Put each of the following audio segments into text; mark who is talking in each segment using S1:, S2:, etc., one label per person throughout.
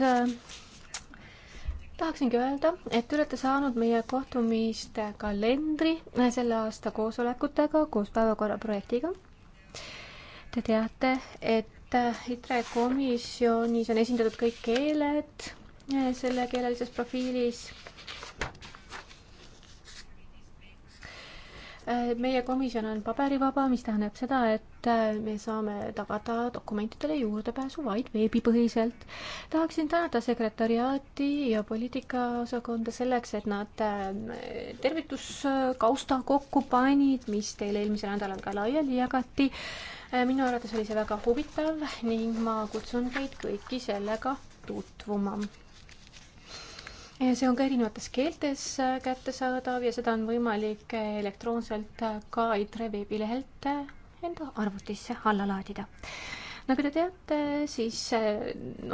S1: Äh, tahaksingi öelda, et olete saanud meie kohtumiste kalendri äh, selle aasta koosolekutega koos päevakorra projektiga. Te teate, et äh, ITRE komisjonis on esindatud kõik keeled selle keelelises profiilis Äh, meie komisjon on paberivaba, mis tähendab seda, et äh, me saame tagada dokumentidele juurdepääsu vaid veebipõhiselt. tahaksin tänada sekretariaati ja poliitikaosakonda selleks, et nad äh, tervituskausta kokku panid, mis teile eelmisel nädalal ka laiali jagati. minu arvates oli see väga huvitav ning ma kutsun teid kõiki sellega tutvuma see on ka erinevates keeltes äh, kättesaadav ja seda on võimalik äh, elektroonselt äh, ka ITRE veebilehelt enda arvutisse alla laadida. nagu te teate, siis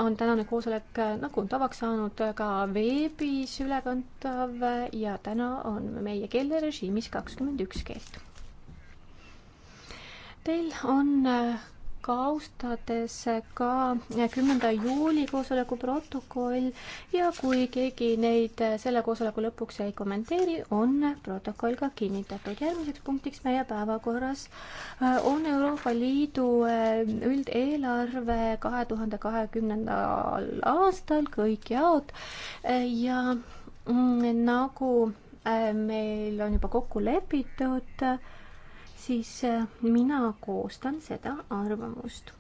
S1: on tänane koosolek nagu on tavaks saanud ka veebis ülekantav ja täna on meie keelerežiimis kakskümmend üks keelt. Teil on ka austades ka kümnenda juuli koosoleku protokoll ja kui keegi neid selle koosoleku lõpuks ei kommenteeri, on protokoll ka kinnitatud. järgmiseks punktiks meie päevakorras äh, on Euroopa Liidu äh, üldeelarve kahe tuhande kahekümnendal aastal kõik jaod äh, ja mm, nagu meil on juba kokku lepitud, siis äh, mina koostan seda arvamust.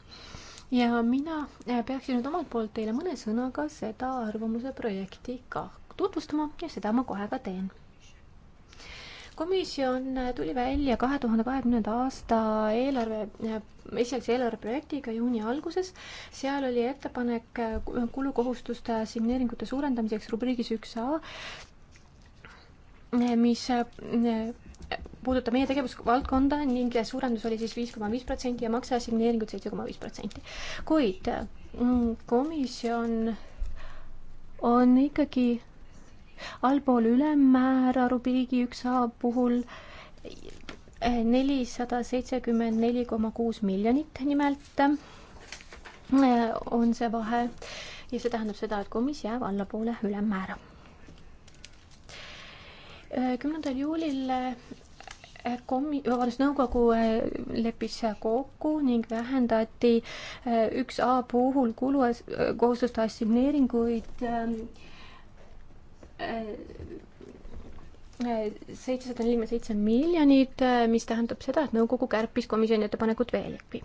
S1: ja mina äh, peaksin nüüd omalt poolt teile mõne sõnaga seda arvamuse projekti ka tutvustama ja seda ma kohe ka teen komisjon äh, tuli välja kahe tuhande kahekümnenda aasta eelarve, esialgse eelarveprojektiga juuni alguses. seal oli ettepanek kulukohustuste signeeringute suurendamiseks rubriigis üks A, mis puudutab meie tegevusvaldkonda ning suurendus oli siis viis koma viis protsenti ja makseassigneeringud seitse koma viis protsenti. kuid mm, komisjon on ikkagi allpool ülemmäära rubriigi üks A puhul nelisada seitsekümmend neli koma kuus miljonit nimelt eh, on see vahe ja see tähendab seda, et komis jääb allapoole ülemmäära Äh, kümnendal juulil äh, komi-, vabandust, nõukogu äh, leppis kokku ning vähendati üks A puhul kulu, kohustuste assigneeringuid ähm, seitsesada nelikümmend seitse miljonit, mis tähendab seda, et nõukogu kärpis komisjoni ettepanekut veelgi.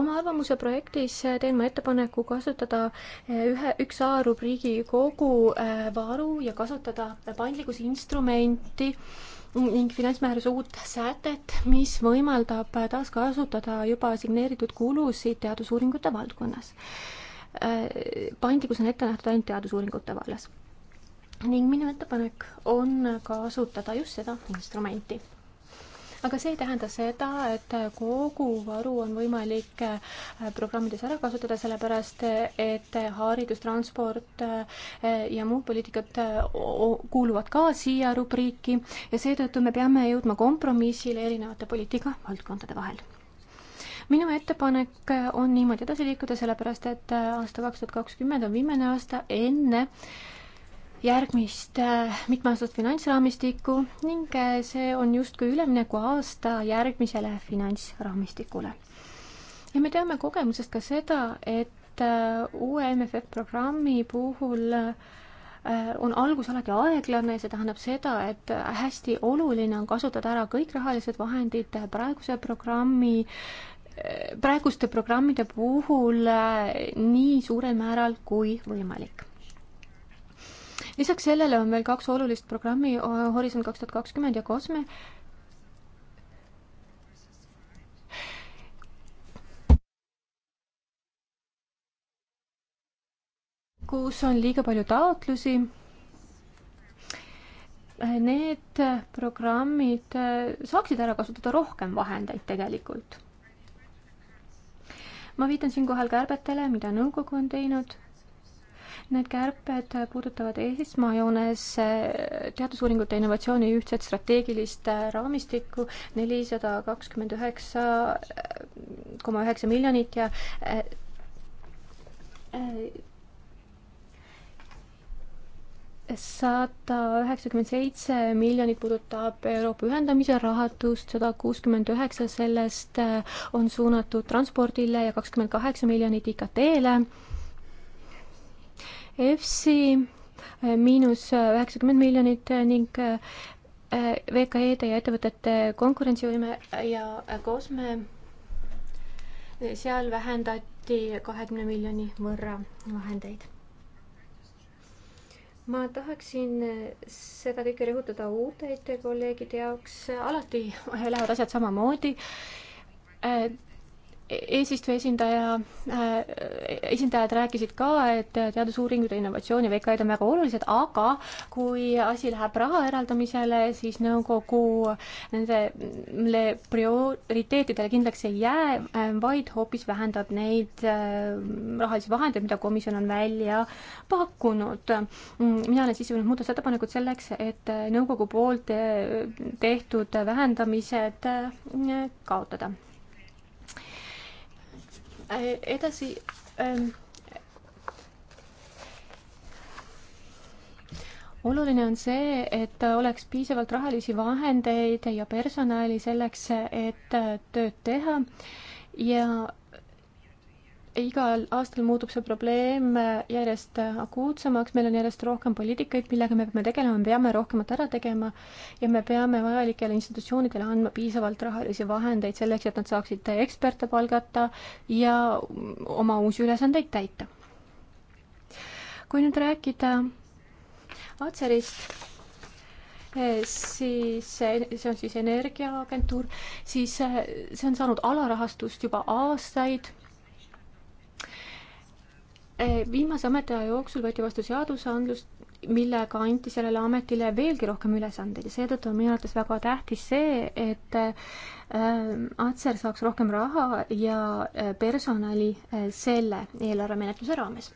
S1: oma arvamuse projektis teen ma ettepaneku kasutada ühe, üks A rubriigi kogu äh, varu ja kasutada paindlikkuse instrumenti ning finantsmääruse uut sätet, mis võimaldab taaskasutada juba signeeritud kulusid teadusuuringute valdkonnas äh, paindlikkus on ette nähtud ainult teadusuuringute vallas ning minu ettepanek on kasutada just seda instrumenti. aga see ei tähenda seda, et kogu varu on võimalik äh, programmides ära kasutada, sellepärast et haridus, transport äh, ja muud poliitikad äh, kuuluvad ka siia rubriiki ja seetõttu me peame jõudma kompromissile erinevate poliitikavaldkondade vahel minu ettepanek on niimoodi edasi liikuda, sellepärast et aasta kaks tuhat kakskümmend on viimane aasta enne äh, järgmist äh, mitmeaastast finantsraamistikku ning äh, see on justkui üleminekuaasta järgmisele finantsraamistikule. ja me teame kogemusest ka seda, et äh, uue MFF programmi puhul on algus alati aeglane, see tähendab seda, et hästi oluline on kasutada ära kõik rahalised vahendid praeguse programmi praeguste programmide puhul nii suurel määral kui võimalik lisaks sellele on meil kaks olulist programmi, Horisont kaks tuhat kakskümmend ja COSME, kus on liiga palju taotlusi. Need programmid saaksid ära kasutada rohkem vahendeid tegelikult. ma viitan siinkohal kärbetele, mida nõukogu on teinud Need kärped puudutavad esmajoones eh, teadusuuringute innovatsiooni ühtset strateegilist eh, raamistikku nelisada kakskümmend üheksa koma üheksa miljonit ja eh, sada üheksakümmend seitse miljonit puudutab Euroopa ühendamise rahatust, sada kuuskümmend üheksa sellest on suunatud transpordile ja kakskümmend kaheksa miljonit IKT-le EFSI äh, miinus äh, üheksakümmend miljonit äh, ning VKE-de ja ettevõtete konkurentsivõime ja COSME, seal vähendati kahekümne miljoni võrra vahendeid. ma tahaksin seda kõike rõhutada uute IT kolleegide jaoks, alati lähevad asjad samamoodi eesistuja esindaja äh,, esindajad rääkisid ka, et teadusuuringud ja innovatsioon ja VKE-d on väga olulised, aga kui asi läheb raha eraldamisele, siis nõukogu nendele prioriteetidele kindlaks ei jää äh,, vaid hoopis vähendab neid äh, rahalisi vahendeid, mida komisjon on välja pakkunud. mina olen sisse viinud muudatusettepanekud selleks, et nõukogu poolt äh, tehtud vähendamised äh, kaotada Äh, edasi ähm,. oluline on see, et oleks piisavalt rahalisi vahendeid ja personali selleks, et tööd teha ja igal aastal muutub see probleem järjest akuutsemaks, meil on järjest rohkem poliitikaid, millega me peame tegelema, me peame rohkemat ära tegema ja me peame vajalikele institutsioonidele andma piisavalt rahalisi vahendeid selleks, et nad saaksid eksperte palgata ja oma uusi ülesandeid täita. kui nüüd rääkida Atserist, siis see on siis Energiaagentuur, siis see on saanud alarahastust juba aastaid Eh, viimase ametiaja jooksul võeti vastu seadusandlus, millega anti sellele ametile veelgi rohkem ülesandeid ja seetõttu on minu arvates väga tähtis see, et eh, Atser saaks rohkem raha ja eh, personali selle eelarvemenetluse raames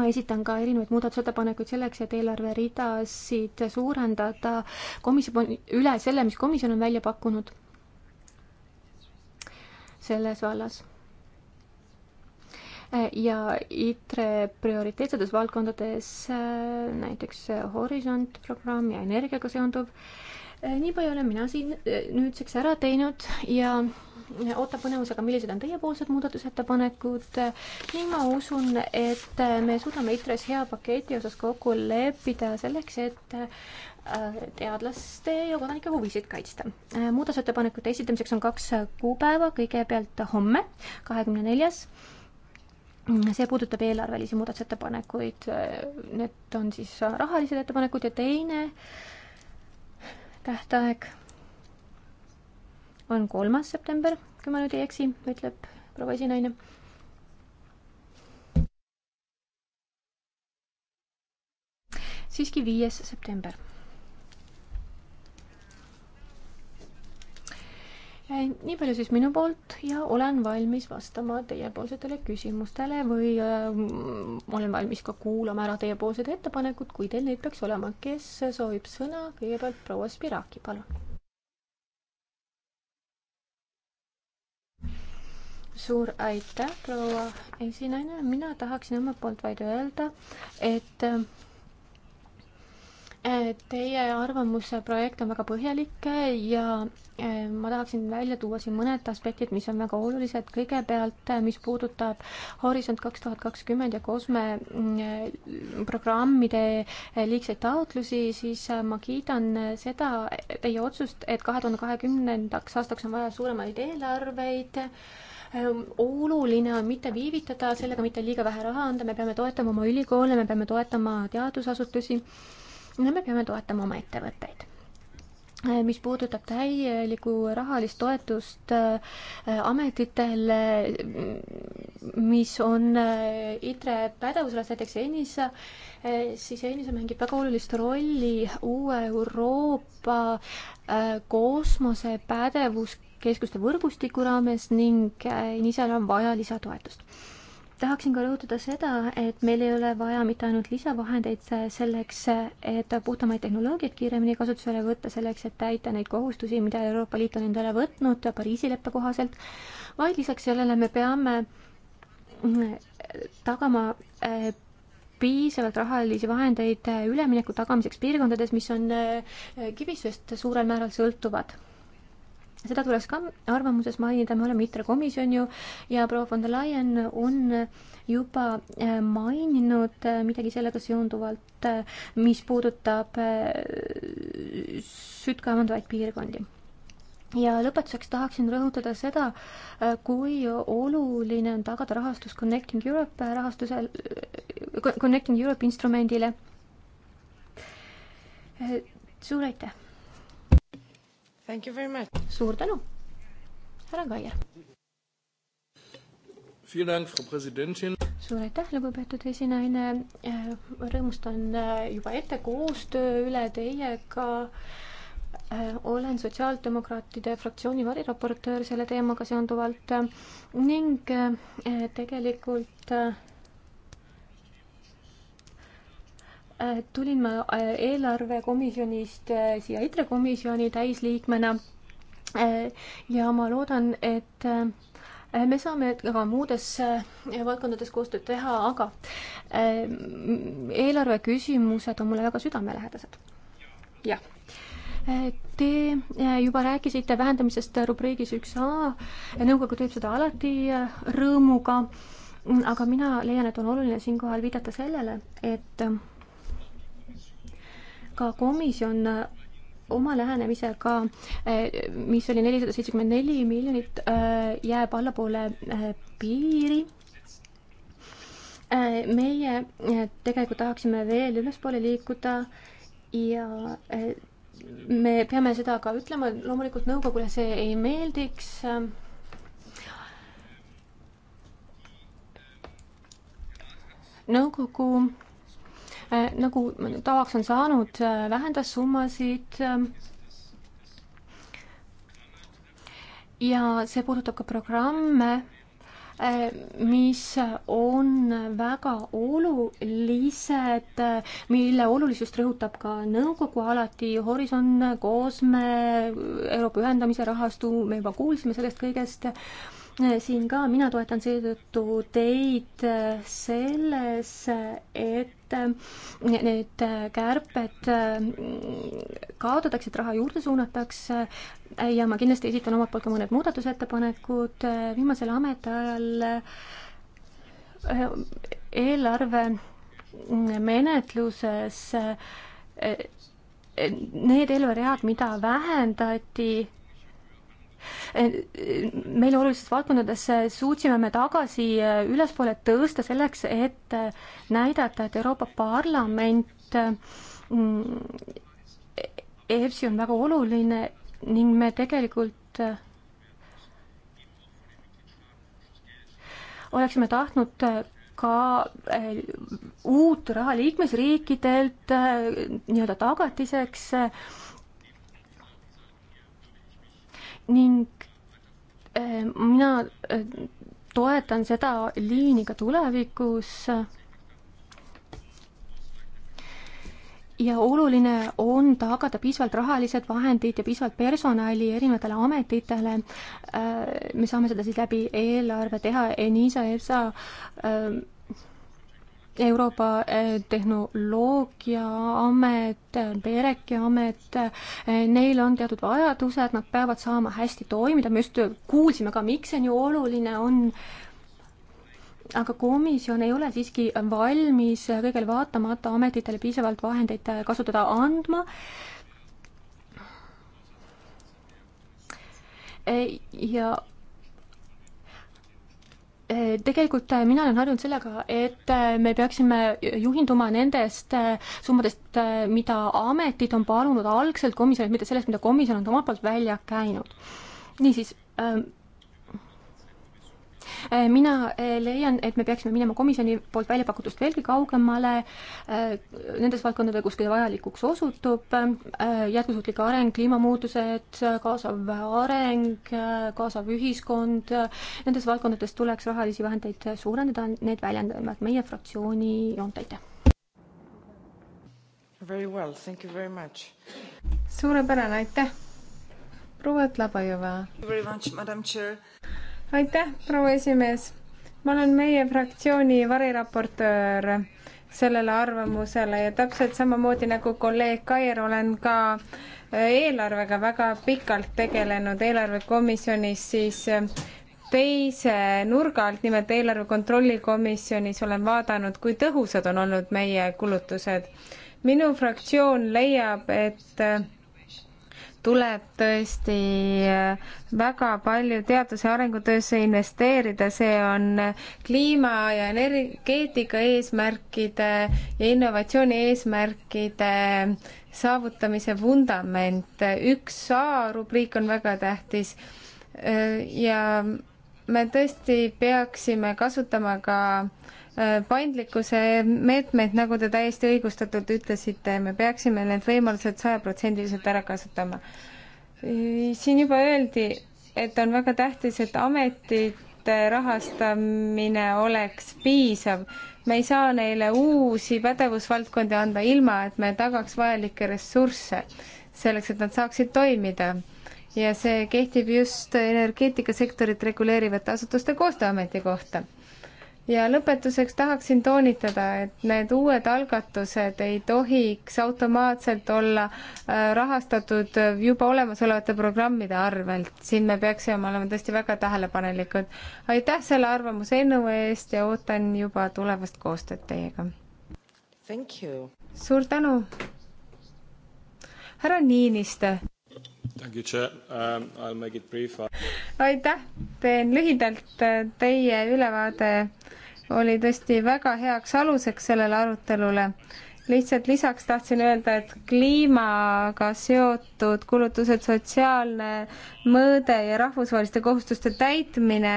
S1: ma esitan ka erinevaid muudatusettepanekuid selleks, et eelarveridasid suurendada komisjoni, üle selle, mis komisjon on välja pakkunud selles vallas ja ITRE prioriteetsetes valdkondades, äh, näiteks Horisont programm ja energiaga seonduv. Äh, nii palju olen mina siin äh, nüüdseks ära teinud ja ootan põnevusega, millised on teiepoolsed muudatusettepanekud ning ma usun, et me suudame ITRE-s hea paketi osas kokku leppida selleks, et teadlaste ja kodanike huvisid kaitsta. muudatusettepanekute esitamiseks on kaks kuupäeva, kõigepealt homme, kahekümne neljas Mm, see puudutab eelarvelisi muudatusettepanekuid, need on siis rahalised ettepanekud ja teine tähtaeg on kolmas september, kui ma nüüd ei eksi, ütleb proua esinaine siiski viies september Äh, nii palju siis minu poolt ja olen valmis vastama teiepoolsetele küsimustele või äh, olen valmis ka kuulama ära teiepoolsed ettepanekud, kui teil neid peaks olema. kes soovib sõna, kõigepealt proua Spiraki, palun. suur aitäh, proua esinaine, mina tahaksin omalt poolt vaid öelda, et äh, Teie arvamuse projekt on väga põhjalik ja eh, ma tahaksin välja tuua siin mõned aspektid, mis on väga olulised. kõigepealt, eh, mis puudutab Horisont kaks tuhat kakskümmend ja COSME mm, eh, programmide liigseid taotlusi, siis ma kiidan seda teie otsust, et kahe tuhande kahekümnendaks aastaks on vaja suuremaid eelarveid ehm, oluline on mitte viivitada, sellega mitte liiga vähe raha anda, me peame toetama oma ülikoole, me peame toetama teadusasutusi no me peame toetama oma ettevõtteid äh, mis puudutab täielikku rahalist toetust äh, ametitele, mm, mis on äh, ITRE pädevuses, näiteks ENISA, siis ENISA mängib väga olulist rolli uue Euroopa kosmosepädevuskeskuste võrgustiku raames ning ENISA-l on vaja lisatoetust tahaksin ka rõhutada seda, et meil ei ole vaja mitte ainult lisavahendeid selleks, et puhtamaid tehnoloogiaid kiiremini kasutusele võtta, selleks, et täita neid kohustusi, mida Euroopa Liit on endale võtnud Pariisi leppe kohaselt, vaid lisaks sellele me peame mm, tagama äh, piisavalt rahalisi vahendeid ülemineku tagamiseks piirkondades, mis on äh, kivisöest suurel määral sõltuvad seda tuleks ka arvamuses mainida, me oleme ITRE komisjon ju ja proua von der Leyen on juba äh, maininud äh, midagi sellega seonduvalt, äh, mis puudutab sütt kaevandavaid piirkondi ja lõpetuseks tahaksin rõhutada seda, kui oluline on tagada rahastus Connecting Europe rahastusel, Connecting Europe instrumendile. suur aitäh!
S2: suur
S1: tänu, härra Kaier. suur aitäh, lugupeetud esinaine. Äh, rõõmustan äh, juba ette koostöö üle teiega äh, olen Sotsiaaldemokraatide fraktsiooni variraportöör selle teemaga seonduvalt ning tegelikult Äh, tulin ma äh, eelarvekomisjonist äh, siia ITRE komisjoni täisliikmena ja ma loodan, et me saame ka muudes valdkondades koostööd teha, aga
S2: eelarve
S1: küsimused on mulle väga südamelähedased. jah. Te juba rääkisite vähendamisest rubriigis üks A, nõukogu teeb seda alati rõõmuga, aga mina leian, et on oluline siinkohal viidata sellele, et ka komisjon äh, oma lähenemisega, äh, mis oli nelisada seitsekümmend neli miljonit, äh, jääb allapoole piiri. meie tegelikult tahaksime veel ülespoole liikuda ja me peame seda ka ütlema, loomulikult nõukogule see ei meeldiks. nõukogu Äh, nagu tavaks on saanud, äh, vähendas summasid ähm, ja see puudutab ka programme, äh, mis on väga olulised, mille olulisust rõhutab ka nõukogu alati, Horizon, Koosme, Euroopa ühendamise rahastu, me juba kuulsime sellest kõigest siin ka, mina toetan seetõttu teid äh, selles, et äh, need äh, kärped kaotatakse, et raha juurde suunatakse ja ma kindlasti esitan omalt poolt ka mõned muudatusettepanekud, viimasel ametiajal eelarve menetluses need eelarveread, mida vähendati, meile olulistes valdkondades suutsime me tagasi eh, ülespoole tõusta selleks, et eh, näidata, et Euroopa Parlament mm, EFSI on väga oluline ning me tegelikult eh, oleksime tahtnud ka äh, uut raha liikmesriikidelt äh, nii-öelda tagatiseks äh, ning äh, mina äh, toetan seda liini ka tulevikus. ja oluline on tagada piisavalt rahalised vahendid ja piisavalt personali erinevatele ametitele. Äh, me saame seda siis läbi eelarve teha, ENISA, EFSA Euroopa eh, Tehnoloogiaamet, Bereki amet, eh, neil on teatud vajadused, nad peavad saama hästi toimida, me just kuulsime ka, miks see nii oluline on, aga komisjon ei ole siiski valmis kõigele vaatamata ametitele piisavalt vahendeid eh, kasutada andma ja Äh, tegelikult äh, mina olen harjunud sellega, et äh, me peaksime juhinduma nendest summadest, mida ametid on palunud algselt komisjonilt, mitte sellest, mida komisjon on omalt poolt välja käinud. niisiis ähm,, Äh, mina äh, leian, et me peaksime minema komisjoni poolt välja pakutust veelgi kaugemale äh, nendes valdkondades, kus see vajalikuks osutub, jätkusuutlik areng, kliimamuutused, kaasav areng, kaasav ühiskond, nendes valdkondades tuleks rahalisi vahendeid suurendada, need väljendavad meie fraktsiooni joont, aitäh!
S3: Very well, thank you very much.
S2: suurepärane, aitäh! proua Tlabajõva.
S3: Very much, madam chair
S2: aitäh, proua esimees. ma olen meie fraktsiooni variraportöör sellele arvamusele ja täpselt samamoodi nagu kolleeg Kair olen ka eelarvega väga pikalt tegelenud eelarvekomisjonis, siis teise nurga alt, nimelt eelarve kontrolli komisjonis olen vaadanud, kui tõhusad on olnud meie kulutused. minu fraktsioon leiab, et tuleb tõesti äh, väga palju teadus- ja arengutöösse investeerida, see on äh, kliima ja energeetika eesmärkide ja innovatsiooni eesmärkide saavutamise vundament. üks A rubriik on väga tähtis äh, ja me tõesti peaksime kasutama ka äh, Äh, paindlikkuse meetmeid, nagu te täiesti õigustatult ütlesite, me peaksime need võimalused sajaprotsendiliselt ära kasutama. siin juba öeldi, et on väga tähtis, et ametite rahastamine oleks piisav. me ei saa neile uusi pädevusvaldkondi anda ilma, et me tagaks vajalikke ressursse selleks, et nad saaksid toimida ja see kehtib just energeetikasektorit reguleerivate asutuste koostööameti kohta ja lõpetuseks tahaksin toonitada, et need uued algatused ei tohiks automaatselt olla äh, rahastatud juba olemasolevate programmide arvelt. siin me peaksime olema tõesti väga tähelepanelikud. aitäh selle arvamuse eelnõu eest ja ootan juba tulevast koostööd teiega. suur tänu. härra Niinistö
S1: Um,
S2: aitäh, teen lühidalt, teie ülevaade oli tõesti väga heaks aluseks sellele arutelule. lihtsalt lisaks tahtsin öelda, et kliimaga seotud kulutused, sotsiaalne mõõde ja rahvusvaheliste kohustuste täitmine,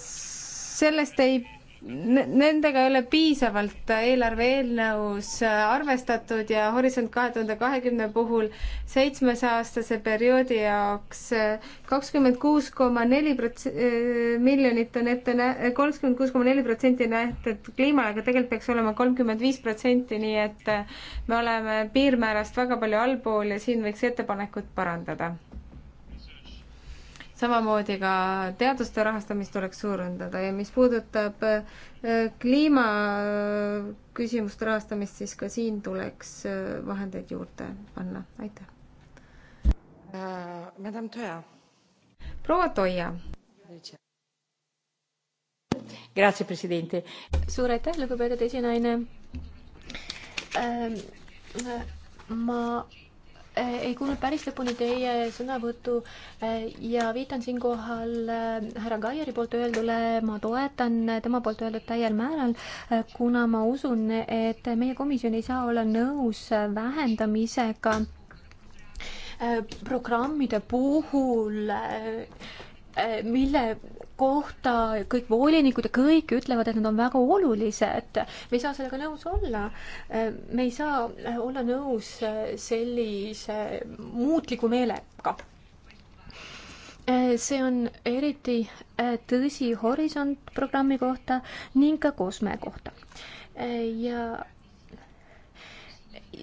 S2: sellest ei Nendega ei ole piisavalt eelarve eelnõus arvestatud ja Horisont kahe tuhande kahekümne puhul seitsmesaastase perioodi jaoks kakskümmend kuus koma neli prots-, miljonit on ette nä-, kolmkümmend kuus koma neli protsenti nähtud kliimale, aga tegelikult peaks olema kolmkümmend viis protsenti, nii et me oleme piirmäärast väga palju allpool ja siin võiks ettepanekut parandada samamoodi ka teaduste rahastamist tuleks suurendada ja mis puudutab äh, kliimaküsimuste äh, rahastamist, siis ka siin tuleks äh, vahendeid juurde panna, aitäh uh,. Madame Toja. proua Toia. Grazie, president.
S1: suur aitäh, lugupeetud esinaine ähm,. ma Eh, ei kuulnud päris lõpuni teie sõnavõttu eh, ja viitan siinkohal eh, härra Kaieri poolt öeldule, ma toetan tema poolt öeldud täiel määral, kuna ma usun, et meie komisjon ei saa olla nõus vähendamisega programmide puhul, mille kohta kõik volinikud ja kõik ütlevad, et nad on väga olulised. me ei saa sellega nõus olla. me ei saa olla nõus sellise muutliku meelega. see on eriti tõsi Horisont programmi kohta ning ka Kosme kohta. ja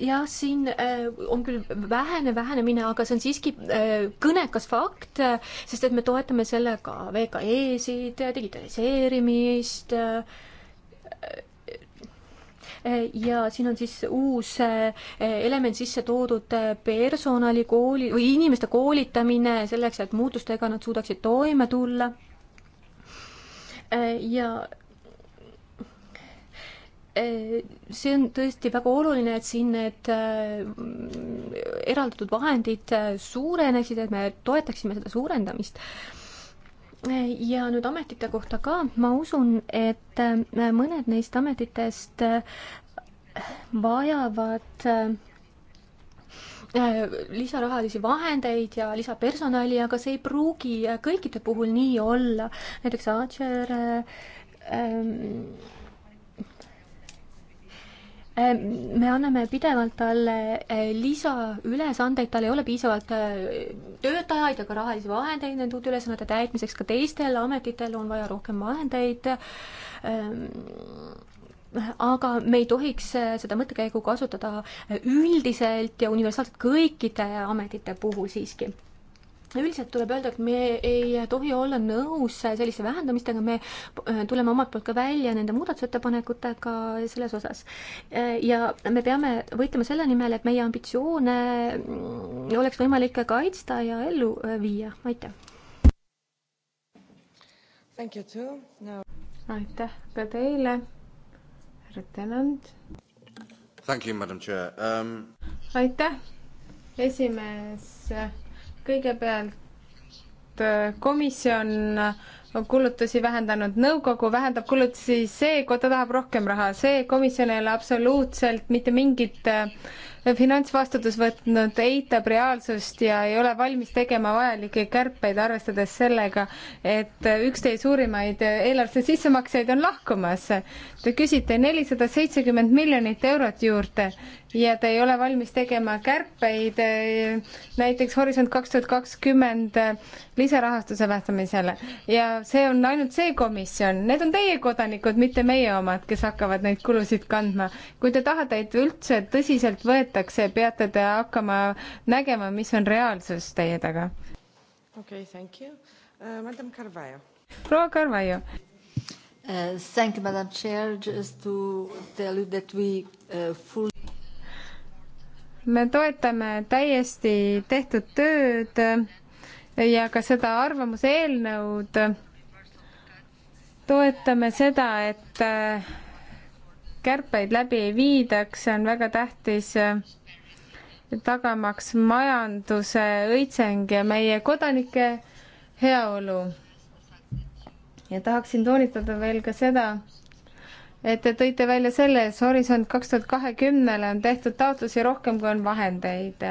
S1: jah, siin äh, on küll vähene vähenemine, aga see on siiski äh, kõnekas fakt, äh, sest et me toetame sellega VKE-sid, digitaliseerimist. ja siin on siis uus element sisse toodud personalikooli või inimeste koolitamine selleks, et muutustega nad suudaksid toime tulla. ja Äh, see on tõesti väga oluline, et siin need äh, eraldatud vahendid äh, suureneksid, et me toetaksime seda suurendamist. ja nüüd ametite kohta ka, ma usun, et mõned neist ametitest vajavad lisarahalisi vahendeid ja lisapersonali, aga see ei pruugi kõikide puhul nii olla. näiteks Archer ähm, Ehm, me anname pidevalt talle eh, lisaülesandeid, tal ei ole piisavalt eh, töötajaid ega rahalisi vahendeid nende uute ülesannete täitmiseks, ka teistel ametitel on vaja rohkem vahendeid. Ehm, aga me ei tohiks eh, seda mõttekäigu kasutada üldiselt ja universaalselt kõikide ametite puhul siiski üldiselt tuleb öelda, et me ei tohi olla nõus selliste vähendamistega, me äh, tuleme omalt poolt ka välja nende muudatusettepanekutega selles osas. Äh, ja me peame võitlema selle nimel, et meie ambitsioone mm, oleks võimalik kaitsta ja ellu äh, viia, aitäh.
S2: No. aitäh ka teile, härra Tenand.
S1: Um...
S2: aitäh, esimees kõigepealt äh, komisjon kulutusi vähendanud nõukogu, vähendab kulutusi, see koda tahab rohkem raha, see komisjon ei ole absoluutselt mitte mingit äh, finantsvastutus võtnud, eitab reaalsust ja ei ole valmis tegema vajalikke kärpeid, arvestades sellega, et äh, üks teie suurimaid äh, eelarvesse sissemaksjaid on lahkumas. Te küsite nelisada seitsekümmend miljonit eurot juurde ja te ei ole valmis tegema kärpeid näiteks Horisont kaks tuhat kakskümmend lisarahastuse vähendamisele ja see on ainult see komisjon, need on teie kodanikud, mitte meie omad, kes hakkavad neid kulusid kandma. kui te tahate, et üldse tõsiselt võetakse, peate te hakkama nägema, mis on reaalsus teie taga. okei okay,, thank you uh,. Madam Carvalho. proua Carvalho. Uh, thank you, Madam Chair, just to tell you that
S3: we uh, full
S2: me toetame täiesti tehtud tööd ja ka seda arvamuse eelnõud toetame seda, et äh, kärpeid läbi ei viidaks, see on väga tähtis äh, tagamaks majanduse õitseng ja meie kodanike heaolu. ja tahaksin toonitada veel ka seda, et te tõite välja selle, et Horisont kaks tuhat kahekümnele on tehtud taotlusi rohkem, kui on vahendeid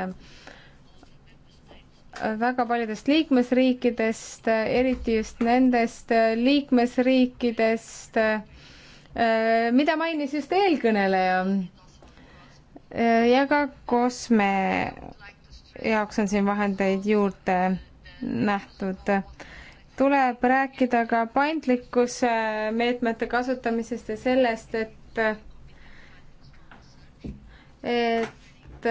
S2: väga paljudest liikmesriikidest, eriti just nendest liikmesriikidest, eh, mida mainis just eelkõneleja. Eh, ja ka Kosme jaoks on siin vahendeid juurde nähtud. tuleb rääkida ka paindlikkuse meetmete kasutamisest ja sellest, et et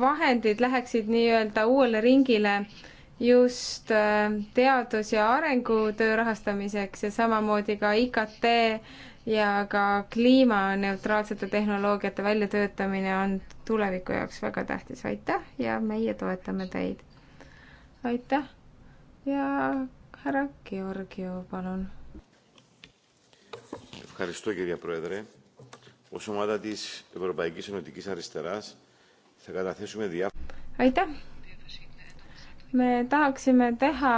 S2: vahendid läheksid nii-öelda uuele ringile just äh, teadus- ja arengutöö rahastamiseks ja samamoodi ka IKT ja ka kliimaneutraalsete tehnoloogiate väljatöötamine on tuleviku jaoks väga tähtis. aitäh ja meie toetame teid. aitäh ja härra Georgiu, palun.
S1: Ευχαριστώ κυρία Πρόεδρε. Ως ομάδα της Ευρωπαϊκής Ενωτικής Αριστεράς
S2: aitäh! me tahaksime teha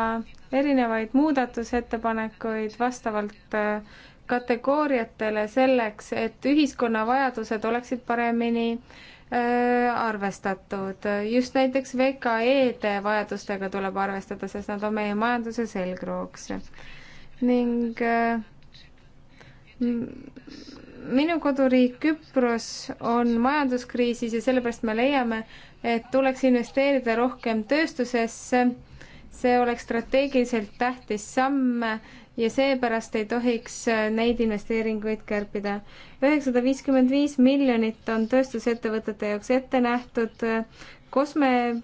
S2: erinevaid muudatusettepanekuid vastavalt äh, kategooriatele selleks, et ühiskonna vajadused oleksid paremini äh, arvestatud. just näiteks VKE-de vajadustega tuleb arvestada, sest nad on meie majanduse selgrooks. ning äh, minu koduriik Küpros on majanduskriisis ja sellepärast me leiame, et tuleks investeerida rohkem tööstusesse. see oleks strateegiliselt tähtis samm ja seepärast ei tohiks neid investeeringuid kärpida. üheksasada viiskümmend viis miljonit on tööstusettevõtete jaoks ette nähtud kosme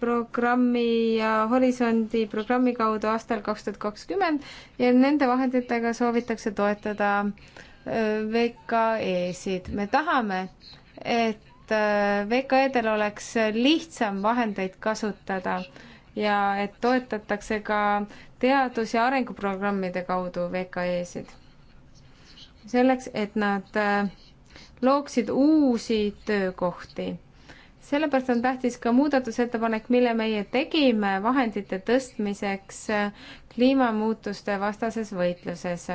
S2: programmi ja Horisondi programmi kaudu aastal kaks tuhat kakskümmend ja nende vahenditega soovitakse toetada äh, VKE-sid. me tahame, et äh, VKE-del oleks lihtsam vahendeid kasutada ja et toetatakse ka teadus- ja arenguprogrammide kaudu VKE-sid. selleks, et nad äh, looksid uusi töökohti. sellepärast on tähtis ka muudatusettepanek, mille meie tegime vahendite tõstmiseks äh, kliimamuutuste vastases võitluses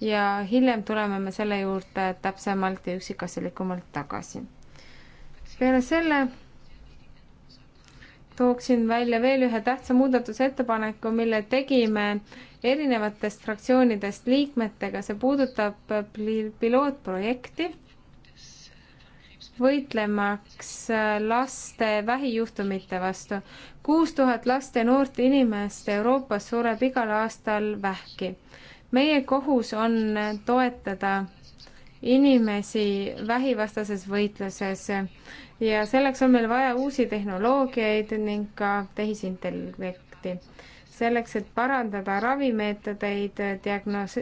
S2: ja hiljem tuleme me selle juurde täpsemalt ja üksikasjalikumalt tagasi. peale selle tooksin välja veel ühe tähtsa muudatusettepaneku, mille tegime erinevatest fraktsioonidest liikmetega, see puudutab pilootprojekti, võitlemaks laste vähijuhtumite vastu. kuus tuhat last ja noort inimest Euroopas sureb igal aastal vähki meie kohus on toetada inimesi vähivastases võitluses ja selleks on meil vaja uusi tehnoloogiaid ning ka tehisintellekti. selleks, et parandada ravimeetodeid, diagnoos,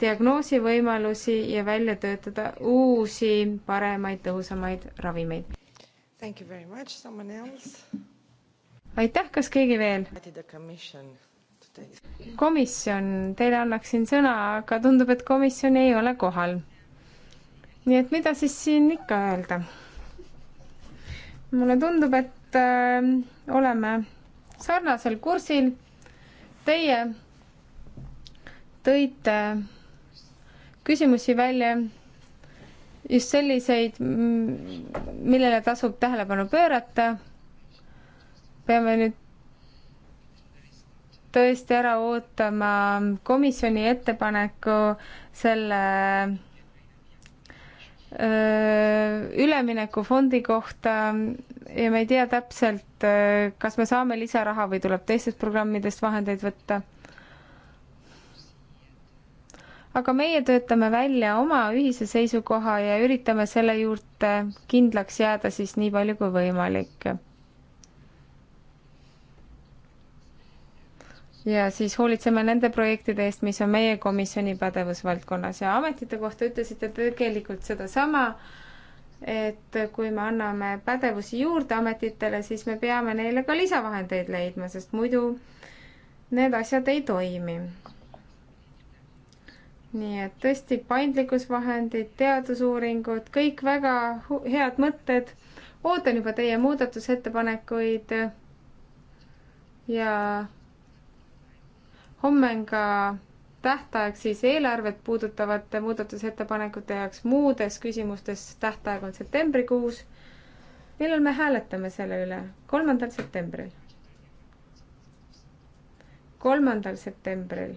S2: diagnoosivõimalusi ja välja töötada uusi, paremaid, tõhusamaid ravimeid. aitäh, kas keegi veel? komisjon, teile annaksin sõna, aga tundub, et komisjon ei ole kohal. nii et mida siis siin ikka öelda? mulle tundub, et äh, oleme sarnasel kursil. Teie tõite küsimusi välja, just selliseid,
S3: millele
S2: tasub tähelepanu pöörata. peame nüüd tõesti ära ootama komisjoni ettepaneku selle üleminekufondi kohta ja me ei tea täpselt, kas me saame lisaraha või tuleb teistest programmidest vahendeid võtta. aga meie töötame välja oma ühise seisukoha ja üritame selle juurde kindlaks jääda siis nii palju kui võimalik ja siis hoolitseme nende projektide eest, mis on meie komisjoni pädevusvaldkonnas ja ametite kohta ütlesite tegelikult sedasama, et kui me anname pädevusi juurde ametitele, siis me peame neile ka lisavahendeid leidma, sest muidu need asjad ei toimi. nii et tõesti paindlikkusvahendid, teadusuuringud, kõik väga head mõtted. ootan juba teie muudatusettepanekuid ja homme on ka tähtaeg siis eelarvet puudutavate muudatusettepanekute jaoks, muudes küsimustes tähtaeg on septembrikuus. millal me hääletame selle üle? kolmandal septembril. kolmandal septembril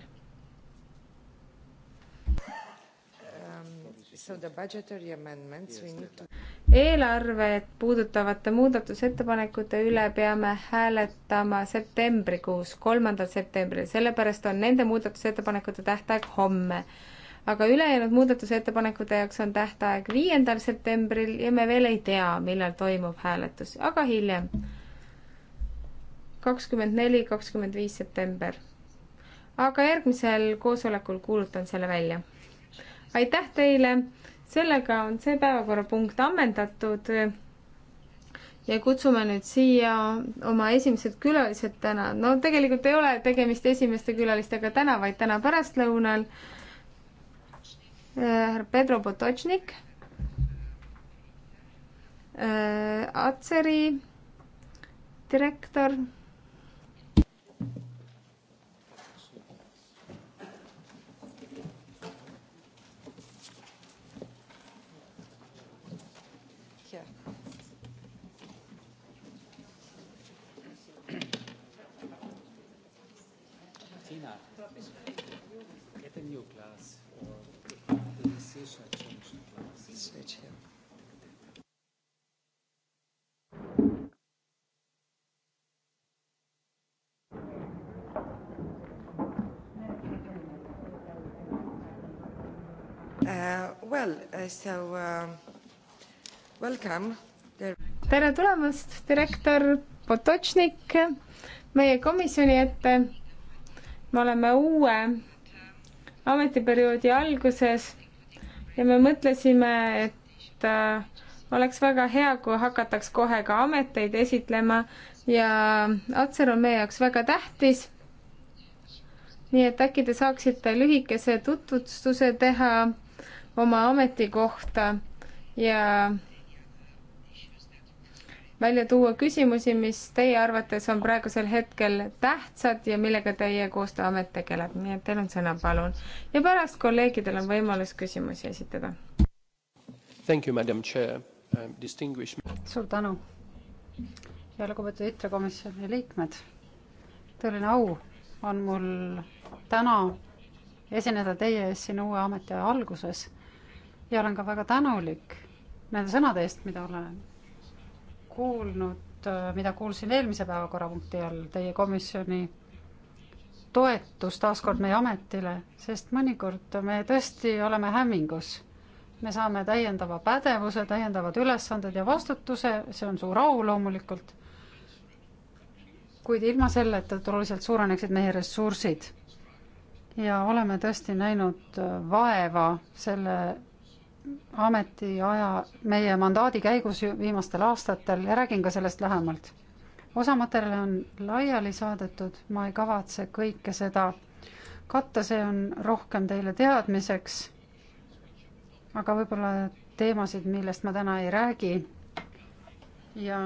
S2: eelarvet puudutavate muudatusettepanekute üle peame hääletama septembrikuus, kolmandal septembril, sellepärast on nende muudatusettepanekute tähtaeg homme. aga ülejäänud muudatusettepanekute jaoks on tähtaeg viiendal septembril ja me veel ei tea, millal toimub hääletus, aga hiljem. kakskümmend neli, kakskümmend viis september. aga järgmisel koosolekul kuulutan selle välja. aitäh teile sellega on see päevakorrapunkt ammendatud ja kutsume nüüd siia oma esimesed külalised täna. no tegelikult ei ole tegemist esimeste külalistega täna, vaid täna pärastlõunal. Äh, härra Pedro Potočnik, äh, Atseri direktor Uh, well, uh, so uh, welcome. tere tulemast, direktor Potočnik meie komisjoni ette. me oleme uue ametiperioodi alguses ja me mõtlesime, et oleks väga hea, kui hakataks kohe ka ameteid esitlema ja Atser on meie jaoks väga tähtis. nii et äkki te saaksite lühikese tutvustuse teha oma ametikohta ja välja tuua küsimusi, mis teie arvates on praegusel hetkel tähtsad ja millega teie koostööamet tegeleb, nii et teil on sõna, palun. ja pärast kolleegidel on võimalus küsimusi esitada.
S1: Um,
S3: suur tänu ja lugupeetud ITRE komisjoni liikmed. tõeline au on mul täna esineda teie ees siin uue ametiaja alguses ja olen ka väga tänulik nende sõnade eest, mida olen kuulnud, äh, mida kuulsin eelmise päevakorrapunkti all teie komisjoni toetus taaskord meie ametile, sest mõnikord me tõesti oleme hämmingus. me saame täiendava pädevuse, täiendavad ülesanded ja vastutuse, see on suur au loomulikult, kuid ilma selleta oluliselt suureneksid meie ressursid. ja oleme tõesti näinud äh, vaeva selle ametiaja, meie mandaadi käigus viimastel aastatel ja räägin ka sellest lähemalt. osa materjale on laiali saadetud, ma ei kavatse kõike seda katta, see on rohkem teile teadmiseks. aga võib-olla teemasid, millest ma täna ei räägi ja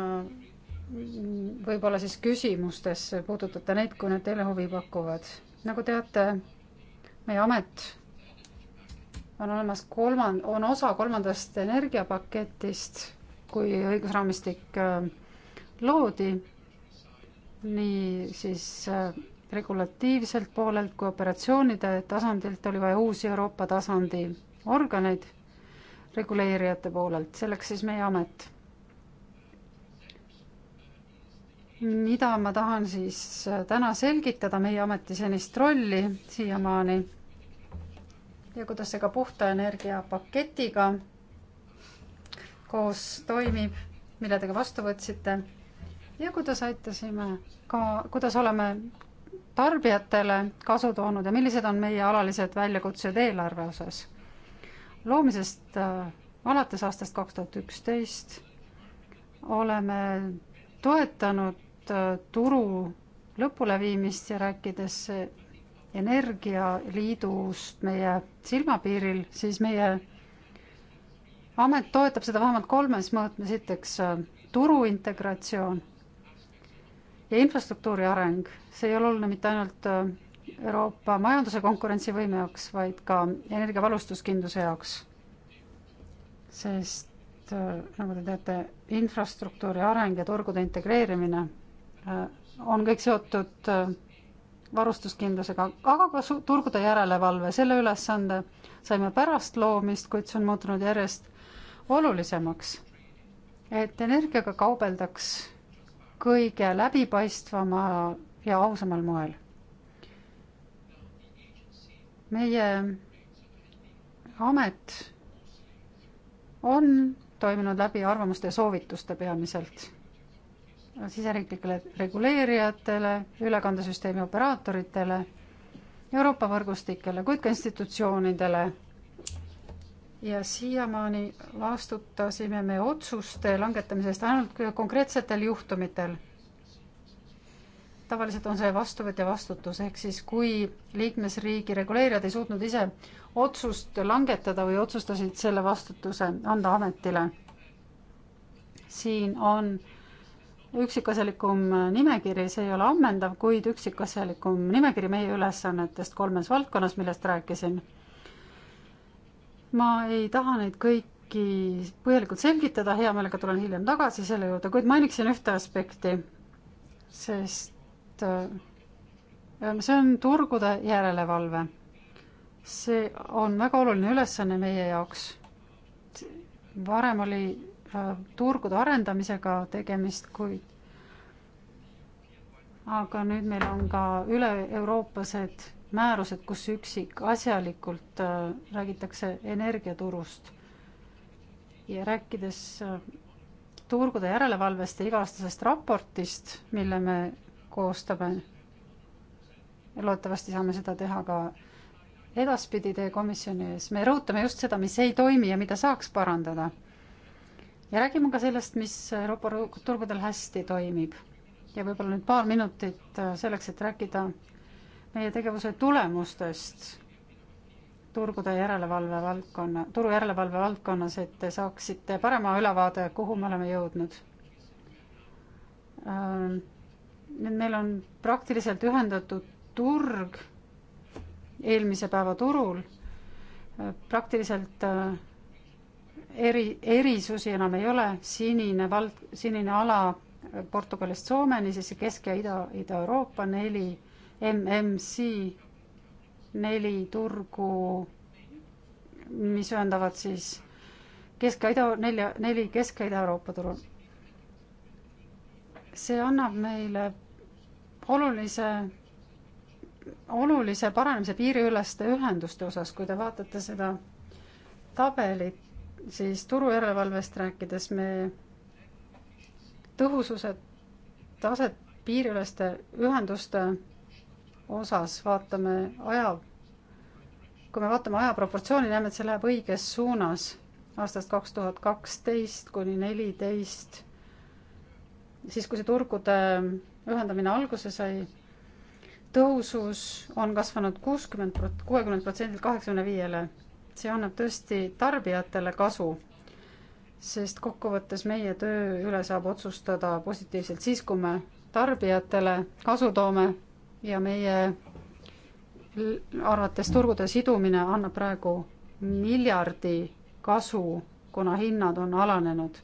S3: võib-olla siis küsimustes puudutate neid, kui need teile huvi pakuvad. nagu teate, meie amet on olemas kolmand-, on osa kolmandast energiapaketist, kui õigusraamistik äh, loodi, nii siis äh, regulatiivselt poolelt kui operatsioonide tasandilt oli vaja uusi Euroopa tasandi organeid reguleerijate poolelt, selleks siis meie amet. mida ma tahan siis äh, täna selgitada meie ameti senist rolli siiamaani ja kuidas see ka puhta energia paketiga koos toimib, mille te ka vastu võtsite ja kuidas aitasime ka, kuidas oleme tarbijatele kasu toonud ja millised on meie alalised väljakutsed eelarve osas. loomisest äh, alates aastast kaks tuhat üksteist oleme toetanud äh, turu lõpuleviimist ja rääkides energialiidust meie silmapiiril, siis meie amet toetab seda vähemalt kolmes mõõtmes, esiteks äh, turu integratsioon ja infrastruktuuri areng. see ei ole oluline mitte ainult äh, Euroopa majanduse konkurentsivõime jaoks, vaid ka energiavalustuskindluse jaoks. sest äh, nagu te teate, infrastruktuuri areng ja turgude integreerimine on kõik seotud varustuskindlusega, aga ka turgude järelevalve, selle ülesande saime pärast loomist, kuid see on muutunud järjest olulisemaks. et energiaga kaubeldaks kõige läbipaistvama ja ausamal moel. meie amet on toiminud läbi arvamuste ja soovituste peamiselt siseriiklikele reguleerijatele, ülekandesüsteemi operaatoritele, Euroopa võrgustikele, kuid ka institutsioonidele. ja siiamaani vastutasime me otsuste langetamise eest ainult konkreetsetel juhtumitel. tavaliselt on see vastuvõtja vastutus, ehk siis kui liikmesriigi reguleerijad ei suutnud ise otsust langetada või otsustasid selle vastutuse anda ametile. siin on üksikasjalikum nimekiri, see ei ole ammendav, kuid üksikasjalikum nimekiri meie ülesannetest kolmes valdkonnas, millest rääkisin. ma ei taha neid kõiki põhjalikult selgitada, hea meelega tulen hiljem tagasi selle juurde, kuid mainiksin ühte aspekti, sest äh, see on turgude järelevalve. see on väga oluline ülesanne meie jaoks. varem oli Äh, turgude arendamisega tegemist, kuid aga nüüd meil on ka üle-euroopased määrused, kus üksikasjalikult äh, räägitakse energiaturust. ja rääkides äh, turgude järelevalvest ja iga-aastasest raportist, mille me koostame, loodetavasti saame seda teha ka edaspidi teie komisjoni ees, me rõhutame just seda, mis ei toimi ja mida saaks parandada ja räägime ka sellest, mis Euroopa turgudel hästi toimib. ja võib-olla nüüd paar minutit äh, selleks, et rääkida meie tegevuse tulemustest turgude järelevalve valdkonna, turu järelevalve valdkonnas, et te saaksite parema ülevaade, kuhu me oleme jõudnud. Ähm, nüüd meil on praktiliselt ühendatud turg eelmise päeva turul, äh, praktiliselt äh, eri, erisusi enam ei ole, sinine vald, sinine ala Portugalist Soomeni, siis Kesk- ja Ida, Ida-Euroopa neli, MMC neli turgu, mis ühendavad siis Kesk- ja Ida, nelja, neli Kesk- ja Ida-Euroopa turu. see annab meile olulise, olulise paranemise piiriüleste ühenduste osas, kui te vaatate seda tabelit, siis turujärelevalvest rääkides me tõhususe taset piiriüleste ühenduste osas vaatame aja, kui me vaatame aja proportsiooni, näeme, et see läheb õiges suunas aastast kaks tuhat kaksteist kuni neliteist, siis kui see turgude ühendamine alguse sai, tõhusus on kasvanud kuuskümmend prot-, kuuekümnelt protsendilt kaheksakümne viiele see annab tõesti tarbijatele kasu, sest kokkuvõttes meie töö üle saab otsustada positiivselt siis, kui me tarbijatele kasu toome ja meie arvates turgude sidumine annab praegu miljardi kasu, kuna hinnad on alanenud.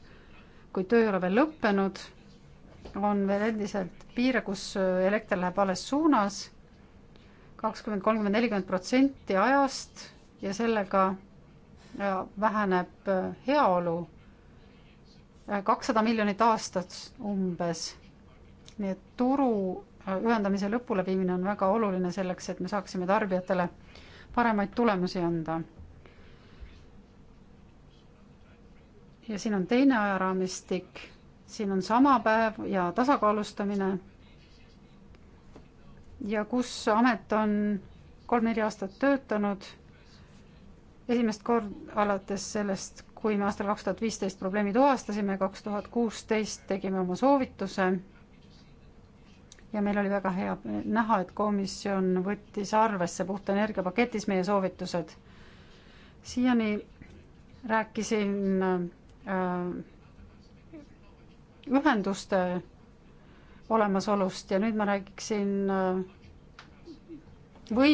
S3: kui töö ei ole veel lõppenud, on veel endiselt piire, kus elekter läheb vales suunas kakskümmend, kolmkümmend, nelikümmend protsenti ajast ja sellega äh, väheneb äh, heaolu äh, kakssada miljonit aastas umbes. nii et turu ühendamise lõpuleviimine on väga oluline selleks, et me saaksime tarbijatele paremaid tulemusi anda. ja siin on teine ajaraamistik, siin on sama päev ja tasakaalustamine. ja kus amet on kolm-neli aastat töötanud esimest korda alates sellest, kui me aastal kaks tuhat viisteist probleemi tuvastasime, kaks tuhat kuusteist tegime oma soovituse ja meil oli väga hea näha, et komisjon võttis arvesse puhta energia paketis meie soovitused. siiani rääkisin äh, ühenduste olemasolust ja nüüd ma räägiksin äh, või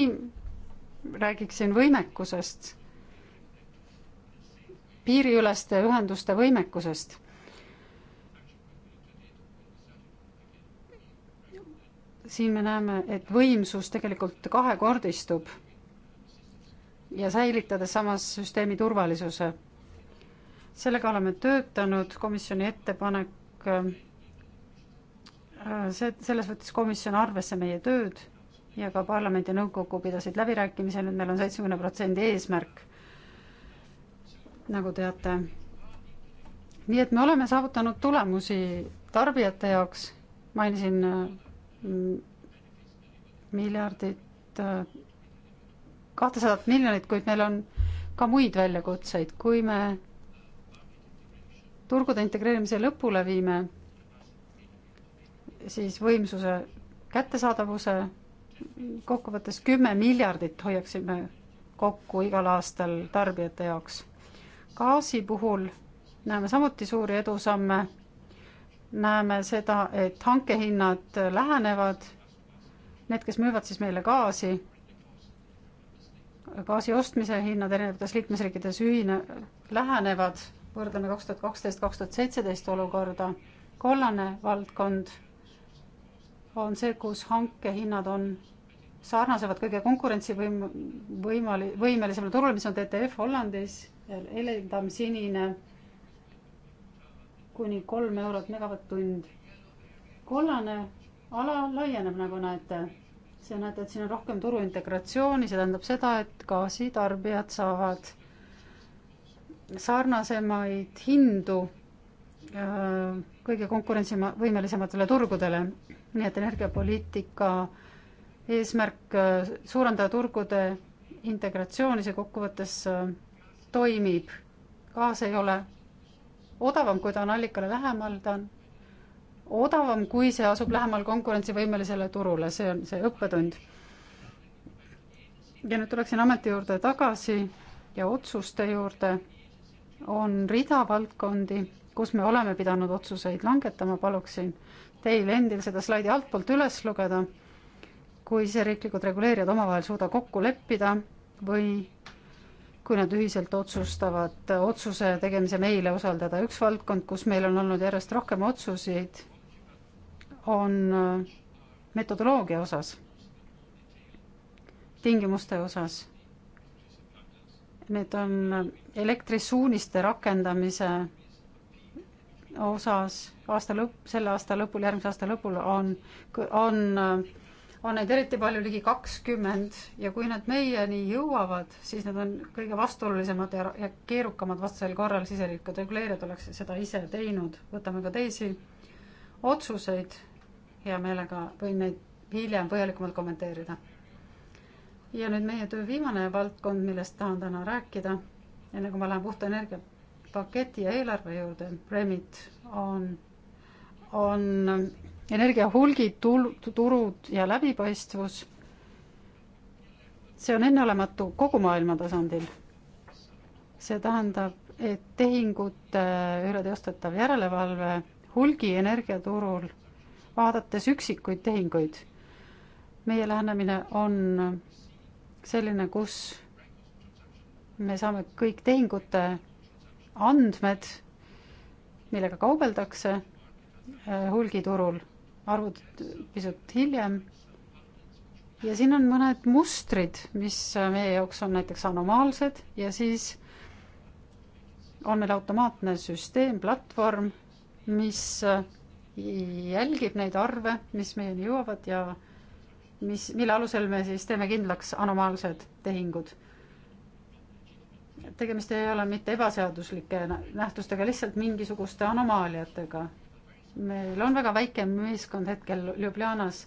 S3: räägiksin võimekusest piiriüleste ühenduste võimekusest. siin me näeme, et võimsus tegelikult kahekordistub ja säilitades samas süsteemi turvalisuse. sellega oleme töötanud, komisjoni ettepanek, äh, see, selles võttis komisjon arvesse meie tööd ja ka parlamendi nõukogu pidasid läbirääkimisi, nüüd meil on seitsmekümne protsendi eesmärk nagu teate. nii et me oleme saavutanud tulemusi tarbijate jaoks, mainisin mm, miljardit, äh, kahtesadat miljonit, kuid meil on ka muid väljakutseid, kui me turgude integreerimise lõpule viime, siis võimsuse kättesaadavuse kokkuvõttes kümme miljardit hoiaksime kokku igal aastal tarbijate jaoks gaasi puhul näeme samuti suuri edusamme. näeme seda, et hankehinnad lähenevad. Need, kes müüvad siis meile gaasi, gaasi ostmise hinnad erinevates liikmesriikides ühine, lähenevad, võrdleme kaks tuhat kaksteist, kaks tuhat seitseteist olukorda. kollane valdkond on see, kus hankehinnad on sarnasevad kõige konkurentsivõim-, võimali-, võimelisemale turule, mis on TTF Hollandis heledam sinine kuni kolm eurot megavatt-tund. kollane ala laieneb, nagu näete. see näete, et siin on rohkem turuintegratsiooni, see tähendab seda, et gaasitarbijad saavad sarnasemaid hindu äh, kõige konkurentsivõimelisematele turgudele. nii et energiapoliitika eesmärk äh, suurendada turgude integratsiooni, see kokkuvõttes äh, toimib, gaas ei ole odavam, kui ta on allikale lähemal, ta on odavam, kui see asub lähemal konkurentsivõimelisele turule, see on see õppetund. ja nüüd tuleksin ameti juurde tagasi ja otsuste juurde. on rida valdkondi, kus me oleme pidanud otsuseid langetama, paluksin teil endil seda slaidi altpoolt üles lugeda, kui siseriiklikud reguleerijad omavahel suuda kokku leppida või kui nad ühiselt otsustavad otsuse tegemise meile usaldada. üks valdkond, kus meil on olnud järjest rohkem otsuseid, on äh, metodoloogia osas, tingimuste osas. Need on äh, elektrisuuniste rakendamise osas aasta lõpp, selle aasta lõpul, järgmise aasta lõpul on, on äh, on neid eriti palju, ligi kakskümmend ja kui nad meieni jõuavad, siis need on kõige vastuolulisemad ja, ja keerukamad, vastasel korral siseriiklikud reguleerijad oleks seda ise teinud. võtame ka teisi otsuseid, hea meelega võin neid hiljem põhjalikumalt kommenteerida. ja nüüd meie töö viimane valdkond, millest tahan täna rääkida, enne kui ma lähen puhta energia paketi ja eelarve juurde, Remit on, on energiahulgid, tul-, turud ja läbipaistvus, see on enneolematu kogu maailma tasandil. see tähendab, et tehingute üle teostatav järelevalve hulgienergiaturul, vaadates üksikuid tehinguid, meie lähenemine on selline, kus me saame kõik tehingute andmed, millega kaubeldakse eh, hulgiturul arvud pisut hiljem. ja siin on mõned mustrid, mis äh, meie jaoks on näiteks anomaalsed ja siis on meil automaatne süsteem, platvorm, mis äh, jälgib neid arve, mis meieni jõuavad ja mis, mille alusel me siis teeme kindlaks anomaalsed tehingud. tegemist ei ole mitte ebaseaduslike nähtustega, lihtsalt mingisuguste anomaaliatega meil on väga väike meeskond hetkel Ljubljanas,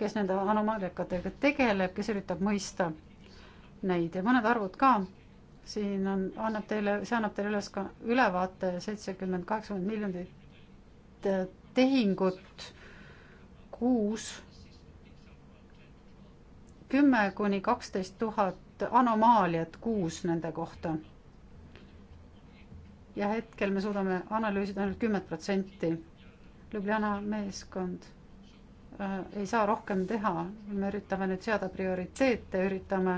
S3: kes nende anomaaliatega tegeleb, kes üritab mõista neid ja mõned arvud ka. siin on, annab teile, see annab teile üles ka ülevaate seitsekümmend, kaheksakümmend miljonit äh, tehingut kuus, kümme kuni kaksteist tuhat anomaaliat kuus nende kohta ja hetkel me suudame analüüsida ainult kümmet protsenti Ljubljana meeskond äh, ei saa rohkem teha, me üritame nüüd seada prioriteete, üritame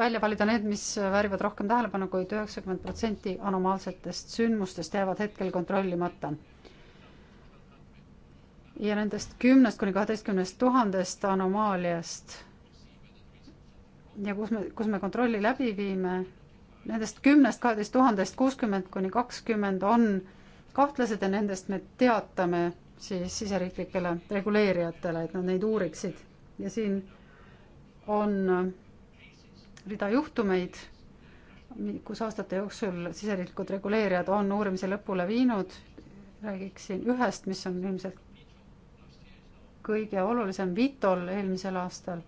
S3: välja valida need, mis väärivad rohkem tähelepanu kuid, kuid üheksakümmend protsenti anomaalsetest sündmustest jäävad hetkel kontrollimata. ja nendest kümnest kuni kaheteistkümnest tuhandest anomaaliast ja kus me, kus me kontrolli läbi viime, nendest kümnest, kaheteist tuhandest kuuskümmend kuni kakskümmend on kahtlased ja nendest me teatame siis siseriiklikele reguleerijatele, et nad neid uuriksid. ja siin on rida juhtumeid, kus aastate jooksul siseriiklikud reguleerijad on uurimise lõpule viinud, räägiksin ühest, mis on ilmselt kõige olulisem, Vitol eelmisel aastal,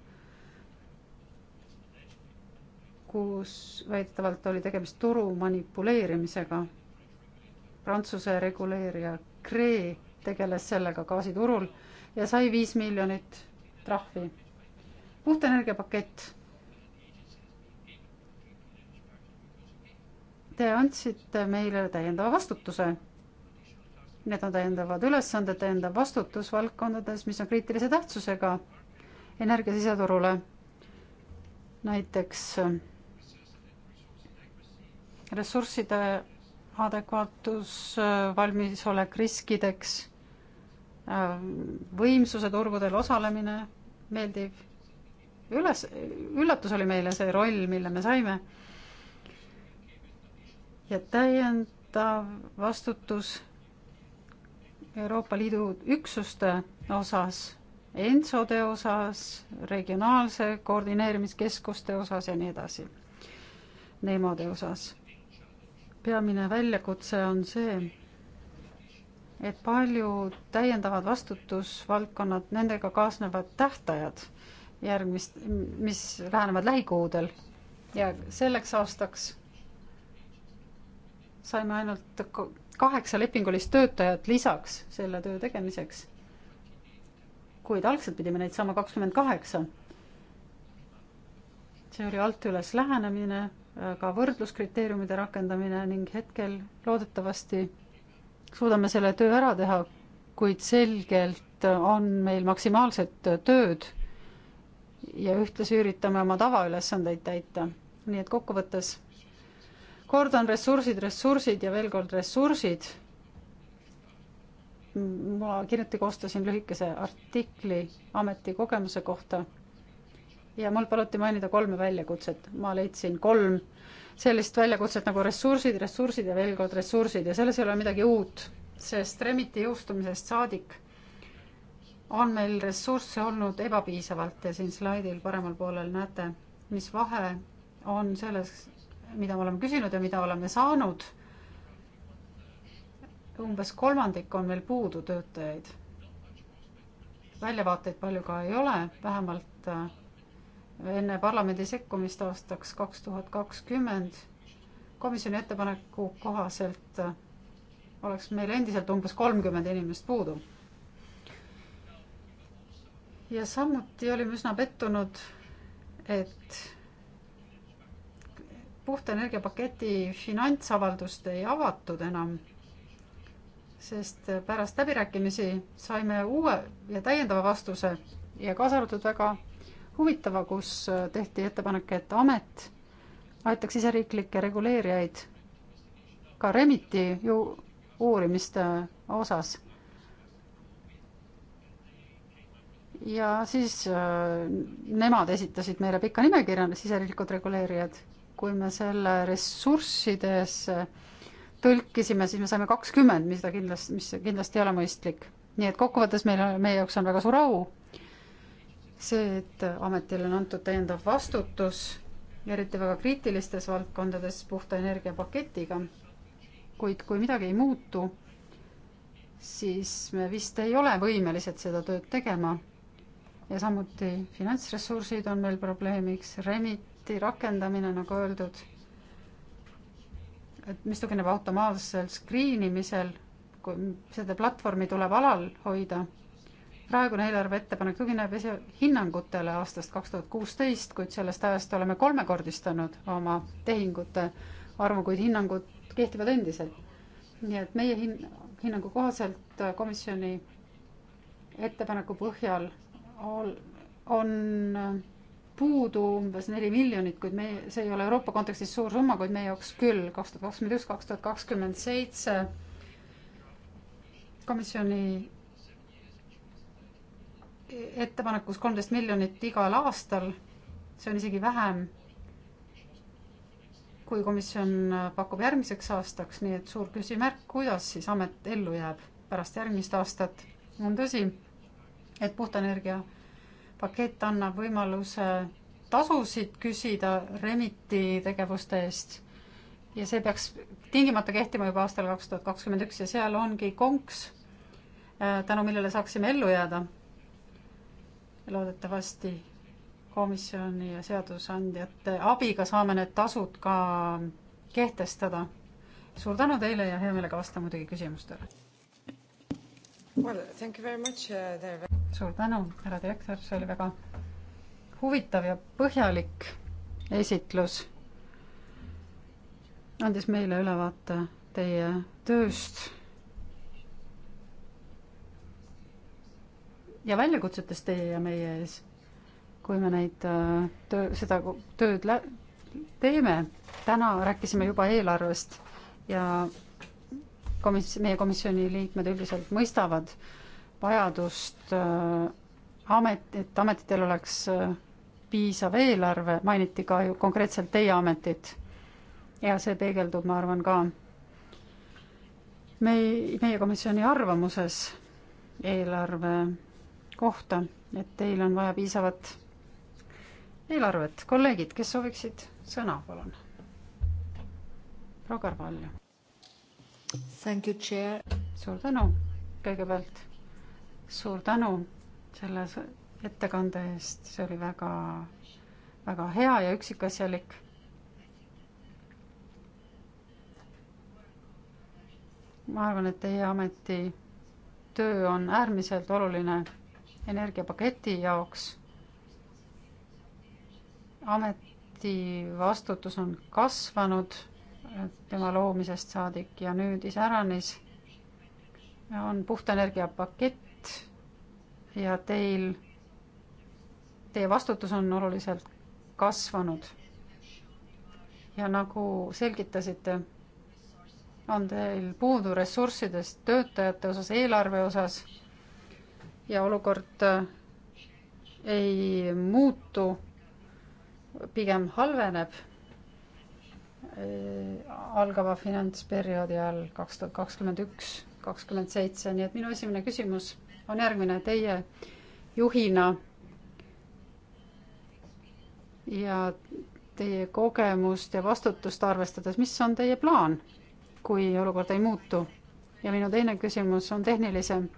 S3: kus väidetavalt oli tegemist turu manipuleerimisega Prantsuse reguleerija Kree tegeles sellega gaasiturul ja sai viis miljonit trahvi. puht energiapakett. Te andsite meile täiendava vastutuse. Need on täiendavad ülesanded, täiendav vastutus valdkondades, mis on kriitilise tähtsusega energia siseturule. näiteks äh, ressursside adekvaatsus, äh, valmisolek riskideks, äh, võimsuse turgudel osalemine, meeldiv. üles, üllatus oli meile see roll, mille me saime. ja täiendav vastutus Euroopa Liidu üksuste osas, ENSO-de osas, regionaalse koordineerimiskeskuste osas ja nii edasi, NEMO-de osas peamine väljakutse on see, et paljud täiendavad vastutusvaldkonnad, nendega kaasnevad tähtajad järgmist, mis lähenevad lähikuudel ja selleks aastaks saime ainult kaheksa lepingulist töötajat lisaks selle töö tegemiseks. kuid algselt pidime neid saama kakskümmend kaheksa. see oli alt üles lähenemine ka võrdluskriteeriumide rakendamine ning hetkel loodetavasti suudame selle töö ära teha, kuid selgelt on meil maksimaalset tööd ja ühtlasi üritame oma tavaülesandeid täita. nii et kokkuvõttes kordan ressursid, ressursid ja veel kord ressursid. ma kirjuti koostasin lühikese artikli ametikogemuse kohta ja mul paluti mainida kolme väljakutset, ma leidsin kolm sellist väljakutset nagu ressursid, ressursid ja veel kord ressursid ja selles ei ole midagi uut, sest Remiti jõustumisest saadik on meil ressursse olnud ebapiisavalt ja siin slaidil paremal poolel näete, mis vahe on selles, mida me oleme küsinud ja mida oleme saanud. umbes kolmandik on meil puudu töötajaid. väljavaateid palju ka ei ole, vähemalt äh, enne parlamendi sekkumist aastaks kaks tuhat kakskümmend komisjoni ettepaneku kohaselt oleks meil endiselt umbes kolmkümmend inimest puudu. ja samuti olime üsna pettunud, et puhta energiapaketi finantsavaldust ei avatud enam, sest pärast läbirääkimisi saime uue ja täiendava vastuse ja kaasa arvatud väga huvitava, kus äh, tehti ettepanek, et amet aitaks siseriiklikke reguleerijaid ka Remiti ju uurimiste osas. ja siis äh, nemad esitasid meile pika nimekirja, siseriiklikud reguleerijad. kui me selle ressurssidesse tõlkisime, siis me saime kakskümmend, mis ta kindlasti, mis kindlasti ei ole mõistlik. nii et kokkuvõttes meil, meie jaoks on väga suur au see, et ametile on antud täiendav vastutus, eriti väga kriitilistes valdkondades puhta energiapaketiga, kuid kui midagi ei muutu, siis me vist ei ole võimelised seda tööd tegema. ja samuti finantsressursid on meil probleemiks, remiti rakendamine, nagu öeldud, et mis tugineb automaatsel screen imisel, kui seda platvormi tuleb alal hoida praegune eelarveettepanek tugineb hinnangutele aastast kaks tuhat kuusteist, kuid sellest ajast oleme kolmekordistanud oma tehingute arvu, kuid hinnangud kehtivad endiselt. nii et meie hin-, hinnangu kohaselt komisjoni ettepaneku põhjal ol, on puudu umbes neli miljonit, kuid me, see ei ole Euroopa kontekstis suur summa, kuid meie jaoks küll, kaks tuhat kakskümmend üks, kaks tuhat kakskümmend seitse komisjoni ettepanekus kolmteist miljonit igal aastal, see on isegi vähem, kui komisjon pakub järgmiseks aastaks, nii et suur küsimärk, kuidas siis amet ellu jääb pärast järgmist aastat. on tõsi, et puhta energia pakett annab võimaluse tasusid küsida Remiti tegevuste eest ja see peaks tingimata kehtima juba aastal kaks tuhat kakskümmend üks ja seal ongi konks, tänu millele saaksime ellu jääda loodetavasti komisjoni ja seadusandjate abiga saame need tasud ka kehtestada. suur tänu teile ja hea meelega vastan muidugi küsimustele well,. Uh, suur tänu, härra direktor, see oli väga huvitav ja põhjalik esitlus. andis meile ülevaate teie tööst ja väljakutsetest teie ja meie ees, kui me neid äh, töö, seda tööd lä-, teeme. täna rääkisime juba eelarvest ja komis-, meie komisjoni liikmed üldiselt mõistavad vajadust äh, amet, et ametitel oleks äh, piisav eelarve, mainiti ka ju konkreetselt teie ametit. ja see peegeldub, ma arvan, ka mei-, meie komisjoni arvamuses eelarve kohta, et teil on vaja piisavat eelarvet. kolleegid, kes sooviksid sõna, palun. proua Karvalja. suur tänu kõigepealt. suur tänu selle ettekande eest, see oli väga, väga hea ja üksikasjalik ma arvan, et teie ameti töö on äärmiselt oluline energiapaketi jaoks. ameti vastutus on kasvanud tema loomisest saadik ja nüüd iseäranis on puhta energia pakett ja teil, teie vastutus on oluliselt kasvanud. ja nagu selgitasite, on teil puudu ressurssidest töötajate osas, eelarve osas ja olukord äh, ei muutu, pigem halveneb äh, algava finantsperioodi ajal kaks tuhat kakskümmend üks, kakskümmend seitse, nii et minu esimene küsimus on järgmine, teie juhina ja teie kogemust ja vastutust arvestades, mis on teie plaan, kui olukord ei muutu? ja minu teine küsimus on tehnilisem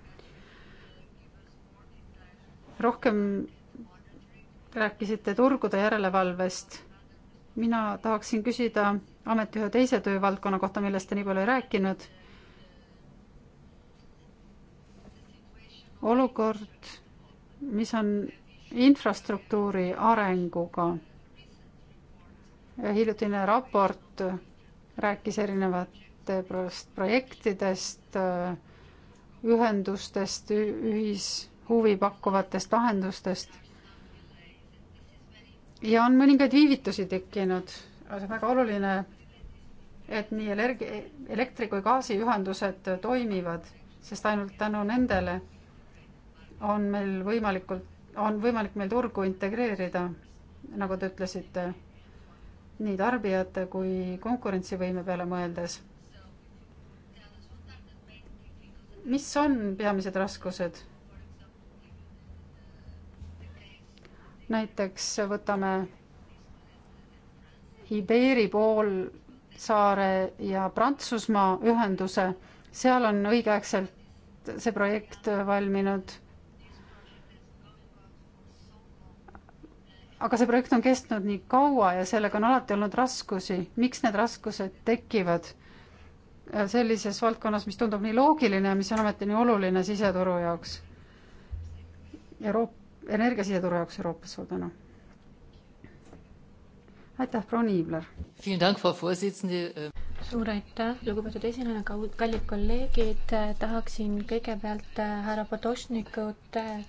S3: rohkem rääkisite turgude järelevalvest. mina tahaksin küsida ameti ühe teise töövaldkonna kohta, millest te nii palju ei rääkinud. olukord, mis on infrastruktuuri arenguga. hiljutine raport rääkis erinevate projektidest, ühendustest, ühis huvipakkuvatest lahendustest. ja on mõningaid viivitusi tekkinud, see on väga oluline, et nii energi-, elektri kui gaasiühendused toimivad, sest ainult tänu nendele on meil võimalikult, on võimalik meil turgu integreerida, nagu te ütlesite, nii tarbijate kui konkurentsivõime peale mõeldes. mis on peamised raskused? näiteks võtame Ibeeri poolsaare ja Prantsusmaa ühenduse, seal on õigeaegselt see projekt valminud. aga see projekt on kestnud nii kaua ja sellega on alati olnud raskusi. miks need raskused tekivad sellises valdkonnas, mis tundub nii loogiline ja mis on ometi nii oluline siseturu jaoks? Euroopa energiasiseturu jaoks Euroopas, suur tänu. aitäh, proua Niibler.
S1: suur aitäh, lugupeetud esineja, kallid kolleegid, tahaksin kõigepealt äh, härra Potošnikut äh,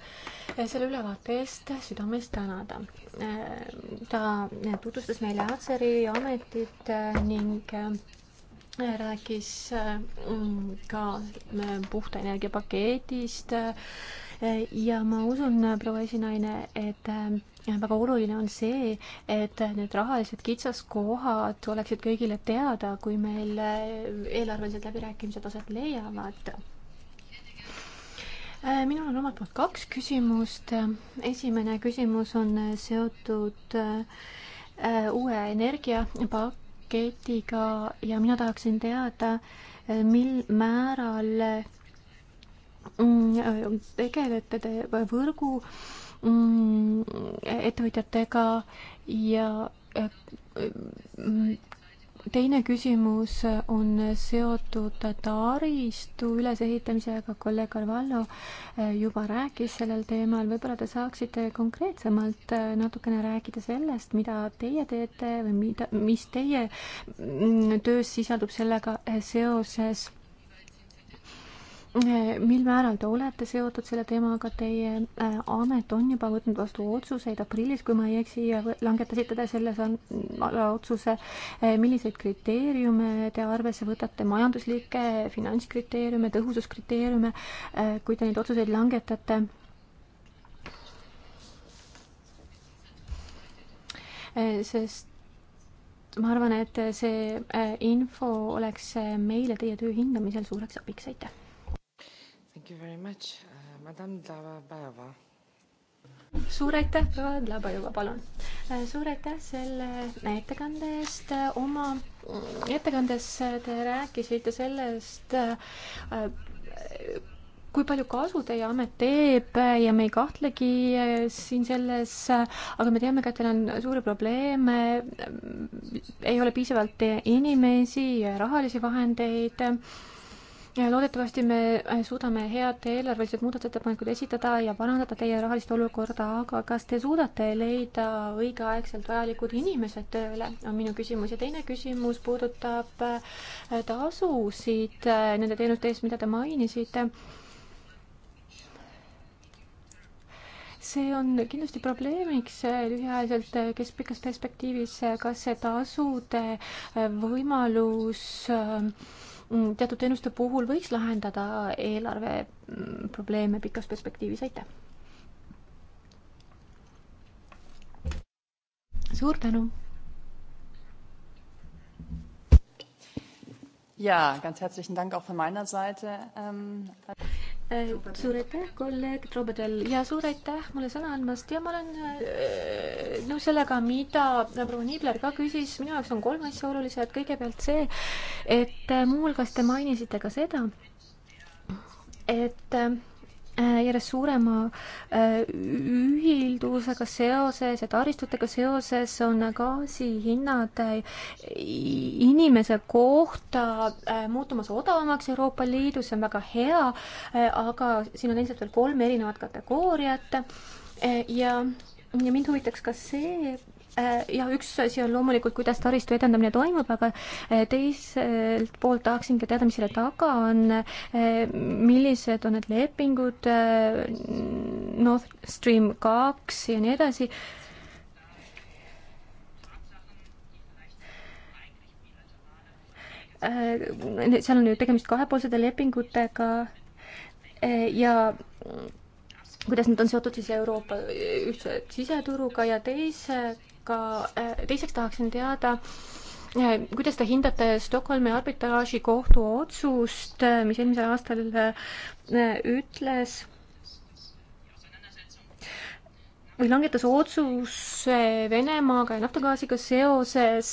S1: selle ülevaate eest südamest tänada. Äh, ta tutvustas meile Atseri ametit ning rääkis ka puhta energia paketist ja ma usun, proua esinaine, et äh, väga oluline on see, et need rahalised kitsaskohad oleksid kõigile teada, kui meil äh, eelarvelised läbirääkimised aset leiavad äh, minul on omalt poolt kaks küsimust. esimene küsimus on seotud uue energiapaketiga ja mina tahaksin teada, mil määral Mm, äh, tegelete te võrgu mm, ettevõtjatega ja äh, mm, teine küsimus on seotud taristu ülesehitamisega, kolleeg Carvalho äh, juba rääkis sellel teemal, võib-olla te saaksite konkreetsemalt natukene rääkida sellest, mida teie teete või mida, mis teie töös sisaldub sellega seoses Äh, mil määral te olete seotud selle teemaga, teie äh, amet on juba võtnud vastu otsuseid aprillis, kui ma ei eksi, langetasite te selle otsuse, äh, milliseid kriteeriume te arvesse võtate, majanduslikke, finantskriteeriume, tõhususkriteeriume, kui te neid otsuseid langetate? sest ma arvan, et see info oleks meile teie töö hindamisel suureks abiks, aitäh!
S2: Thank you very much uh,, madam Dlabajova.
S1: suur aitäh, proua Dlabajova, palun. Uh, suur aitäh selle ettekande eest. Uh, oma uh, ettekandes te rääkisite sellest äh, kui palju kasu teie amet teeb ja me ei kahtlegi siin selles, aga me teame ka, et teil on suuri probleeme, ei ole piisavalt inimesi ja rahalisi vahendeid loodetavasti me äh, suudame head eelarvelised muudatusettepanekud esitada ja parandada teie rahalist olukorda, aga kas te suudate leida õigeaegselt vajalikud inimesed tööle, on minu küsimus. ja teine küsimus puudutab äh, tasusid äh, nende teenuste eest, mida te mainisite see on kindlasti probleemiks lühiajaliselt keskpikas perspektiivis, kas see tasude võimalus Mm, teatud teenuste puhul võiks lahendada eelarve mm, probleeme pikas perspektiivis, aitäh! suur tänu!
S3: jaa, ganz herzlichen Dank auch von meiner Seite ähm....
S1: Äh, suur aitäh, kolleeg Trobedel ja suur aitäh mulle sõna andmast ja ma olen
S3: äh,
S1: nõus no sellega, mida proua Niibler ka küsis, minu jaoks on kolm asja olulised, kõigepealt see, et äh, muuhulgas te mainisite ka seda, et äh, Äh, järjest suurema äh, ühilduvusega seoses ja taristutega seoses on gaasihinnad äh, inimese kohta muutumas odavamaks Euroopa Liidus, see on väga hea, aga siin on endiselt veel kolm erinevat kategooriat ja ja mind huvitaks ka see, Äh, jah, üks asi on loomulikult, kuidas taristu edendamine toimub, aga äh, teiselt poolt tahaksin ka teada, mis selle taga on, äh, millised on need lepingud, Nord Stream kaks ja nii edasi seal on ju tegemist kahepoolsete lepingutega ja kuidas need on seotud siis Euroopa ühtse siseturuga ja teisega, äh, teiseks tahaksin teada, äh, kuidas te hindate Stockholmi arbitraaži kohtu otsust, äh, mis eelmisel aastal ütles või langetas otsuse Venemaaga ja naftagaasiga seoses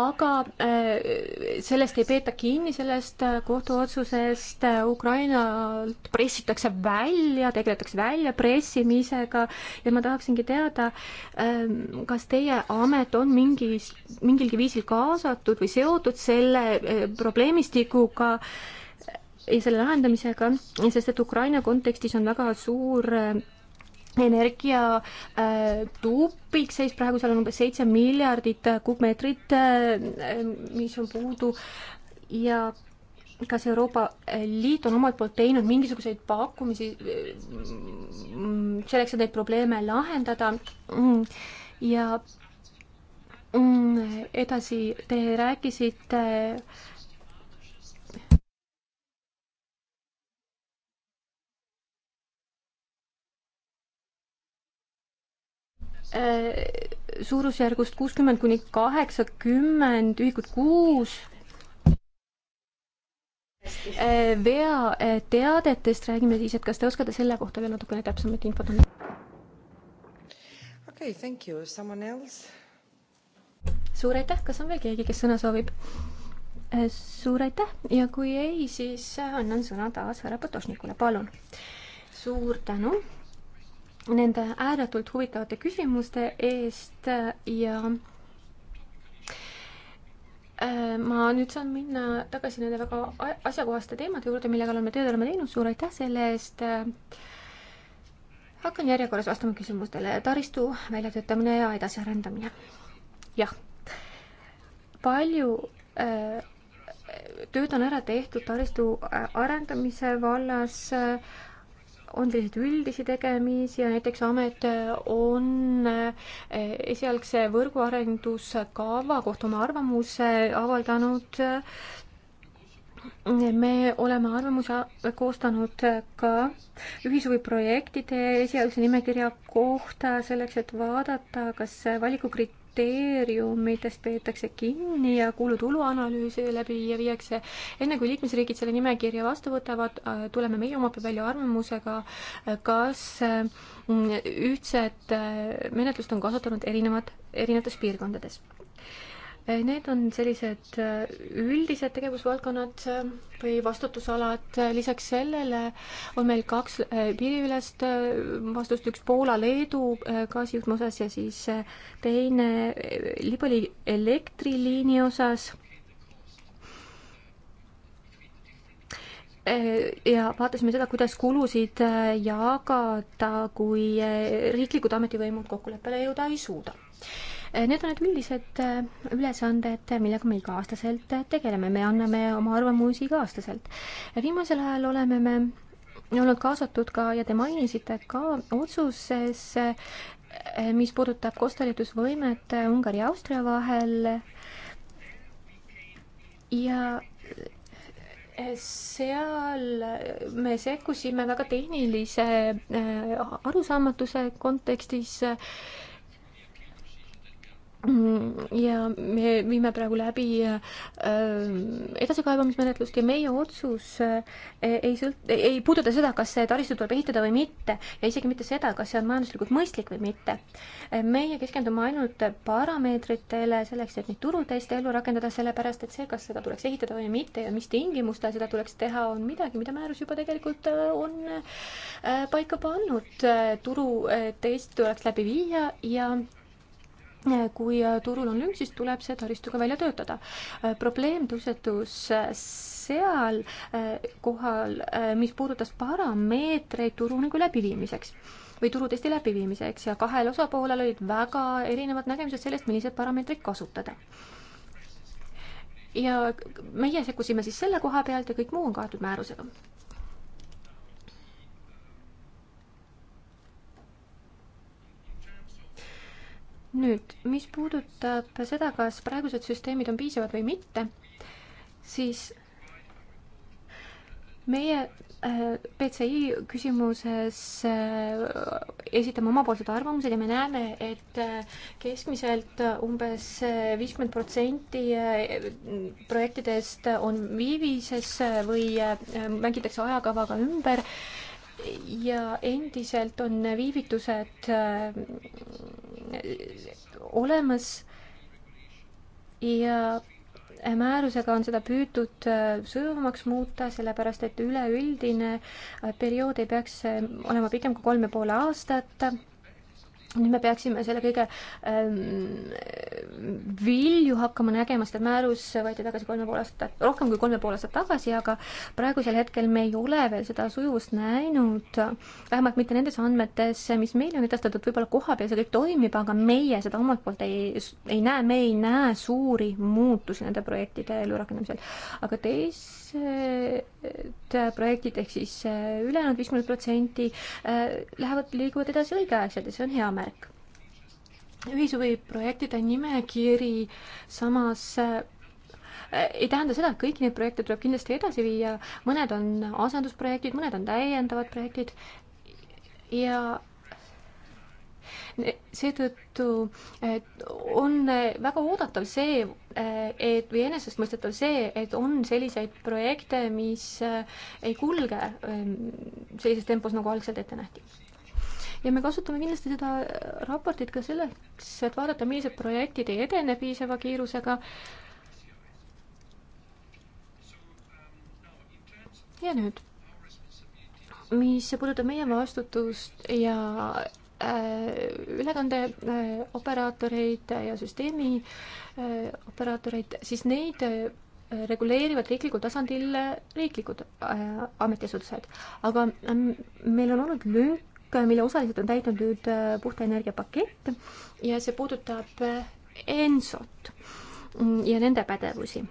S1: aga äh, sellest ei peeta kinni, sellest äh, kohtuotsusest äh, Ukrainalt pressitakse välja, tegeletakse väljapressimisega ja ma tahaksingi teada, ähm, kas teie amet on mingis, mingilgi viisil kaasatud või seotud selle probleemistikuga, ja selle lahendamisega, sest et Ukraina kontekstis on väga suur energiatupik äh, seis, praegu seal on umbes seitse miljardit kuupmeetrit, äh, mis on puudu ja kas Euroopa Liit on omalt poolt teinud mingisuguseid pakkumisi äh, selleks, et neid probleeme lahendada ja mm, edasi, te rääkisite äh, Äh, suurusjärgust kuuskümmend kuni kaheksakümmend ühikut kuus. Äh, veateadetest äh, räägime siis, et kas te oskate selle kohta veel natukene täpsemat infot anda? okei okay,, thank you, someone else? suur aitäh, kas on veel keegi, kes sõna soovib? suur aitäh ja kui ei, siis annan sõna taas härra Potošnikule, palun. suur tänu nende ääretult huvitavate küsimuste eest ja äh, ma nüüd saan minna tagasi nende väga asjakohaste teemade juurde, millega oleme tööd oleme teinud, suur aitäh selle eest. hakkan järjekorras vastama küsimustele, taristu väljatöötamine ja edasiarendamine. jah, palju äh, tööd on ära tehtud taristu äh, arendamise vallas on selliseid üldisi tegemisi ja näiteks amet on eh, esialgse võrguarenduskava kohta oma arvamuse avaldanud. me oleme arvamuse koostanud ka ühishuviprojektide esialgse nimekirja kohta selleks, et vaadata, kas valikukriteeriumid kriteeriumitest peetakse kinni ja kulutulu analüüsi läbi viiakse. enne kui liikmesriigid selle nimekirja vastu võtavad, äh, tuleme meie omapäi välja arvamusega, äh, kas äh, ühtset menetlust on kasutanud erinevad, erinevates piirkondades Äh, need on sellised äh, üldised tegevusvaldkonnad äh, või vastutusalad, lisaks sellele on meil kaks piiriülest vastust, üks Poola-Leedu gaasijuhtme osas ja siis teine Libali elektriliini osas ja vaatasime seda, kuidas kulusid jagada, kui riiklikud ametivõimud kokkuleppele jõuda ei suuda. Eh, need on need üldised eh, ülesanded, eh, millega me iga-aastaselt tegeleme, me anname oma arvamusi iga-aastaselt. viimasel ajal oleme me olnud kaasatud ka ja te mainisite ka otsuses, mis puudutab koostalitusvõimet Ungari ja Austria vahel ja seal me sekkusime väga tehnilise arusaamatuse kontekstis ja me viime praegu läbi äh, edasikaebamismenetlust ja meie otsus äh, ei sõlt-, ei puuduta seda, kas see taristu tuleb ehitada või mitte ja isegi mitte seda, kas see on majanduslikult mõistlik või mitte. Äh, meie keskendume ainult parameetritele selleks, et neid turuteste ellu rakendada, sellepärast et see, kas seda tuleks ehitada või mitte ja mis tingimustel seda tuleks teha, on midagi, mida määrus juba tegelikult on paika pannud. turutest tuleks läbi viia ja kui äh, turul on lünk, siis tuleb see taristu ka välja töötada. Äh, probleem tõusetus äh, seal kohal, mis puudutas parameetreid turuningu läbiviimiseks või turutesti läbiviimiseks ja kahel osapoolel olid väga erinevad nägemised sellest, milliseid parameetreid kasutada. ja meie sekkusime siis selle koha pealt ja kõik muu on kaetud määrusega nüüd, mis puudutab seda, kas praegused süsteemid on piisavad või mitte, siis meie äh, PCI küsimuses äh, esitame omapoolsed arvamused ja me näeme, et äh, keskmiselt umbes viiskümmend protsenti projektidest on viivises või mängitakse ajakavaga ümber ja endiselt on viivitused Äh, olemas ja äh, määrusega on seda püütud äh, sujuvamaks muuta, sellepärast et üleüldine periood ei peaks olema pikem kui kolm ja pool aastat nüüd me peaksime selle kõige ähm, vilju hakkama nägema, seda määrus võeti tagasi kolme pool aastat, rohkem kui kolme pool aastat tagasi, aga praegusel hetkel me ei ole veel seda sujuvust näinud, vähemalt mitte nendes andmetes, mis meile on edastatud, võib-olla kohapeal see kõik toimib, aga meie seda omalt poolt ei, ei näe, me ei näe suuri muutusi nende projektide ellurakendamisel. aga teis-, teised äh, projektid ehk siis äh, ülejäänud viiskümmend protsenti äh, lähevad, liiguvad edasi õigeaegselt ja see on hea märk. ühishuvi projektide nimekiri samas ei tähenda seda, et kõiki neid projekte tuleb kindlasti edasi viia, mõned on asendusprojektid, mõned on täiendavad projektid ja seetõttu on väga oodatav see, et või enesestmõistetav see, et on selliseid projekte, mis eh, ei kulge ehm, sellises tempos, nagu algselt ette nähti ja me kasutame kindlasti seda raportit ka selleks, et vaadata, millised projektid ei edene piisava kiirusega. ja nüüd, mis puudutab meie vastutust ja Äh, ülekandeoperaatoreid äh, ja süsteemi äh, operaatoreid, siis neid reguleerivad riiklikul tasandil riiklikud ametiasutused. aga ähm, meil on olnud lünk, mille osaliselt on täitnud nüüd puhta energia pakett ja see puudutab ENSO-t ja nende pädevusi.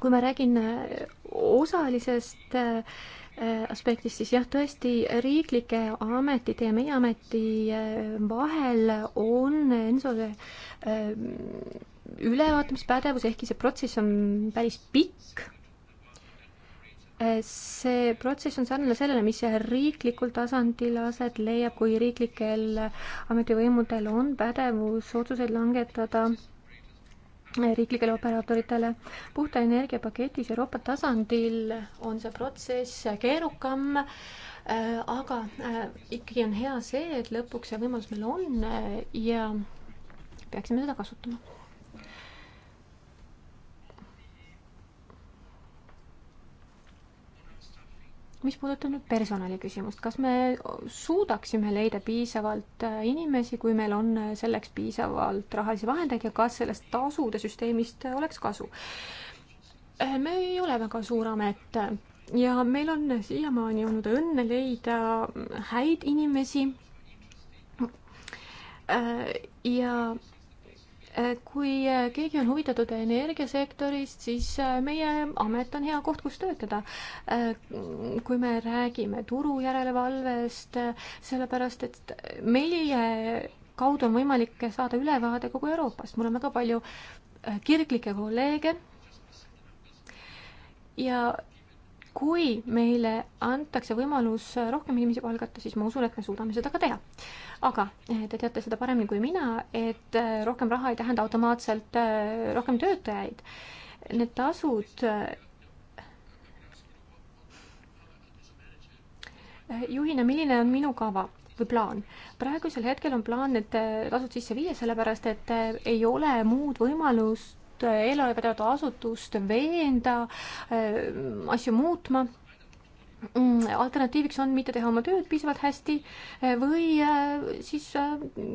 S1: kui ma räägin osalisest äh, Äh, aspektist, siis jah, tõesti riiklike ametite ja meie ameti äh, vahel on ENSO-le äh, ülevaatamispädevus, ehkki see protsess on päris pikk. see protsess on sarnane sellele, mis riiklikul tasandil aset leiab, kui riiklikel ametivõimudel on pädevus otsuseid langetada riiklikele operaatoritele. puhta energia paketis Euroopa tasandil on see protsess keerukam, äh, aga äh, ikkagi on hea see, et lõpuks see võimalus meil on äh, ja peaksime seda kasutama mis puudutab nüüd personali küsimust, kas me suudaksime leida piisavalt äh, inimesi, kui meil on äh, selleks piisavalt rahalisi vahendeid ja kas sellest tasude süsteemist äh, oleks kasu? me ei ole väga suur amet ja meil on siiamaani olnud õnne leida häid inimesi. ja Eh, kui eh, keegi on huvitatud energiasektorist, siis eh, meie amet on hea koht, kus töötada. kui me räägime turu järelevalvest, sellepärast et meie kaudu on võimalik saada ülevaade kogu Euroopast, mul on väga palju kirglikke kolleege ja kui meile antakse võimalus rohkem inimesi palgata, siis ma usun, et me suudame seda ka teha. aga eh, te teate seda paremini kui mina, et eh, rohkem raha ei tähenda automaatselt eh, rohkem töötajaid. Need tasud juhina, milline on minu kava? või plaan. praegusel hetkel on plaan need tasud sisse viia, sellepärast et ei ole muud võimalust suut äh, eelarvepädevat asutust veenda äh, asju muutma mm, alternatiiviks on mitte teha oma tööd piisavalt hästi äh, või siis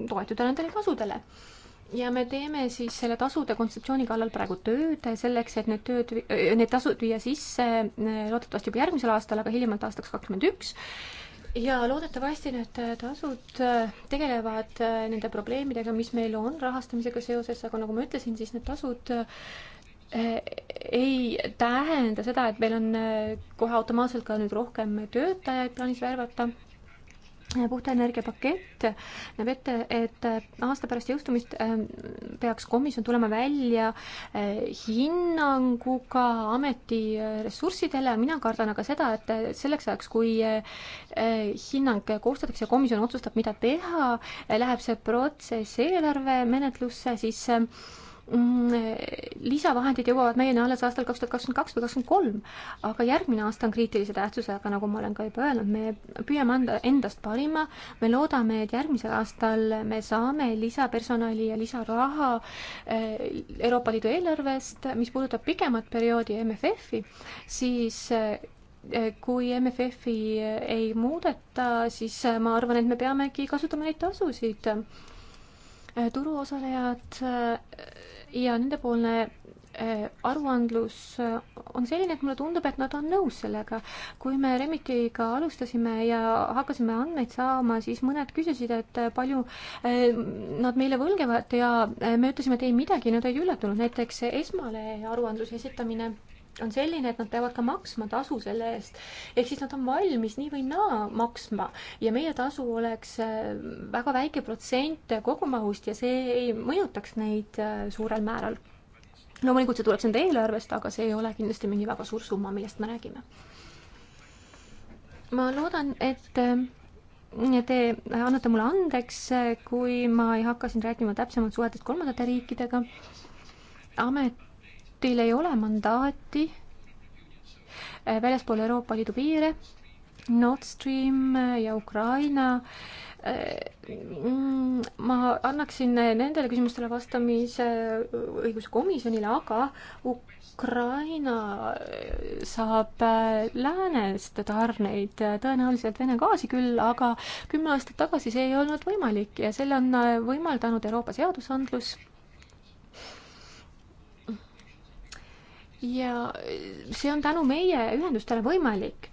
S1: toetuda nendele tasudele. ja me teeme siis selle tasude kontseptsiooni kallal praegu tööd selleks, et need tööd, need tasud viia sisse loodetavasti juba järgmisel aastal, aga hiljemalt aastaks kakskümmend üks ja loodetavasti need äh, tasud äh, tegelevad äh, nende probleemidega, mis meil on rahastamisega seoses, aga nagu ma ütlesin, siis need tasud ei tähenda seda, et meil on kohe automaatselt ka nüüd rohkem töötajaid plaanis värvata puhta energia pakett näeb ette, et äh, aasta pärast jõustumist äh, peaks komisjon tulema välja äh, hinnanguga ameti ressurssidele, mina kardan aga seda, et selleks ajaks, kui hinnang koostatakse ja komisjon otsustab, mida teha, läheb see protsess eelarvemenetlusse, siis Mm, lisavahendid jõuavad meieni alles aastal kaks tuhat kakskümmend kaks või kakskümmend kolm, aga järgmine aasta on kriitilise tähtsusega, nagu ma olen ka juba öelnud, me püüame anda endast parima, me loodame, et järgmisel aastal me saame lisapersonali ja lisaraha eh, Euroopa Liidu eelarvest, mis puudutab pikemat perioodi MFF-i, siis eh, kui MFF-i ei muudeta, siis ma arvan, et me peamegi kasutama neid tasusid Äh, turuosalejad äh, ja nendepoolne äh, aruandlus on selline, et mulle tundub, et nad on nõus sellega. kui me Remitiga alustasime ja hakkasime andmeid saama, siis mõned küsisid, et palju nad meile võlgivad ja me ütlesime, et ei midagi, nad ei üllatunud, näiteks esmale aruandluse esitamine on selline, et nad peavad ka maksma tasu selle eest. ehk siis nad on valmis nii või naa maksma ja meie tasu oleks äh, väga väike protsent kogumahust ja see ei mõjutaks neid äh, suurel määral. loomulikult see tuleks nende eelarvest, aga see ei ole kindlasti mingi väga suur summa, millest me räägime. ma loodan, et äh, Te annate mulle andeks, kui ma ei hakka siin rääkima täpsemalt suhetest kolmandate riikidega. amet Egiputil ei ole mandaati äh, väljaspool Euroopa Liidu piire. Nord Stream äh, ja Ukraina. Äh, mm, ma annaksin nendele küsimustele vastamise õiguskomisjonile, aga Ukraina saab läänest tarneid, tõenäoliselt Vene gaasi küll, aga kümme aastat tagasi see ei olnud võimalik ja selle on võimaldanud Euroopa seadusandlus ja see on tänu meie ühendustele võimalik.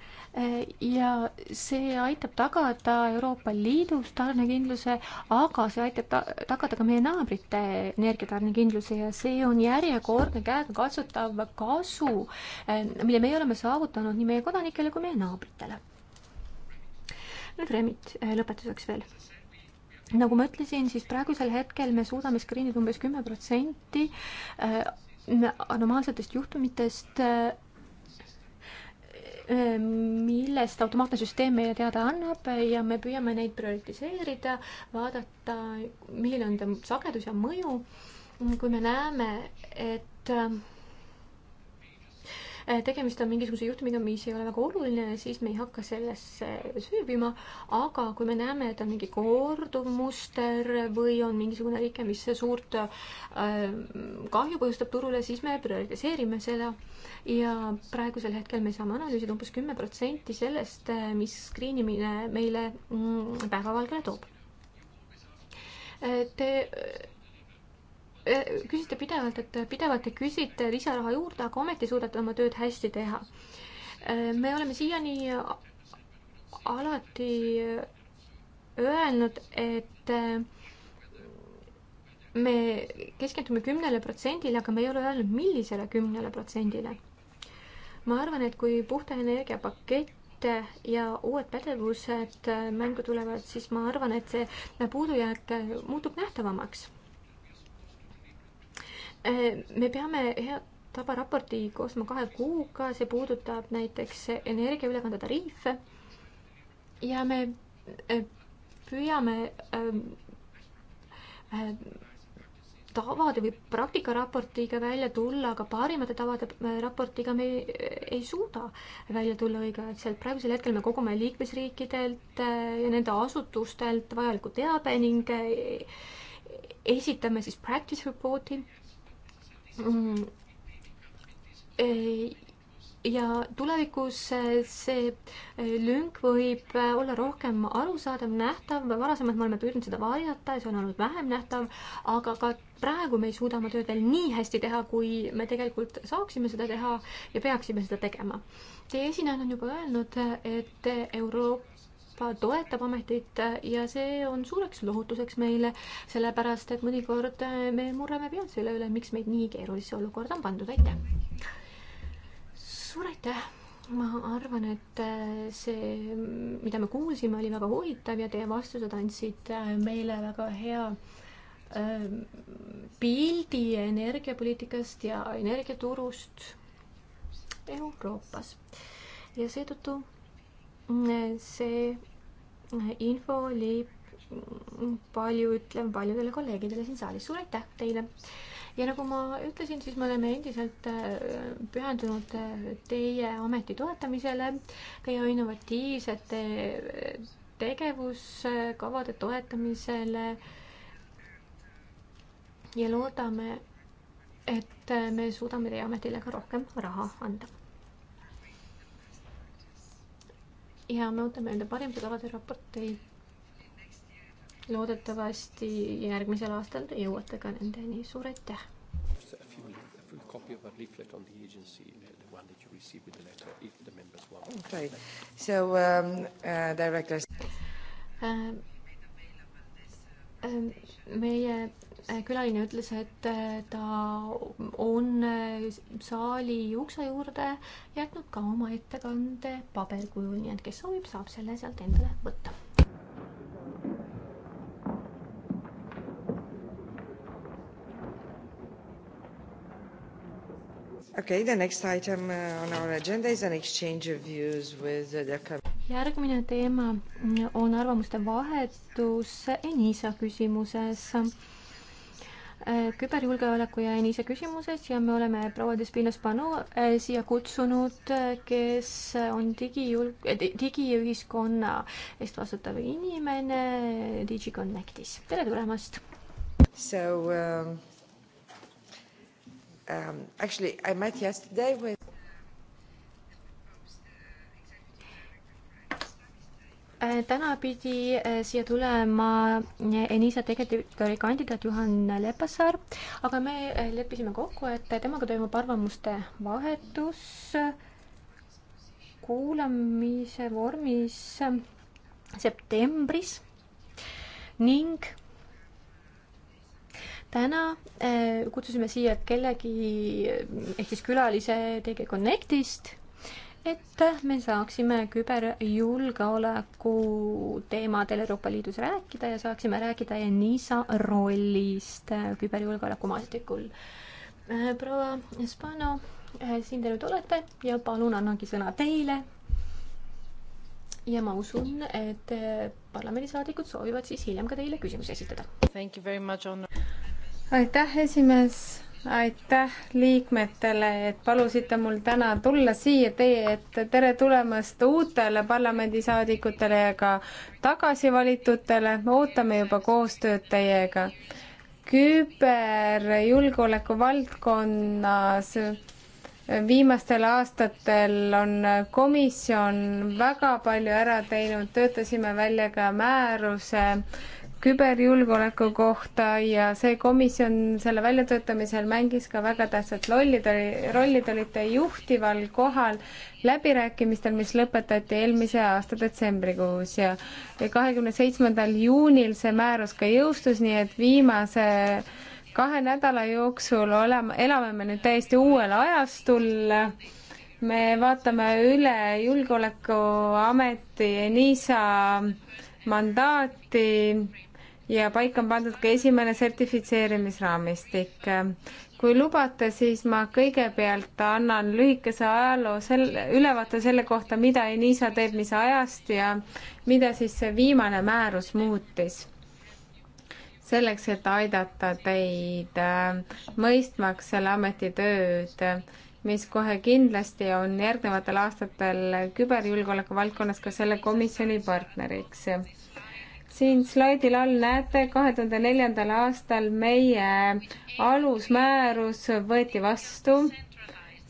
S1: ja see aitab tagada Euroopa Liidus tarnekindluse, aga see aitab ta-, tagada ka meie naabrite energiatarnekindluse ja see on järjekordne käegakatsutav kasu, mille meie oleme saavutanud nii meie kodanikele kui meie naabritele. nüüd Remit lõpetuseks veel nagu ma ütlesin, siis praegusel hetkel me suudame screen ida umbes kümme protsenti anomaalsetest juhtumitest, äh, äh, millest automaatne süsteem meile teada annab ja me püüame neid prioritiseerida, vaadata, milline on ta sagedus ja mõju. kui me näeme, et äh, Eh, tegemist on mingisuguse juhtumiga, mis ei ole väga oluline, siis me ei hakka sellesse süüvima, aga kui me näeme, et on mingi korduvmuster või on mingisugune rike, mis suurt eh, kahju põhjustab turule, siis me prioritiseerime seda ja praegusel hetkel me saame analüüsida umbes kümme protsenti sellest, eh, mis screen imine meile mm, päevavalgele toob. Te küsite pidevalt, et pidevalt te küsite lisaraha juurde, aga ometi suudate oma tööd hästi teha. me oleme siiani alati öelnud, et me keskendume kümnele protsendile, aga me ei ole öelnud, millisele kümnele protsendile. ma arvan, et kui puhta energia pakett ja uued pädevused mängu tulevad, siis ma arvan, et see puudujääk muutub nähtavamaks me peame hea tabaraporti koostama kahe kuuga, see puudutab näiteks energiaülekande tariife ja me e, püüame ähm, äh, tavade või praktikaraportiga välja tulla, aga parimate tavade raportiga me ei suuda välja tulla õigeaegselt. praegusel hetkel me kogume liikmesriikidelt ja nende asutustelt vajalikku teabe ning esitame siis practice report'i Mm. ja tulevikus see eh, lünk võib eh, olla rohkem arusaadav, nähtav, varasemalt me oleme püüdnud seda varjata ja see on olnud vähem nähtav, aga ka praegu me ei suuda oma tööd veel nii hästi teha, kui me tegelikult saaksime seda teha ja peaksime seda tegema. Teie esinejad on juba öelnud, eh, et Euroopa Euroopa toetab ametit äh, ja see on suureks lohutuseks meile, sellepärast et mõnikord äh, me murrame pead selle üle, miks meid nii keerulisse olukorda on pandud, aitäh! suur aitäh! ma arvan, et äh, see, mida me kuulsime, oli väga huvitav ja teie vastused andsid meile väga hea ähm, pildi energiapoliitikast ja energiaturust Euroopas. ja seetõttu see info oli palju ütlev paljudele kolleegidele siin saalis. suur aitäh teile! ja nagu ma ütlesin, siis me oleme endiselt äh, pühendunud äh, teie ameti toetamisele, teie innovatiivsete äh, tegevuskavade toetamisele ja loodame, et me suudame teie ametile ka rohkem raha anda. ja me ootame enda parimate tavade raporteid. loodetavasti järgmisel aastal jõuate ka nendeni, suur aitäh!
S2: copy of a leaflet on the agency, the one that you receive with the letter, if the members want. Okay. So, um, uh, directors. Um,
S1: um, meie Äh, külaline ütles, et äh, ta on äh, saali ukse juurde jätnud ka oma ettekande paberkujul, nii et kes soovib, saab selle sealt endale võtta.
S2: Okay, the next item uh, on our agenda is an exchange of views with the
S1: järgmine teema mm, on arvamuste vahetus Enisa küsimuses Äh, küberjulgeoleku ja ENISE küsimuses ja me oleme proua Despinas Panu äh, siia kutsunud, äh, kes on digijulg-, digiühiskonna eest vastutav inimene DigiConnectis. tere
S2: tulemast! So um, um, actually I met yesterday with
S1: Äh, täna pidi äh, siia tulema äh, Enisa tegevdirektori kandidaat Juhan Lepassaar, aga me leppisime kokku, et temaga toimub arvamuste vahetus kuulamise vormis septembris ning täna kutsusime siia kellegi ehk siis külalise TG Connectist et me saaksime küberjulgeoleku teemadel Euroopa Liidus rääkida ja saaksime rääkida ENISA rollist äh, küberjulgeoleku maastikul. Äh, proua Spano, äh, siin te nüüd olete ja palun annangi sõna teile ja ma usun, et parlamendisaadikud soovivad siis hiljem ka teile küsimusi esitada.
S2: aitäh, esimees aitäh liikmetele, et palusite mul täna tulla siia teie ette. tere tulemast uutele parlamendisaadikutele ja ka tagasivalitutele. ootame juba koostööd teiega. küberjulgeoleku valdkonnas viimastel aastatel on komisjon väga palju ära teinud, töötasime välja ka määruse äh, küberjulgeoleku kohta ja see komisjon selle väljatöötamisel mängis ka väga tähtsat rolli, te rolli, te olite juhtival kohal läbirääkimistel, mis lõpetati eelmise aasta detsembrikuus ja kahekümne seitsmendal juunil see määrus ka jõustus, nii et viimase kahe nädala jooksul oleme, elame me nüüd täiesti uuel ajastul me vaatame üle Julgeolekuameti NISA mandaati ja paika on pandud ka esimene sertifitseerimisraamistik. kui lubate, siis ma kõigepealt annan lühikese ajaloo selle, ülevaate selle kohta, mida Enisa teeb, mis ajast ja mida siis see viimane määrus muutis selleks, et aidata teid äh, mõistmaks selle ameti tööd, mis kohe kindlasti on järgnevatel aastatel küberjulgeoleku valdkonnas ka selle komisjoni partneriks siin slaidil all näete, kahe tuhande neljandal aastal meie alusmäärus võeti vastu.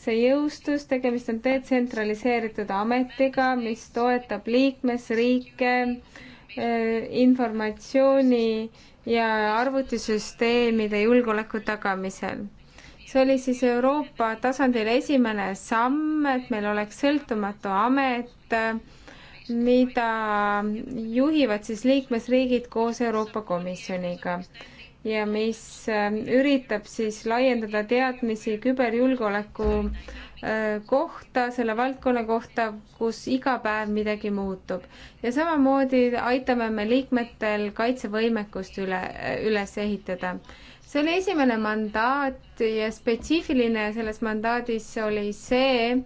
S2: see jõustus, tegemist on detsentraliseeritud ametiga, mis toetab liikmesriike eh, informatsiooni ja arvutisüsteemide julgeoleku tagamisel. see oli siis Euroopa tasandil esimene samm, et meil oleks sõltumatu amet mida juhivad siis liikmesriigid koos Euroopa Komisjoniga ja mis äh, üritab siis laiendada teadmisi küberjulgeoleku äh, kohta, selle valdkonna kohta, kus iga päev midagi muutub. ja samamoodi aitame me liikmetel kaitsevõimekust üle, äh, üles ehitada. see oli esimene mandaat ja spetsiifiline selles mandaadis oli see,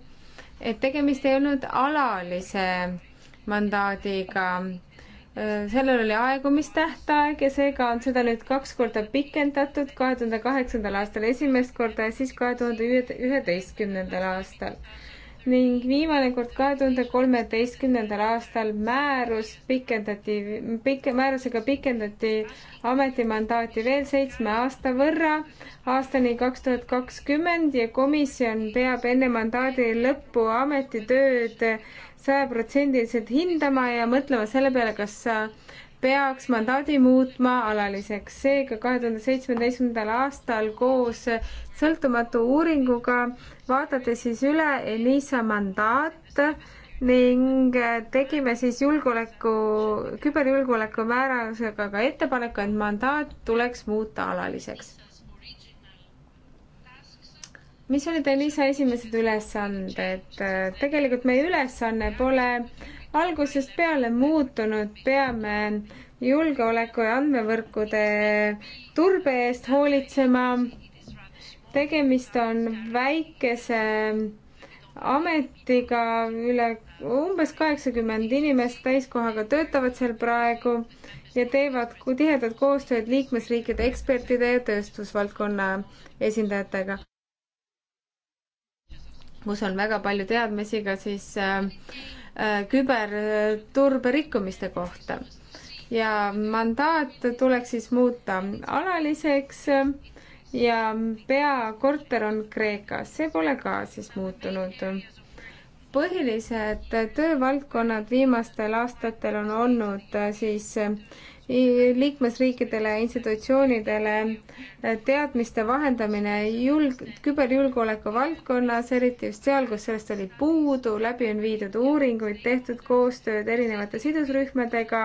S2: et tegemist ei olnud alalise mandaadiga. sellel oli aegumistähtaeg ja seega on seda nüüd kaks korda pikendatud, kahe tuhande kaheksandal aastal esimest korda ja siis kahe tuhande üheteistkümnendal aastal. ning viimane kord kahe tuhande kolmeteistkümnendal aastal määrus pikendati, pik-, määrusega pikendati ametimandaati veel seitsme aasta võrra aastani kaks tuhat kakskümmend ja komisjon peab enne mandaadi lõppu ametitööd sajaprotsendiliselt hindama ja mõtlema selle peale, kas peaks mandaadi muutma alaliseks. seega kahe tuhande seitsmeteistkümnendal aastal koos sõltumatu uuringuga vaadati siis üle Elisa mandaat ning tegime siis julgeoleku, küberjulgeoleku määrusega ka ettepaneku, et mandaat tuleks muuta alaliseks mis olid Elisa esimesed ülesanded? tegelikult meie ülesanne pole algusest peale muutunud, peame julgeoleku ja andmevõrkude turbe eest hoolitsema. tegemist on väikese ametiga, üle umbes kaheksakümmend inimest täiskohaga töötavad seal praegu ja teevad tihedat koostööd liikmesriikide ekspertide ja tööstusvaldkonna esindajatega kus on väga palju teadmisi ka siis äh, äh, küberturbe rikkumiste kohta. ja mandaat tuleks siis muuta alaliseks äh, ja peakorter on Kreekas, see pole ka siis muutunud. põhilised töövaldkonnad viimastel aastatel on olnud äh, siis äh, liikmesriikidele ja institutsioonidele eh, teadmiste vahendamine julg-, küberjulgeoleku valdkonnas, eriti just seal, kus sellest oli puudu, läbi on viidud uuringuid, tehtud koostööd erinevate sidusrühmadega,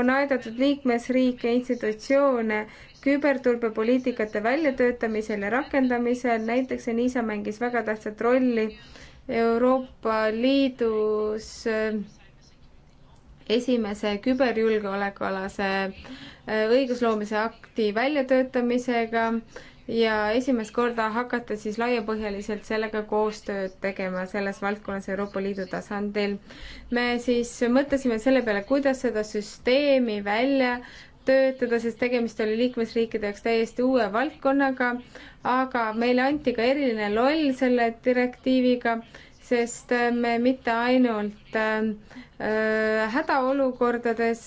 S2: on aidatud liikmesriike, institutsioone küberturbepoliitikate väljatöötamisel ja rakendamisel, näiteks Enisa mängis väga tähtsat rolli Euroopa Liidus äh, esimese küberjulgeolekualase äh, õigusloomise akti väljatöötamisega ja esimest korda hakata siis laiapõhjaliselt sellega koostööd tegema selles valdkonnas Euroopa Liidu tasandil. me siis mõtlesime selle peale, kuidas seda süsteemi välja töötada, sest tegemist oli liikmesriikide jaoks täiesti uue valdkonnaga, aga meile anti ka eriline loll selle direktiiviga sest äh, me mitte ainult äh, äh, hädaolukordades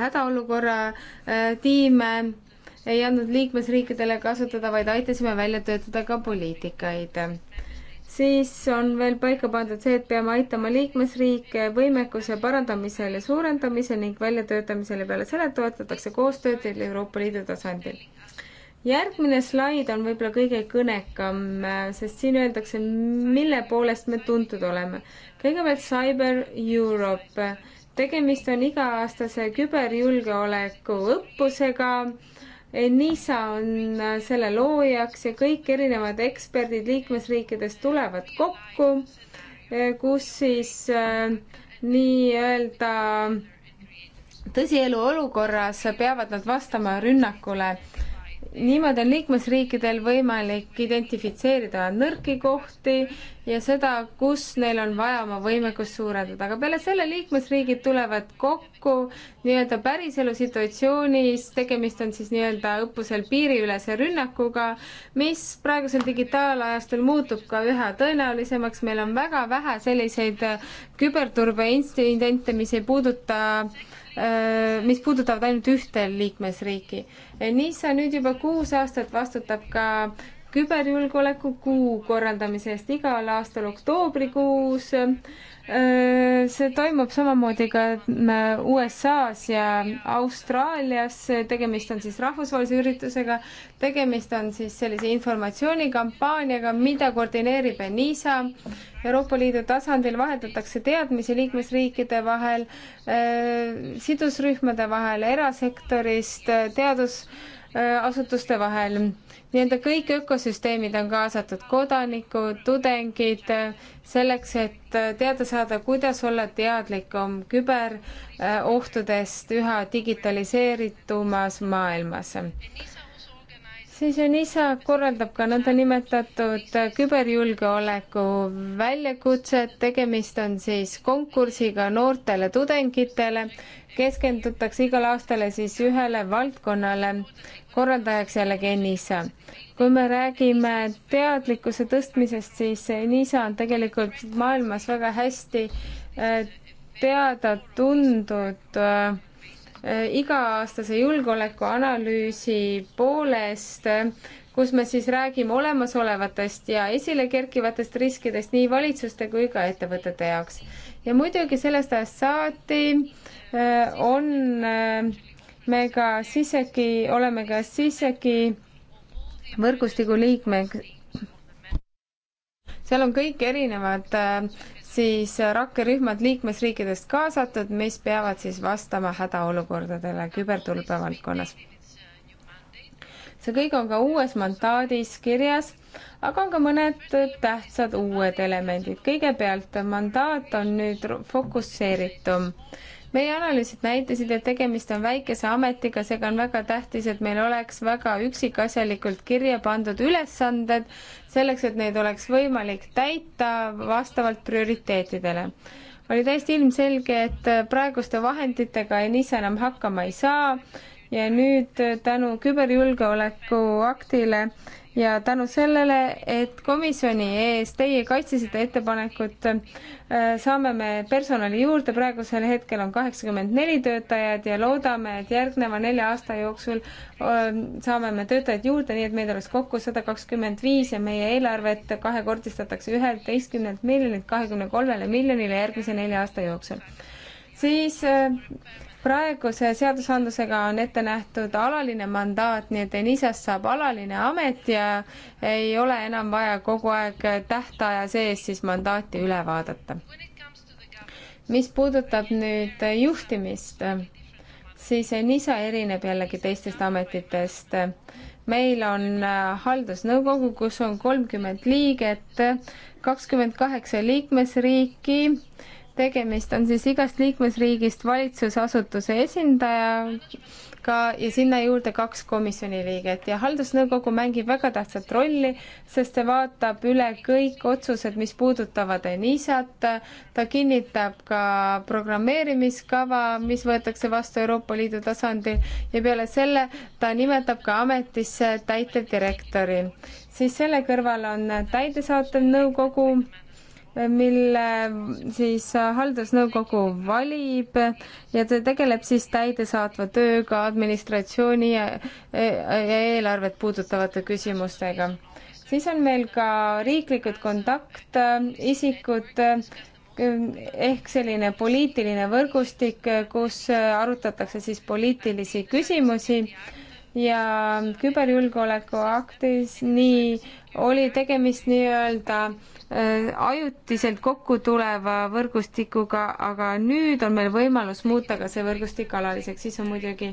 S2: hädaolukorra tiime ei andnud liikmesriikidele kasutada, vaid aitasime välja töötada ka poliitikaid. siis on veel paika pandud see, et peame aitama liikmesriike võimekuse parandamisel ja suurendamisel ning väljatöötamisel ja peale selle toetatakse koostööd Euroopa Liidu tasandil järgmine slaid on võib-olla kõige kõnekam, äh, sest siin öeldakse, mille poolest me tuntud oleme. kõigepealt Cyber Europe. tegemist on iga-aastase küberjulgeoleku õppusega. E, NISA on äh, selle loojaks ja kõik erinevad eksperdid liikmesriikidest tulevad kokku, äh, kus siis nii-öelda tõsielu olukorras peavad nad vastama rünnakule niimoodi on liikmesriikidel võimalik identifitseerida nõrki kohti ja seda, kus neil on vaja oma võimekust suurendada, aga peale selle liikmesriigid tulevad kokku nii-öelda päriselu situatsioonis, tegemist on siis nii-öelda õppusel piiriülese rünnakuga, mis praegusel digitaalajastul muutub ka üha tõenäolisemaks, meil on väga vähe selliseid küberturbeintsidente, mis ei puuduta äh, Äh, mis puudutavad ainult ühte liikmesriiki. Äh, NISA nüüd juba kuus aastat vastutab ka küberjulgeoleku kuu korraldamise eest igal aastal oktoobrikuus Äh, see toimub samamoodi ka äh, USA-s ja Austraalias, tegemist on siis rahvusvahelise üritusega, tegemist on siis sellise informatsioonikampaaniaga, mida koordineerib ENISA. Euroopa Liidu tasandil vahetatakse teadmisi liikmesriikide vahel, äh, sidusrühmade vahel, erasektorist, teadus- Äh, asutuste vahel. nii-öelda kõik ökosüsteemid on kaasatud, kodanikud, tudengid, äh, selleks, et äh, teada saada, kuidas olla teadlikum küberohtudest üha digitaliseeritumas maailmas. siis UNISA korraldab ka nõndanimetatud küberjulgeoleku väljakutset, tegemist on siis konkursiga noortele tudengitele, keskendutakse igal aastal siis ühele valdkonnale korraldajaks jällegi Enisa. kui me räägime teadlikkuse tõstmisest, siis Enisa on tegelikult maailmas väga hästi äh, teada-tuntud äh, iga-aastase julgeolekuanalüüsi poolest, kus me siis räägime olemasolevatest ja esile kerkivatest riskidest nii valitsuste kui ka ettevõtete jaoks. ja muidugi sellest ajast saati äh, on me ka sisegi, oleme ka sisegi võrgustiku liikmed. seal on kõik erinevad äh, siis rakkerühmad liikmesriikidest kaasatud, mis peavad siis vastama hädaolukordadele küberturbe valdkonnas. see kõik on ka uues mandaadis kirjas, aga on ka mõned tähtsad uued elemendid. kõigepealt mandaat on nüüd fokusseeritum meie analüüsid näitasid, et tegemist on väikese ametiga, seega on väga tähtis, et meil oleks väga üksikasjalikult kirja pandud ülesanded, selleks et neid oleks võimalik täita vastavalt prioriteetidele. oli täiesti ilmselge, et praeguste vahenditega NISA enam hakkama ei saa ja nüüd tänu küberjulgeoleku aktile ja tänu sellele, et komisjoni ees teie kaitsesite ettepanekut, äh, saame me personali juurde, praegusel hetkel on kaheksakümmend neli töötajad ja loodame, et järgneva nelja aasta jooksul äh, saame me töötajaid juurde, nii et meid oleks kokku sada kakskümmend viis ja meie eelarvet kahekordistatakse üheteistkümnelt miljonilt kahekümne kolmele miljonile järgmise nelja aasta jooksul. siis äh, praeguse seadusandlusega on ette nähtud alaline mandaat, nii et Enisast saab alaline amet ja ei ole enam vaja kogu aeg tähtaja sees siis mandaati üle vaadata. mis puudutab nüüd juhtimist, siis Enisa erineb jällegi teistest ametitest. meil on äh, haldusnõukogu, kus on kolmkümmend liiget, kakskümmend kaheksa liikmesriiki tegemist on siis igast liikmesriigist valitsusasutuse esindajaga ja sinna juurde kaks komisjoni liiget ja haldusnõukogu mängib väga tähtsat rolli, sest see vaatab üle kõik otsused, mis puudutavad ENISA-t, ta kinnitab ka programmeerimiskava, mis võetakse vastu Euroopa Liidu tasandil ja peale selle ta nimetab ka ametisse täitevdirektori. siis selle kõrval on täidesaatev nõukogu, mille siis äh, haldusnõukogu valib ja ta tegeleb siis täidesaatva tööga, administratsiooni ja, äh, ja eelarvet puudutavate küsimustega. siis on meil ka riiklikud kontaktisikud äh, ehk selline poliitiline võrgustik, kus arutatakse siis poliitilisi küsimusi ja küberjulgeoleku aktis, nii oli tegemist nii-öelda äh, ajutiselt kokku tuleva võrgustikuga, aga nüüd on meil võimalus muuta ka see võrgustik alaliseks, siis on muidugi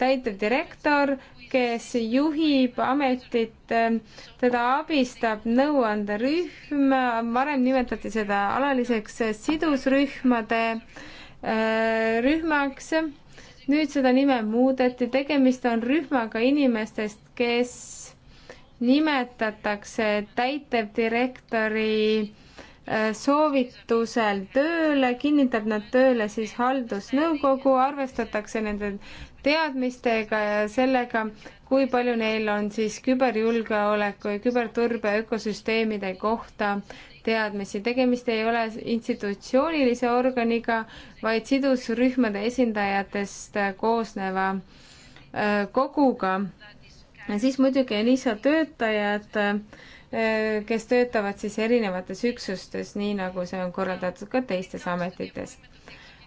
S2: täitevdirektor, kes juhib ametit, äh, teda abistab nõuanderühm, varem nimetati seda alaliseks sidusrühmade äh, rühmaks nüüd seda nime muudeti, tegemist on rühmaga inimestest, kes nimetatakse täitevdirektori äh, soovitusel tööle, kinnitab nad tööle siis haldusnõukogu, arvestatakse nende teadmistega ja sellega, kui palju neil on siis küberjulgeoleku ja küberturbe ökosüsteemide kohta teadmisi. tegemist ei ole institutsioonilise organiga, vaid sidusrühmade esindajatest koosneva äh, koguga. siis muidugi ENISA töötajad, äh, kes töötavad siis erinevates üksustes, nii nagu see on korraldatud ka teistes ametites.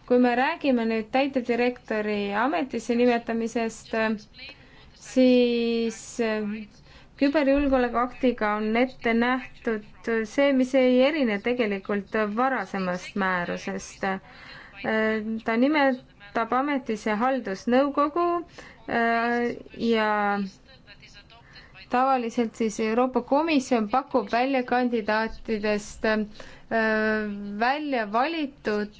S2: kui me räägime nüüd täitevdirektori ametisse nimetamisest, siis äh, küberjulgeoleku aktiga on ette nähtud see, mis ei erine tegelikult varasemast määrusest. ta nimetab ametisse haldusnõukogu äh, ja tavaliselt siis Euroopa Komisjon pakub välja kandidaatidest äh, välja valitud.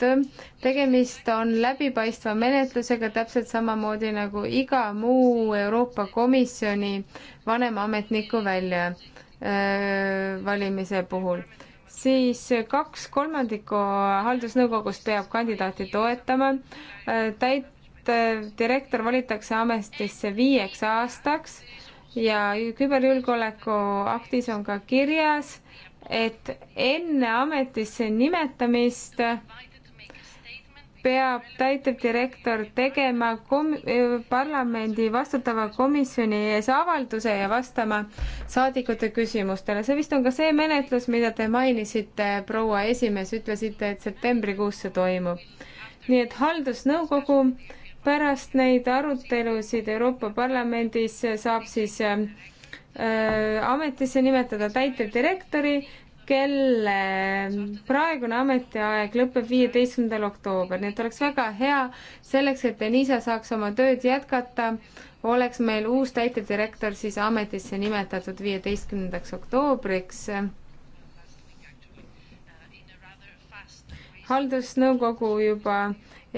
S2: tegemist on läbipaistva menetlusega, täpselt samamoodi nagu iga muu Euroopa Komisjoni äh, vanema ametniku välja valimise puhul, siis kaks kolmandikku haldusnõukogust peab kandidaati toetama, täit-, direktor valitakse ametisse viieks aastaks ja küberjulgeoleku aktis on ka kirjas, et enne ametisse nimetamist äh, peab täitevdirektor tegema kom-, parlamendi vastutava komisjoni ees avalduse ja vastama saadikute küsimustele. see vist on ka see menetlus, mida te mainisite, proua esimees, ütlesite, et septembrikuus see toimub. nii et haldusnõukogu pärast neid arutelusid Euroopa Parlamendis saab siis äh, ametisse nimetada täitevdirektori kelle praegune ametiaeg lõpeb viieteistkümnendal oktoober, nii et oleks väga hea selleks, et Denisa saaks oma tööd jätkata, oleks meil uus täitevdirektor siis ametisse nimetatud viieteistkümnendaks oktoobriks. haldusnõukogu juba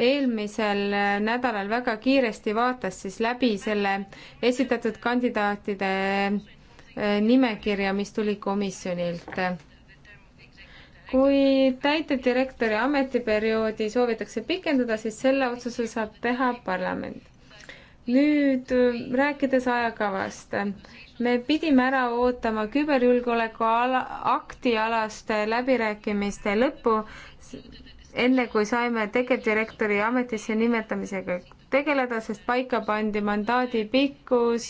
S2: eelmisel nädalal väga kiiresti vaatas siis läbi selle esitatud kandidaatide eh, nimekirja, mis tuli komisjonilt kui täitedirektori ametiperioodi soovitakse pikendada, siis selle otsuse saab teha parlament. nüüd rääkides ajakavast, me pidime ära ootama küberjulgeoleku ala, akti alaste läbirääkimiste lõpu, enne kui saime tegevdirektori ametisse nimetamisega tegeleda, sest paika pandi mandaadi pikkus,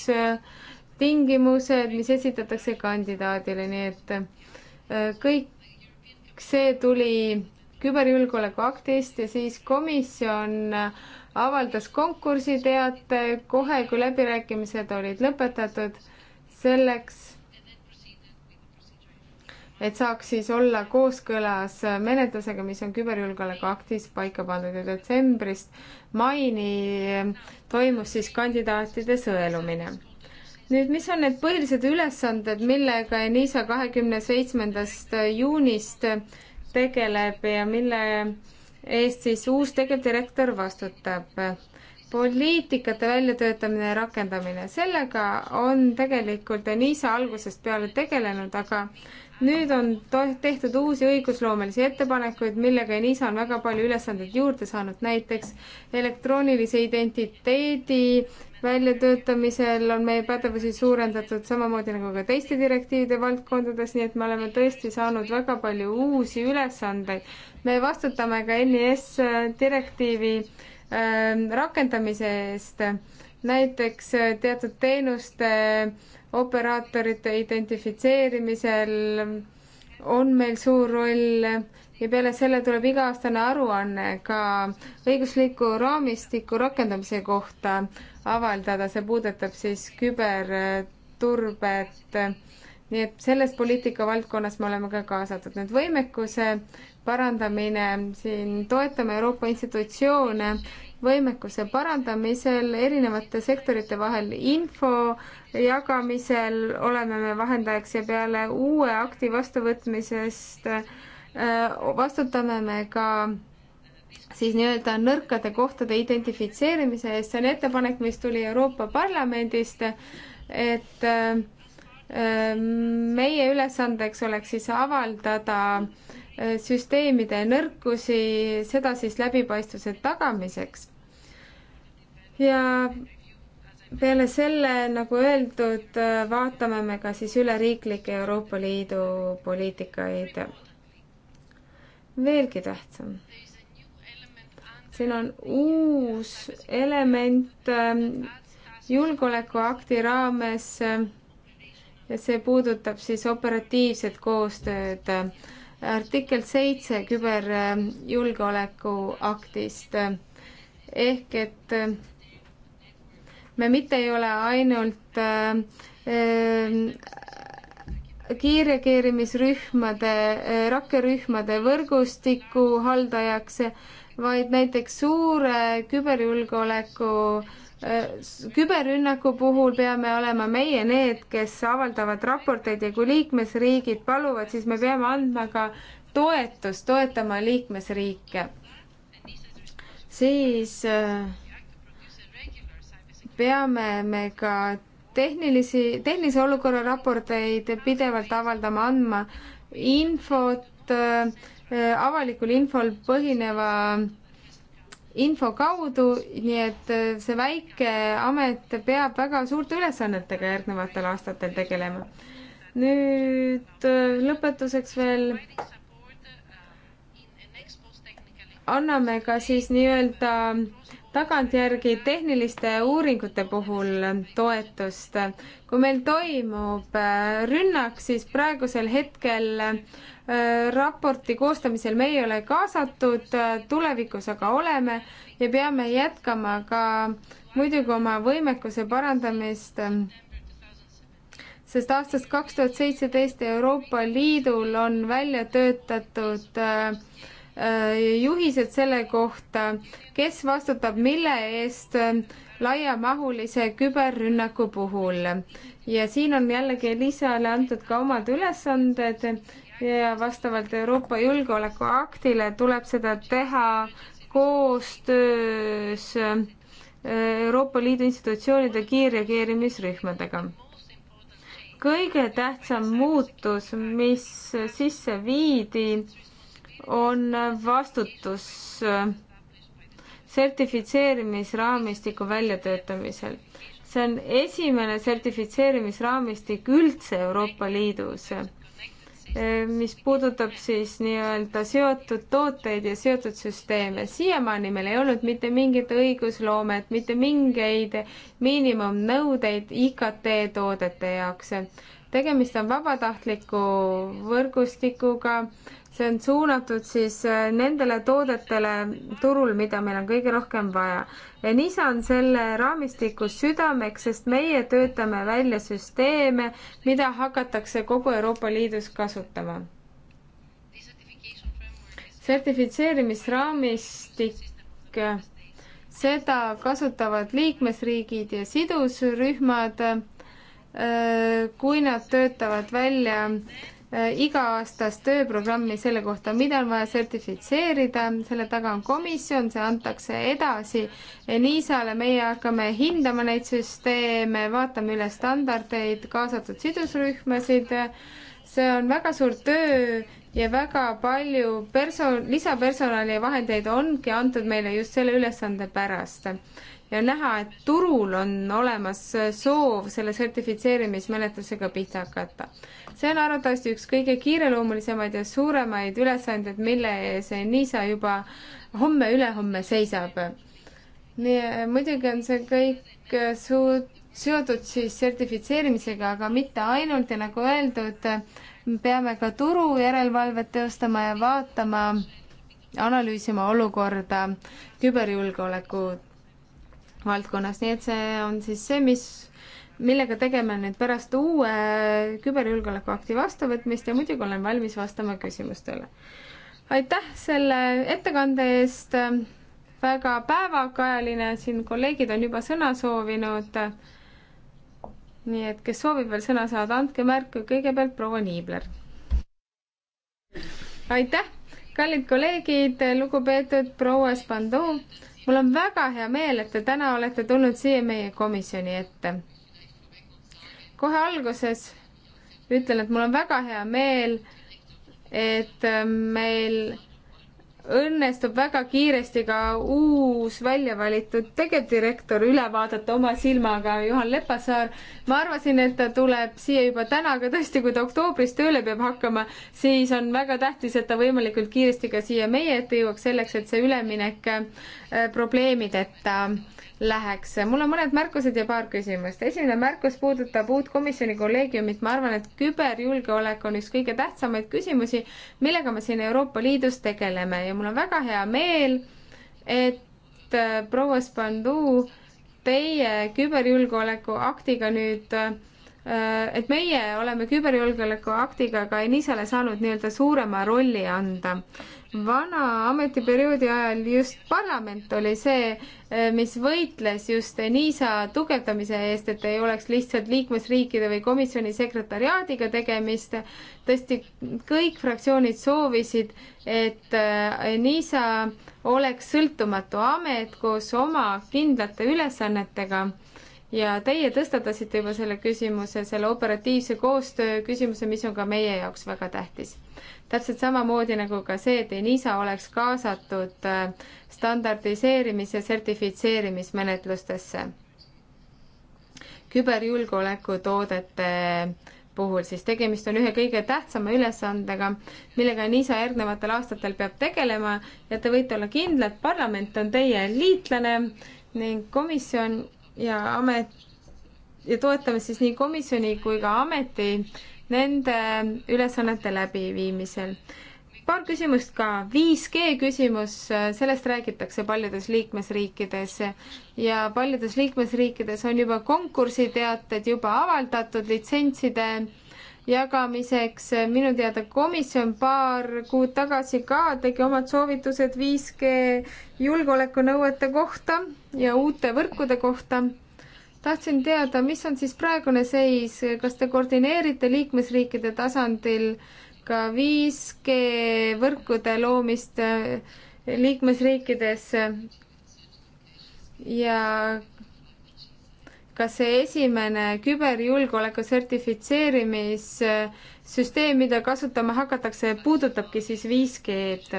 S2: tingimused, mis esitatakse kandidaadile, nii et äh, kõik see tuli küberjulgeoleku aktist ja siis komisjon avaldas konkursiteate kohe, kui läbirääkimised olid lõpetatud, selleks et saaks siis olla kooskõlas menetlusega, mis on küberjulgeoleku aktis paika pandud ja detsembrist maini toimus siis kandidaatide sõelumine nüüd, mis on need põhilised ülesanded, millega Enisa kahekümne seitsmendast juunist tegeleb ja mille eest siis uus tegevdirektor vastutab? poliitikate väljatöötamine ja rakendamine, sellega on tegelikult Enisa algusest peale tegelenud, aga nüüd on tehtud uusi õigusloomelisi ettepanekuid, millega Enisa on väga palju ülesandeid juurde saanud, näiteks elektroonilise identiteedi väljatöötamisel on meie pädevusi suurendatud samamoodi nagu ka teiste direktiivide valdkondades, nii et me oleme tõesti saanud väga palju uusi ülesandeid. me vastutame ka NIS direktiivi ähm, rakendamise eest, näiteks äh, teatud teenuste operaatorite identifitseerimisel on meil suur roll ja peale selle tuleb iga-aastane aruanne ka õigusliku raamistiku rakendamise kohta avaldada, see puudutab siis küberturbet. nii et selles poliitikavaldkonnas me oleme ka kaasatud. nüüd võimekuse parandamine, siin toetame Euroopa institutsioone võimekuse parandamisel erinevate sektorite vahel info jagamisel oleme me vahendajaks ja peale uue akti vastuvõtmisest äh, Äh, vastutame me ka siis nii-öelda nõrkade kohtade identifitseerimise eest, see on ettepanek, mis tuli Euroopa Parlamendist, et äh, äh, meie ülesandeks oleks siis avaldada süsteemide nõrkusi, seda siis läbipaistvuse tagamiseks. ja peale selle, nagu öeldud, vaatame me ka siis üleriiklikke Euroopa Liidu poliitikaid veelgi tähtsam. siin on uus element ähm, julgeolekuakti raames ähm, ja see puudutab siis operatiivset koostööd. artikkel seitse küberjulgeoleku aktist ehk et ähm, me mitte ei ole ainult äh, kiirreageerimisrühmade, äh, rakkerühmade võrgustiku haldajaks, vaid näiteks suure küberjulgeoleku, äh, küberrünnaku puhul peame olema meie need, kes avaldavad raporteid ja kui liikmesriigid paluvad, siis me peame andma ka toetust, toetama liikmesriike. siis äh, peame me ka tehnilisi, tehnilise olukorra raporteid pidevalt avaldama, andma infot äh, avalikul infol põhineva info kaudu, nii et äh, see väike amet peab väga suurte ülesannetega järgnevatel aastatel tegelema. nüüd äh, lõpetuseks veel anname ka siis nii-öelda tagantjärgi tehniliste uuringute puhul toetust. kui meil toimub äh, rünnak, siis praegusel hetkel äh, raporti koostamisel me ei ole kaasatud, äh, tulevikus aga oleme ja peame jätkama ka muidugi oma võimekuse parandamist, sest aastast kaks tuhat seitseteist Euroopa Liidul on välja töötatud äh, Äh, juhised selle kohta, kes vastutab mille eest äh, laiamahulise küberrünnaku puhul. ja siin on jällegi lisale antud ka omad ülesanded ja vastavalt Euroopa julgeolekuaktile tuleb seda teha koostöös äh, Euroopa Liidu institutsioonide kiirreageerimisrühmadega. kõige tähtsam muutus, mis sisse viidi on vastutus sertifitseerimisraamistiku väljatöötamisel. see on esimene sertifitseerimisraamistik üldse Euroopa Liidus, mis puudutab siis nii-öelda seotud tooteid ja seotud süsteeme. siiamaani meil ei olnud mitte mingit õigusloomet, mitte mingeid miinimumnõudeid IKT toodete jaoks tegemist on vabatahtliku võrgustikuga, see on suunatud siis äh, nendele toodetele turul, mida meil on kõige rohkem vaja. ja NISA on selle raamistiku südameks, sest meie töötame välja süsteeme, mida hakatakse kogu Euroopa Liidus kasutama. sertifitseerimisraamistik, seda kasutavad liikmesriigid ja sidusrühmad, äh, kui nad töötavad välja Äh, iga-aastast tööprogrammi selle kohta, mida on vaja sertifitseerida, selle taga on komisjon, see antakse edasi Enisale, meie hakkame hindama neid süsteeme, vaatame üle standardeid, kaasatud sidusrühmasid, see on väga suur töö ja väga palju perso-, lisapersonali ja vahendeid ongi antud meile just selle ülesande pärast ja näha, et turul on olemas soov selle sertifitseerimismenetlusega pihta hakata see on arvatavasti üks kõige kiireloomulisemaid ja suuremaid ülesandeid, mille ees Niisa juba homme-ülehomme seisab. nii, muidugi on see kõik äh, suut-, seotud siis sertifitseerimisega, aga mitte ainult ja nagu öeldud, peame ka turu järelevalvet teostama ja vaatama, analüüsima olukorda küberjulgeoleku valdkonnas, nii et see on siis see, mis millega tegeme nüüd pärast uue küberjulgeoleku akti vastuvõtmist ja muidugi olen valmis vastama küsimustele. aitäh selle ettekande eest, väga päevakajaline, siin kolleegid on juba sõna soovinud. nii et kes soovib veel sõna saada, andke märku, kõigepealt proua Niibler. aitäh, kallid kolleegid, lugupeetud proua Spandoo, mul on väga hea meel, et te täna olete tulnud siia meie komisjoni ette kohe alguses ütlen, et mul on väga hea meel, et äh, meil õnnestub väga kiiresti ka uus välja valitud tegevdirektor üle vaadata oma silmaga, Juhan Lepasaar. ma arvasin, et ta tuleb siia juba täna, aga tõesti, kui ta oktoobris tööle peab hakkama, siis on väga tähtis, et ta võimalikult kiiresti ka siia meie ette jõuaks, selleks et see üleminek äh, probleemideta läheks. mul on mõned märkused ja paar küsimust. esimene märkus puudutab uut komisjoni kolleegiumit. ma arvan, et küberjulgeolek on üks kõige tähtsamaid küsimusi, millega me siin Euroopa Liidus tegeleme ja mul on väga hea meel, et äh, proua Spandu, teie küberjulgeoleku aktiga nüüd äh, et meie oleme küberjulgeoleku aktiga ka Enisale saanud nii-öelda suurema rolli anda vana ametiperioodi ajal just parlament oli see, eh, mis võitles just Niisa tugevdamise eest, et ei oleks lihtsalt liikmesriikide või komisjoni sekretariaadiga tegemist. tõesti, kõik fraktsioonid soovisid, et eh, Niisa oleks sõltumatu amet koos oma kindlate ülesannetega ja teie tõstatasite juba selle küsimuse, selle operatiivse koostöö küsimuse, mis on ka meie jaoks väga tähtis täpselt samamoodi nagu ka see, et ENISA oleks kaasatud äh, standardiseerimis- ja sertifitseerimismenetlustesse. küberjulgeoleku toodete puhul, siis tegemist on ühe kõige tähtsama ülesandega, millega NISA järgnevatel aastatel peab tegelema ja te võite olla kindlad, parlament on teie liitlane ning komisjon ja amet ja toetame siis nii komisjoni kui ka ameti nende ülesannete läbiviimisel. paar küsimust ka, 5G küsimus, sellest räägitakse paljudes liikmesriikides ja paljudes liikmesriikides on juba konkursiteated juba avaldatud litsentside jagamiseks. minu teada komisjon paar kuud tagasi ka tegi omad soovitused 5G julgeolekunõuete kohta ja uute võrkude kohta tahtsin teada, mis on siis praegune seis, kas te koordineerite liikmesriikide tasandil ka 5G võrkude loomist äh, liikmesriikides ja kas see esimene küberjulgeoleku sertifitseerimissüsteem, mida kasutama hakatakse, puudutabki siis 5G-d?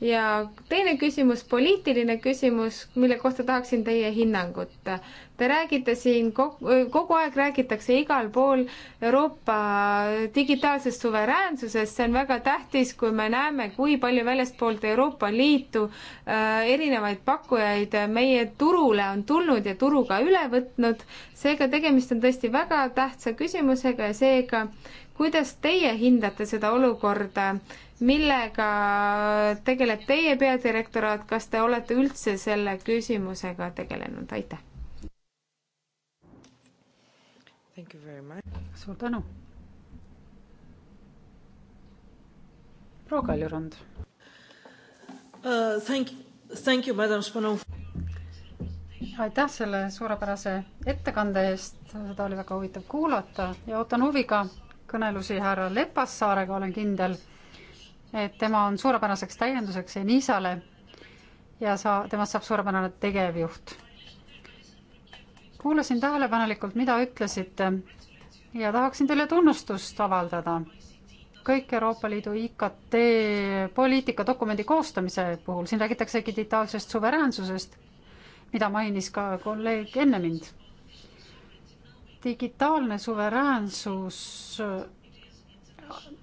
S2: ja teine küsimus, poliitiline küsimus, mille kohta tahaksin teie hinnangut. Te räägite siin, kogu aeg räägitakse igal pool Euroopa digitaalsest suveräänsusest, see on väga tähtis, kui me näeme, kui palju väljastpoolt Euroopa Liitu äh, erinevaid pakkujaid meie turule on tulnud ja turuga üle võtnud. seega tegemist on tõesti väga tähtsa küsimusega ja seega kuidas teie hindate seda olukorda millega tegeleb teie peadirektoraat, kas te olete üldse selle küsimusega tegelenud, aitäh! suur
S3: tänu! proua Kaljurand uh,. Thank, thank you, madam Spanov. aitäh selle suurepärase ettekande eest, seda oli väga huvitav kuulata ja ootan huviga kõnelusi härra Lepassaarega, olen kindel et tema on suurepäraseks täienduseks Enisale ja sa, temast saab suurepärane tegevjuht. kuulasin tähelepanelikult, mida ütlesite ja tahaksin teile tunnustust avaldada. kõik Euroopa Liidu IKT poliitika dokumendi koostamise puhul, siin räägitaksegi digitaalsest suveräänsusest, mida mainis ka kolleeg enne mind digitaalne suveräänsus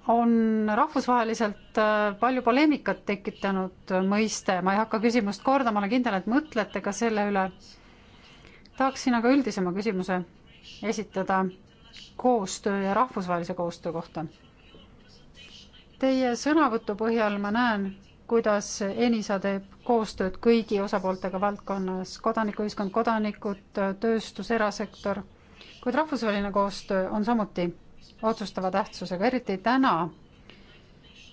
S3: on rahvusvaheliselt äh, palju poleemikat tekitanud mõiste, ma ei hakka küsimust kordama, olen kindel, et mõtlete ka selle üle. tahaksin aga üldisema küsimuse esitada koostöö ja rahvusvahelise koostöö kohta. Teie sõnavõtu põhjal ma näen, kuidas ENISA teeb koostööd kõigi osapooltega valdkonnas, kodanikuühiskond, kodanikud, tööstus, erasektor, kuid rahvusvaheline koostöö on samuti otsustava tähtsusega, eriti täna,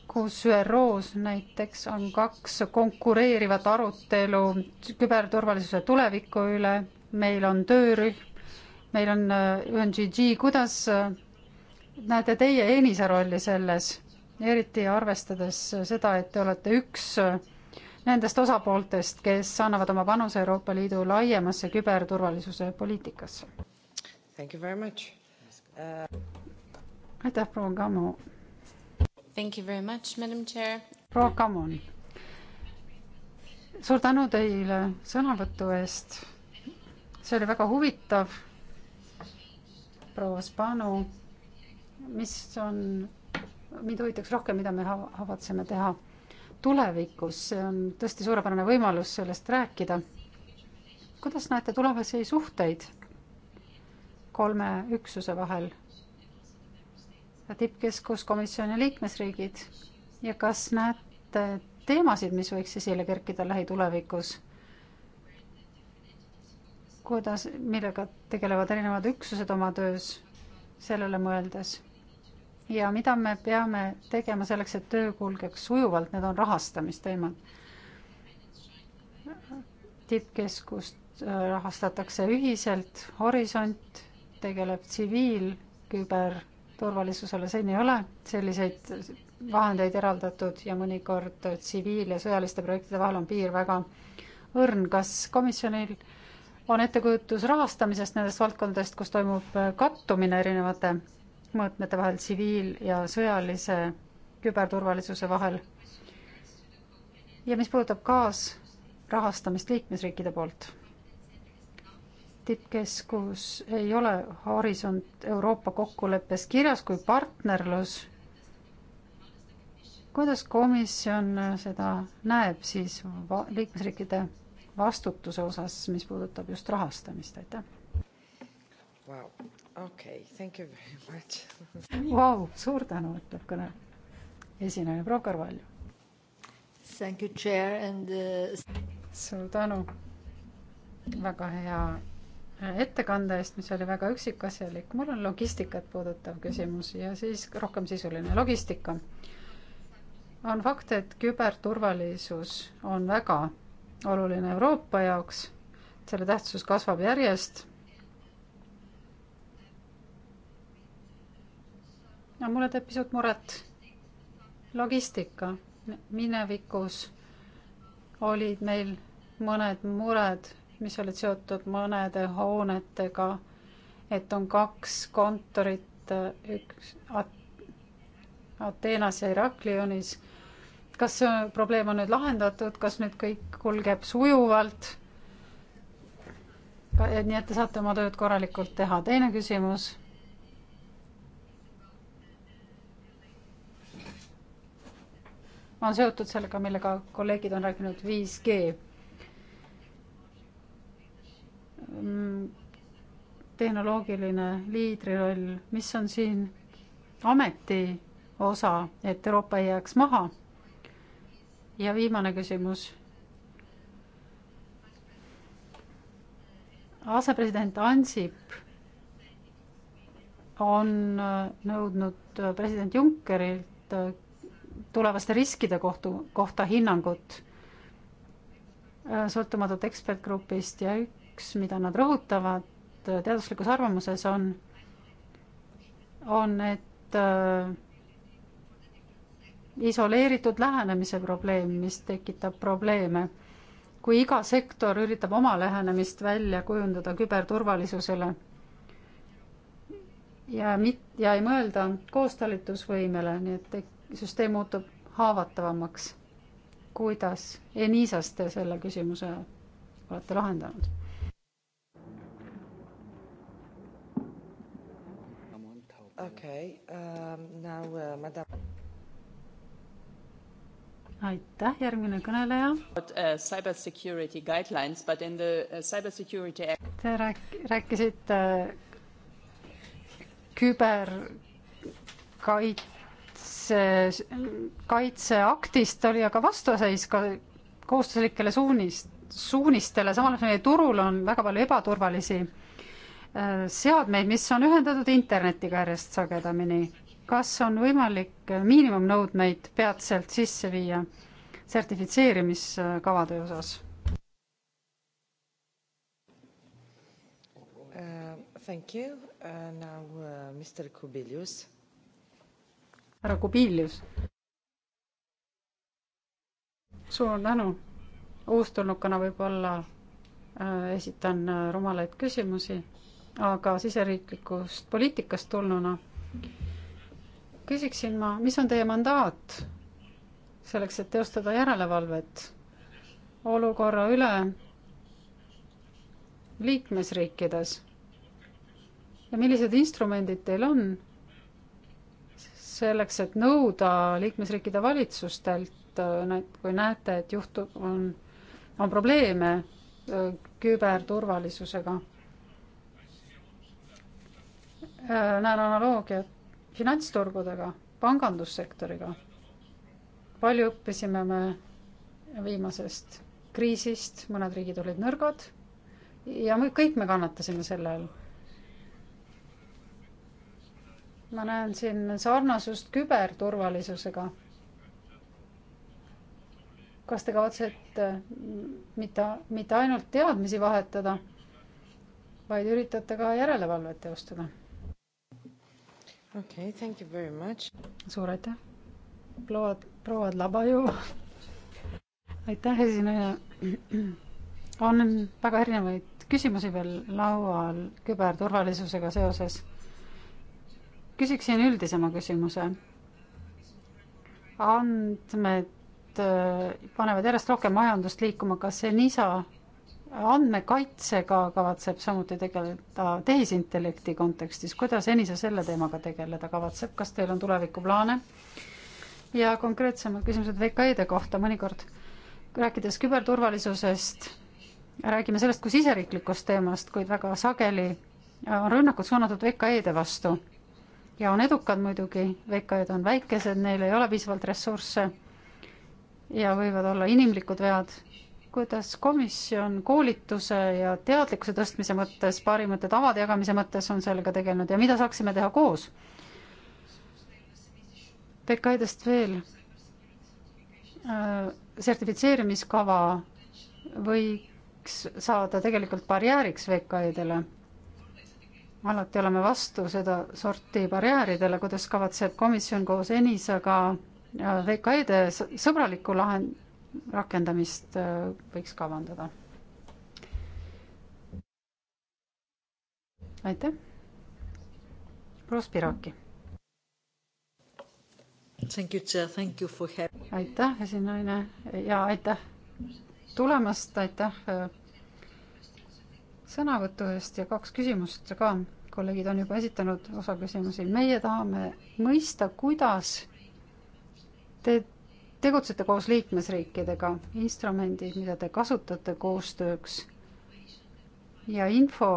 S3: kus ÜRO-s näiteks on kaks konkureerivat arutelu küberturvalisuse tuleviku üle, meil on töörühm, meil on UNGG, äh, kuidas äh, näete teie Enise rolli selles, eriti arvestades äh, seda, et te olete üks nendest osapooltest, kes annavad oma panuse Euroopa Liidu laiemasse küberturvalisuse poliitikasse? Uh aitäh, proua Kamo. proua Kamon. suur tänu teile sõnavõtu eest. see oli väga huvitav. proua Spanu, mis on, mind huvitaks rohkem, mida me kavatseme teha tulevikus, see on tõesti suurepärane võimalus sellest rääkida. kuidas näete tulevasi suhteid kolme üksuse vahel? tippkeskus, komisjon ja liikmesriigid ja kas näete teemasid, mis võiks esile kerkida lähitulevikus? kuidas, millega tegelevad erinevad üksused oma töös, sellele mõeldes? ja mida me peame tegema selleks, et töö kulgeks sujuvalt, need on rahastamisteemad. tippkeskust äh, rahastatakse ühiselt, Horisont tegeleb tsiviil, küber turvalisusele, seni ei ole selliseid vahendeid eraldatud ja mõnikord tsiviil- ja sõjaliste projektide vahel on piir väga õrn. kas komisjonil on ettekujutus rahastamisest nendest valdkondadest, kus toimub kattumine erinevate mõõtmete vahel tsiviil- ja sõjalise küberturvalisuse vahel? ja mis puudutab kaasrahastamist liikmesriikide poolt raketikeskus ei ole Horisont Euroopa kokkuleppes kirjas kui partnerlus. kuidas komisjon seda näeb siis va liikmesriikide vastutuse osas, mis puudutab just rahastamist, aitäh wow.! okei okay,, thank you very much wow,. suur tänu, ütleb kõne esineja proua Carvalho. Thank you, chair and uh.... suur tänu väga hea ettekande eest, mis oli väga üksikasjalik. mul on logistikat puudutav küsimus ja siis rohkem sisuline logistika. on fakt, et küberturvalisus on väga oluline Euroopa jaoks, selle tähtsus kasvab järjest. no mulle teeb pisut muret logistika. minevikus olid meil mõned mured mis olid seotud mõnede hoonetega, et on kaks kontorit, üks Ateenas ja Heraklionis. kas see probleem on nüüd lahendatud, kas nüüd kõik kulgeb sujuvalt? nii et te saate oma tööd korralikult teha. teine küsimus. on seotud sellega, millega kolleegid on rääkinud 5G Mm, tehnoloogiline liidriroll, mis on siin ameti osa, et Euroopa ei jääks maha? ja viimane küsimus. asepresident Ansip on äh, nõudnud äh, president Junckerilt äh, tulevaste riskide kohtu, kohta hinnangut sõltumatut ekspertgrupist ja üks, mida nad rõhutavad teaduslikus arvamuses, on, on, et äh, isoleeritud lähenemise probleem, mis tekitab probleeme. kui iga sektor üritab oma lähenemist välja kujundada küberturvalisusele ja mit-, ja ei mõelda koostalitusvõimele, nii et süsteem muutub haavatavamaks. kuidas Enisas te selle küsimuse olete lahendanud? okei okay, um,, now uh, madam. aitäh, järgmine kõneleja. Uh, cyber security guidelines, but in the uh, cyber security. Te rääk-, rääkisite uh, küberkaitse, kaitseaktist oli aga vastuseis ka kohustuslikele suunist, suunistele, samal ajal meie turul on väga palju ebaturvalisi seadmeid, mis on ühendatud internetiga järjest sagedamini. kas on võimalik miinimumnõudmeid peatselt sisse viia sertifitseerimiskavade osas uh,? Thank you uh,. Now uh, Mr Kubilius. härra Kubilius. suur tänu. uustulnukana võib-olla uh, esitan äh, rumalaid küsimusi aga siseriiklikust poliitikast tulnuna küsiksin ma, mis on teie mandaat selleks, et teostada järelevalvet olukorra üle liikmesriikides ja millised instrumendid teil on selleks, et nõuda liikmesriikide valitsustelt, kui näete, et juhtub, on, on probleeme äh, küberturvalisusega Äh, näen analoogiat finantsturgudega, pangandussektoriga. palju õppisime me viimasest kriisist, mõned riigid olid nõrgad ja me kõik me kannatasime selle all. ma näen siin sarnasust küberturvalisusega. kas te kavatsete mitte, mitte ainult teadmisi vahetada, vaid üritate ka järelevalvet teostada? okei okay,, thank you very much. suur aitäh, proua, proua Labaju. aitäh, esineja. on väga erinevaid küsimusi veel laual küberturvalisusega seoses. küsiksin üldisema küsimuse. andmed äh, panevad järjest rohkem majandust liikuma, kas see NISA andmekaitsega kavatseb samuti tegeleda tehisintellekti kontekstis, kuidas Enisa selle teemaga tegeleda kavatseb, kas teil on tulevikuplaane? ja konkreetsemad küsimused VKE-de kohta mõnikord, rääkides küberturvalisusest, räägime sellest kui siseriiklikust teemast, kuid väga sageli on rünnakud suunatud VKE-de vastu ja on edukad muidugi, VKE-d on väikesed, neil ei ole piisavalt ressursse ja võivad olla inimlikud vead kuidas komisjon koolituse ja teadlikkuse tõstmise mõttes, parimate tavade jagamise mõttes on sellega tegelenud ja mida saaksime teha koos? PKI-dest veel äh,. sertifitseerimiskava võiks saada tegelikult barjääriks VKI-dele. alati oleme vastu seda sorti barjääridele, kuidas kavatseb komisjon koos ENISA-ga äh, VKI-de sõbraliku lahend-, rakendamist äh, võiks kavandada. aitäh. proua Spiraki. aitäh, esinaine ja aitäh tulemast, aitäh äh, sõnavõtu eest ja kaks küsimust ka. kolleegid on juba esitanud osa küsimusi. meie tahame mõista, kuidas te tegutsete koos liikmesriikidega, instrumendid, mida te kasutate koostööks ja info,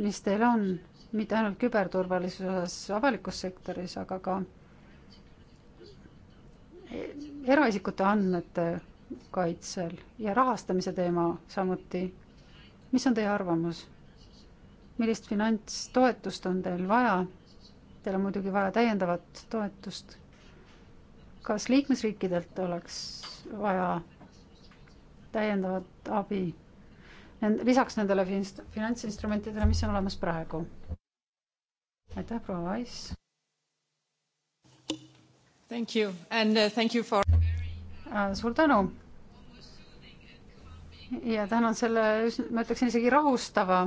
S3: mis teil on, mitte ainult küberturvalisuse osas avalikus sektoris, aga ka eraisikute andmete kaitsel ja rahastamise teema samuti. mis on teie arvamus? millist finantstoetust on teil vaja? Teil on muidugi vaja täiendavat toetust kas liikmesriikidelt oleks vaja täiendavat abi Nend-, lisaks nendele finst-, finantsinstrumentidele, mis on olemas praegu? aitäh, proua Wise! Thank you and uh, thank you for äh, suur tänu! ja tänan selle, ma ütleksin isegi rahustava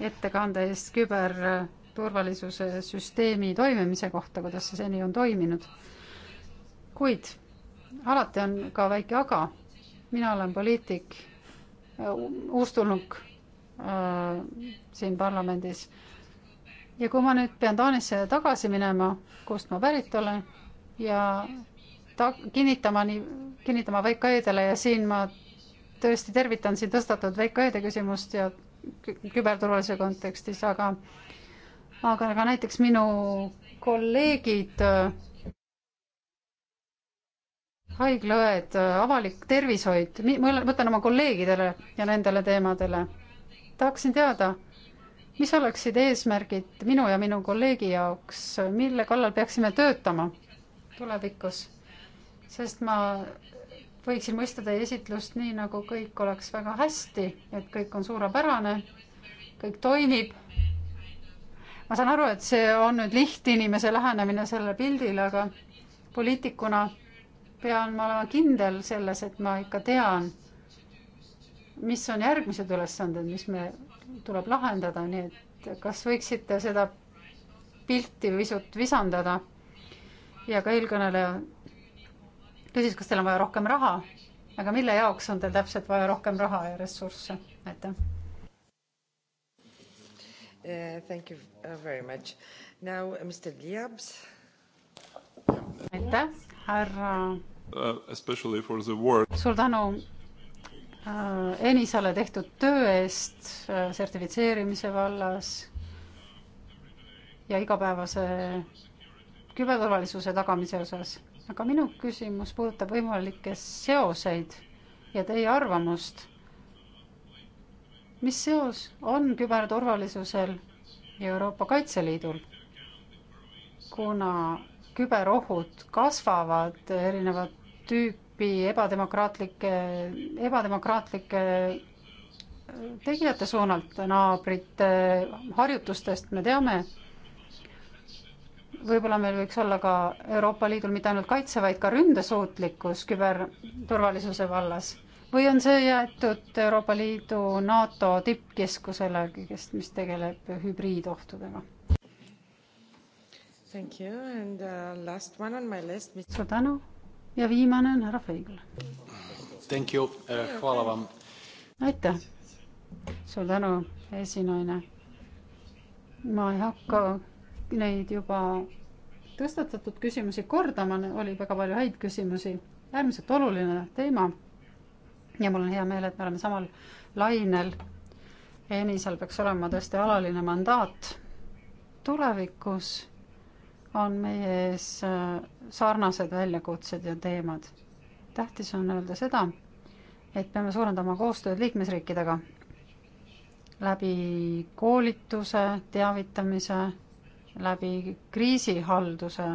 S3: ettekande eest küberturvalisuse süsteemi toimimise kohta, kuidas see seni on toiminud kuid alati on ka väike aga. mina olen poliitik, äh, uustulnuk äh, siin parlamendis. ja kui ma nüüd pean Taanisse tagasi minema, kust ma pärit olen ja ta kinnitama nii, kinnitama VKE-dele ja siin ma tõesti tervitan siin tõstatatud VKE-de küsimust ja küberturvalisuse kontekstis, aga aga ka näiteks minu kolleegid äh, haiglaõed, avalik tervishoid, mõtlen oma kolleegidele ja nendele teemadele. tahaksin teada, mis oleksid eesmärgid minu ja minu kolleegi jaoks, mille kallal peaksime töötama tulevikus, sest ma võiksin mõista teie esitlust nii, nagu kõik oleks väga hästi, et kõik on suurepärane, kõik toimib. ma saan aru, et see on nüüd lihtinimese lähenemine sellele pildile, aga poliitikuna pean ma olema kindel selles, et ma ikka tean, mis on järgmised ülesanded, mis me tuleb lahendada, nii et kas võiksite seda pilti pisut visandada? ja ka eelkõneleja küsis, kas teil on vaja rohkem raha, aga mille jaoks on teil täpselt vaja rohkem raha ja ressursse, aitäh
S2: uh,. Thank you
S3: uh, very much. Now uh, Mr Liabs. aitäh, härra Uh, suur tänu uh, Enisale tehtud töö eest uh, sertifitseerimise vallas ja igapäevase küberturvalisuse tagamise osas. aga minu küsimus puudutab võimalikke seoseid ja teie arvamust. mis seos on küberturvalisusel ja Euroopa Kaitseliidul? kuna küberohud kasvavad, erinevat tüüpi ebademokraatlike, ebademokraatlike tegijate suunalt, naabrite harjutustest me teame, võib-olla meil võiks olla ka Euroopa Liidul mitte ainult kaitse, vaid ka ründesuutlikkus küberturvalisuse vallas või on see jäetud Euroopa Liidu NATO tippkeskusele, kes, mis tegeleb hübriidohtudega? Uh, suur tänu ja viimane on härra Feigl.
S1: Thank you uh,, hvala vam.
S3: aitäh, suur tänu, esinaine. ma ei hakka neid juba tõstatatud küsimusi kordama, oli väga palju häid küsimusi, äärmiselt oluline teema. ja mul on hea meel, et me oleme samal lainel. ENISA-l peaks olema tõesti alaline mandaat tulevikus on meie ees äh, sarnased väljakutsed ja teemad. tähtis on öelda seda, et peame suurendama koostööd liikmesriikidega läbi koolituse, teavitamise, läbi kriisihalduse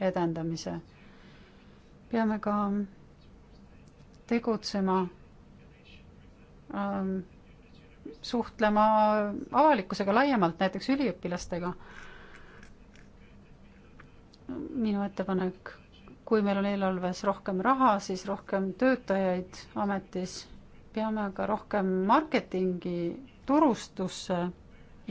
S3: edendamise. peame ka tegutsema ähm, suhtlema avalikkusega laiemalt, näiteks üliõpilastega minu ettepanek, kui meil on eelarves rohkem raha, siis rohkem töötajaid ametis, peame aga rohkem marketingi, turustusse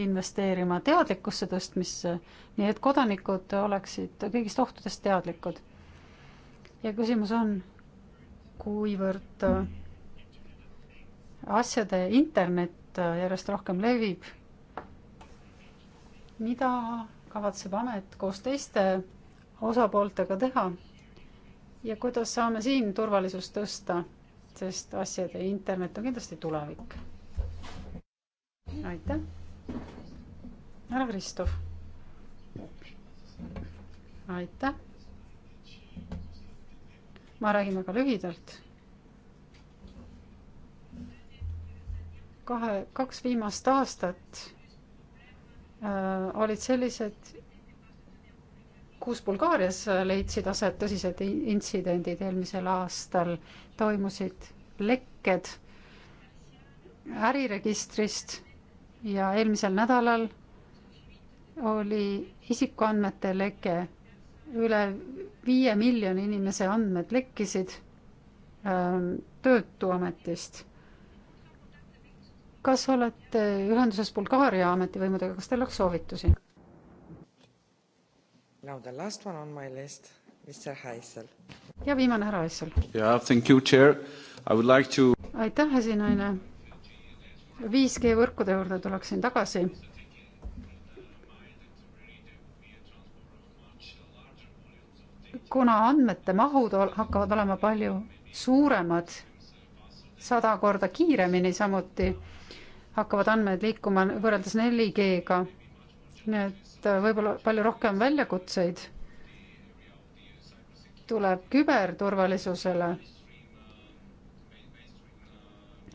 S3: investeerima, teadlikkusse tõstmisse, nii et kodanikud oleksid kõigist ohtudest teadlikud. ja küsimus on, kuivõrd asjade internet järjest rohkem levib, mida kavatseb amet koos teiste osapooltega teha ja kuidas saame siin turvalisust tõsta, sest asjade internet on kindlasti tulevik. aitäh. härra Kristof. aitäh. ma räägin väga lühidalt. kahe, kaks viimast aastat äh, olid sellised kus Bulgaarias leidsid aset tõsised intsidendid eelmisel aastal, toimusid lekked äriregistrist ja eelmisel nädalal oli isikuandmete leke, üle viie miljoni inimese andmed lekkisid ähm, Töötuametist. kas olete ühenduses Bulgaaria ametivõimudega, kas teil oleks soovitusi? Now the last one on my list, Mr Haisel. ja viimane härra Haisel. jaa, thank you, chair. I would like to. aitäh, esinaine. 5G võrkude juurde tuleksin tagasi kuna andmete mahud hakkavad olema palju suuremad, sada korda kiiremini samuti hakkavad andmed liikuma võrreldes 4G-ga. nii et järjest äh, võib-olla palju rohkem väljakutseid tuleb küberturvalisusele.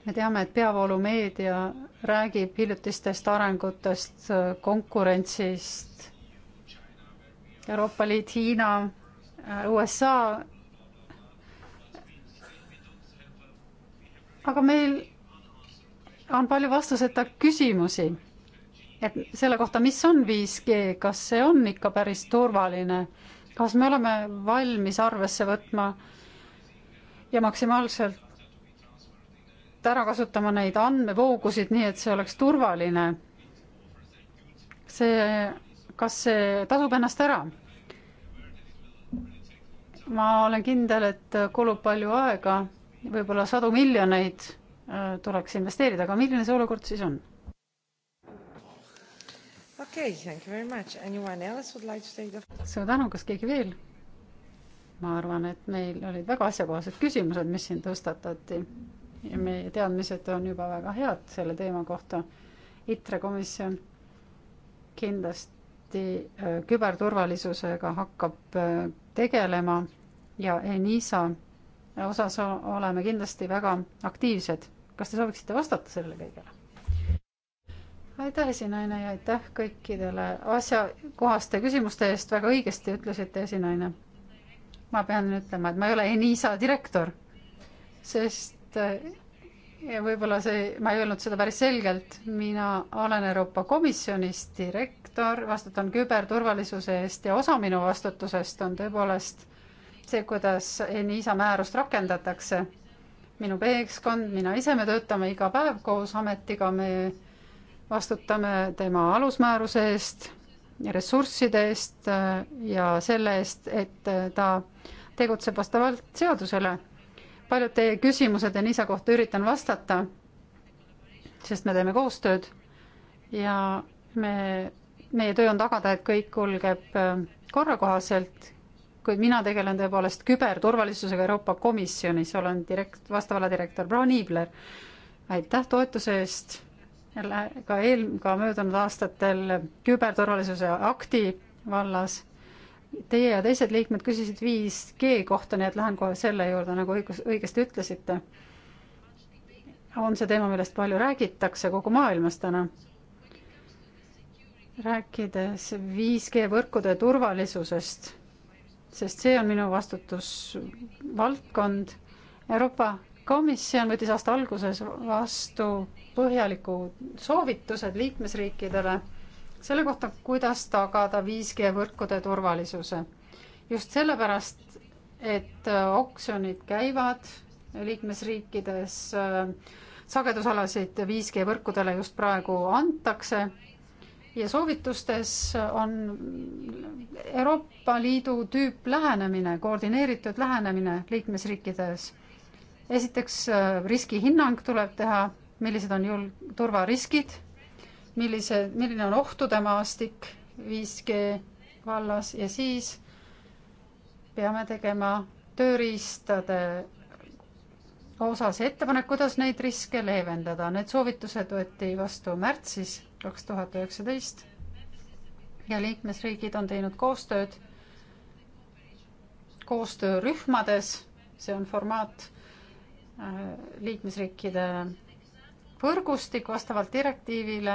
S3: me teame, et peavoolumeedia räägib hiljutistest arengutest, äh, konkurentsist, Euroopa Liit, Hiina, äh, USA. aga meil on palju vastuseta küsimusi et selle kohta, mis on 5G, kas see on ikka päris turvaline, kas me oleme valmis arvesse võtma ja maksimaalselt ära kasutama neid andmevoogusid, nii et see oleks turvaline. see, kas see tasub ennast ära? ma olen kindel, et kulub palju aega, võib-olla sadu miljoneid äh, tuleks investeerida, aga milline see olukord siis on? okay,.
S2: Like the...
S3: suur tänu, kas keegi veel? ma arvan, et meil olid väga asjakohased küsimused, mis siin tõstatati ja meie teadmised on juba väga head selle teema kohta. ITRE komisjon kindlasti äh, küberturvalisusega hakkab äh, tegelema ja ENISA osas oleme kindlasti väga aktiivsed. kas te sooviksite vastata sellele kõigele? aitäh, esinaine ja aitäh kõikidele asjakohaste küsimuste eest, väga õigesti ütlesite, esinaine. ma pean ütlema, et ma ei ole Enisa direktor, sest ja võib-olla see, ma ei öelnud seda päris selgelt, mina olen Euroopa Komisjonis direktor, vastutan küberturvalisuse eest ja osa minu vastutusest on tõepoolest see, kuidas Enisa määrust rakendatakse. minu meeskond, mina ise, me töötame iga päev koos ametiga, me vastutame tema alusmääruse eest, ressursside eest äh, ja selle eest, et äh, ta tegutseb vastavalt seadusele. paljud teie küsimused Enisa kohta üritan vastata, sest me teeme koostööd ja me, meie töö on tagada, et kõik kulgeb äh, korrakohaselt, kuid mina tegelen tõepoolest küberturvalisusega Euroopa Komisjonis, olen direkt-, vastava ala direktor, proua Niibler, aitäh toetuse eest ka eel, ka möödunud aastatel küberturvalisuse akti vallas. Teie ja teised liikmed küsisid 5G kohta, nii et lähen kohe selle juurde, nagu õigus, õigesti ütlesite. on see teema, millest palju räägitakse kogu maailmas täna. rääkides 5G võrkude turvalisusest, sest see on minu vastutusvaldkond Euroopa komisjon võttis aasta alguses vastu põhjaliku soovitused liikmesriikidele selle kohta, kuidas tagada 5G võrkude turvalisuse. just sellepärast, et äh, oksjonid käivad liikmesriikides, äh, sagedusalasid 5G võrkudele just praegu antakse ja soovitustes on Euroopa Liidu tüüplähenemine, koordineeritud lähenemine liikmesriikides esiteks äh, riskihinnang tuleb teha, millised on jul-, turvariskid, millise, milline on ohtude maastik 5G vallas ja siis peame tegema tööriistade osas ettepanek, kuidas neid riske leevendada. Need soovitused võeti vastu märtsis kaks tuhat üheksateist ja liikmesriigid on teinud koostööd koostöörühmades, see on formaat Äh, liikmesriikide võrgustik vastavalt direktiivile.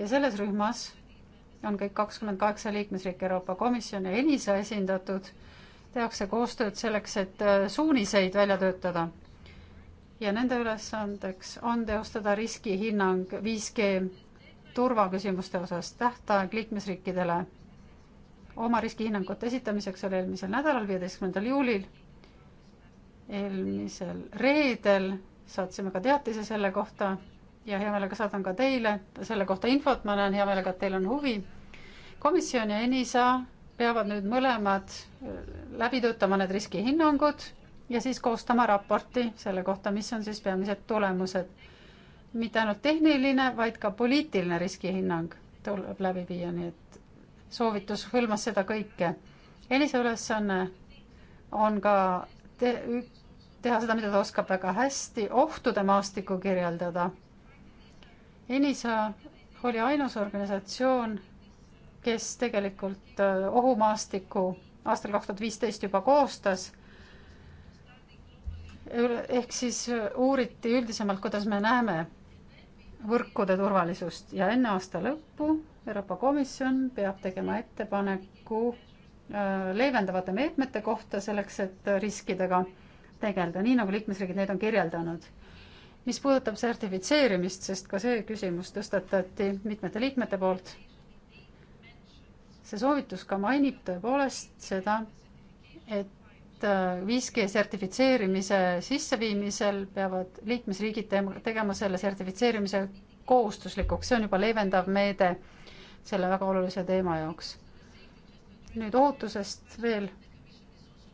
S3: ja selles rühmas on kõik kakskümmend kaheksa liikmesriiki Euroopa Komisjon ja ENISA esindatud. tehakse koostööd selleks, et äh, suuniseid välja töötada. ja nende ülesandeks on teostada riskihinnang 5G turvaküsimuste osas. tähtaeg liikmesriikidele oma riskihinnangute esitamiseks oli eelmisel nädalal, viieteistkümnendal juulil eelmisel reedel saatsime ka teatise selle kohta ja hea meelega saadan ka teile selle kohta infot, ma näen hea meelega, et teil on huvi. komisjon ja ENISA peavad nüüd mõlemad äh, läbi töötama need riskihinnangud ja siis koostama raporti selle kohta, mis on siis peamised tulemused. mitte ainult tehniline, vaid ka poliitiline riskihinnang tuleb läbi viia, nii et soovitus hõlmas seda kõike. ENISA ülesanne on ka te, teha seda, mida ta oskab väga hästi, ohtude maastikku kirjeldada. Enisa oli ainus organisatsioon, kes tegelikult äh, ohumaastiku aastal kaks tuhat viisteist juba koostas ehk siis äh, uuriti üldisemalt, kuidas me näeme võrkude turvalisust ja enne aasta lõppu Euroopa Komisjon peab tegema ettepaneku Äh, leevendavate meetmete kohta selleks, et riskidega tegeleda, nii nagu liikmesriigid neid on kirjeldanud. mis puudutab sertifitseerimist, sest ka see küsimus tõstatati mitmete liikmete poolt, see soovitus ka mainib tõepoolest seda, et 5G äh, sertifitseerimise sisseviimisel peavad liikmesriigid tegema selle sertifitseerimise kohustuslikuks, see on juba leevendav meede selle väga olulise teema jaoks nüüd ootusest veel.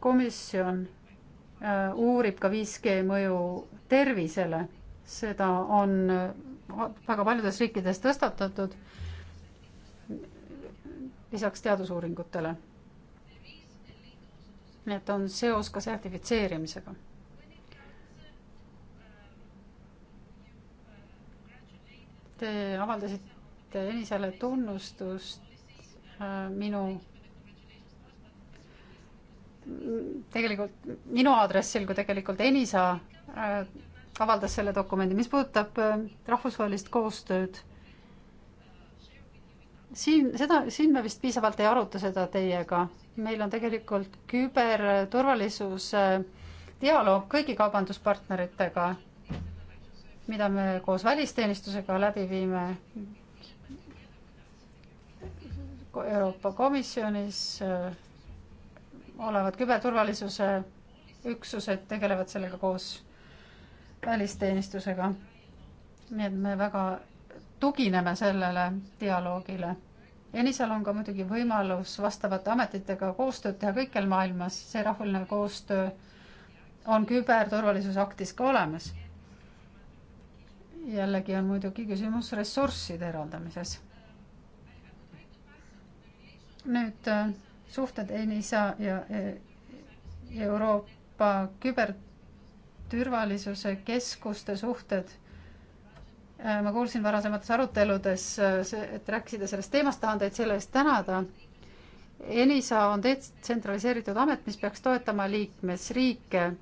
S3: komisjon äh, uurib ka 5G mõju tervisele, seda on äh, väga paljudes riikides tõstatatud, lisaks teadusuuringutele. nii et on seos ka sertifitseerimisega te avaldasite Enisele tunnustust äh, minu tegelikult minu aadressil kui tegelikult Enisa äh, avaldas selle dokumendi, mis puudutab äh, rahvusvahelist koostööd. siin, seda, siin me vist piisavalt ei aruta seda teiega. meil on tegelikult küberturvalisuse äh, dialoog kõigi kaubanduspartneritega, mida me koos välisteenistusega läbi viime. Euroopa Komisjonis olevad küberturvalisuse üksused tegelevad sellega koos välisteenistusega. nii et me väga tugineme sellele dialoogile. Enisal on ka muidugi võimalus vastavate ametitega koostööd teha kõikjal maailmas, see rahvusvaheline koostöö on küberturvalisuse aktis ka olemas. jällegi on muidugi küsimus ressursside eraldamises. nüüd äh, suhted ENISA ja Euroopa küberturvalisuse keskuste suhted. Äh, ma kuulsin varasemates aruteludes, äh, et rääkisite sellest teemast, tahan teid selle eest tänada. ENISA on detsentraliseeritud amet, mis peaks toetama liikmesriike äh,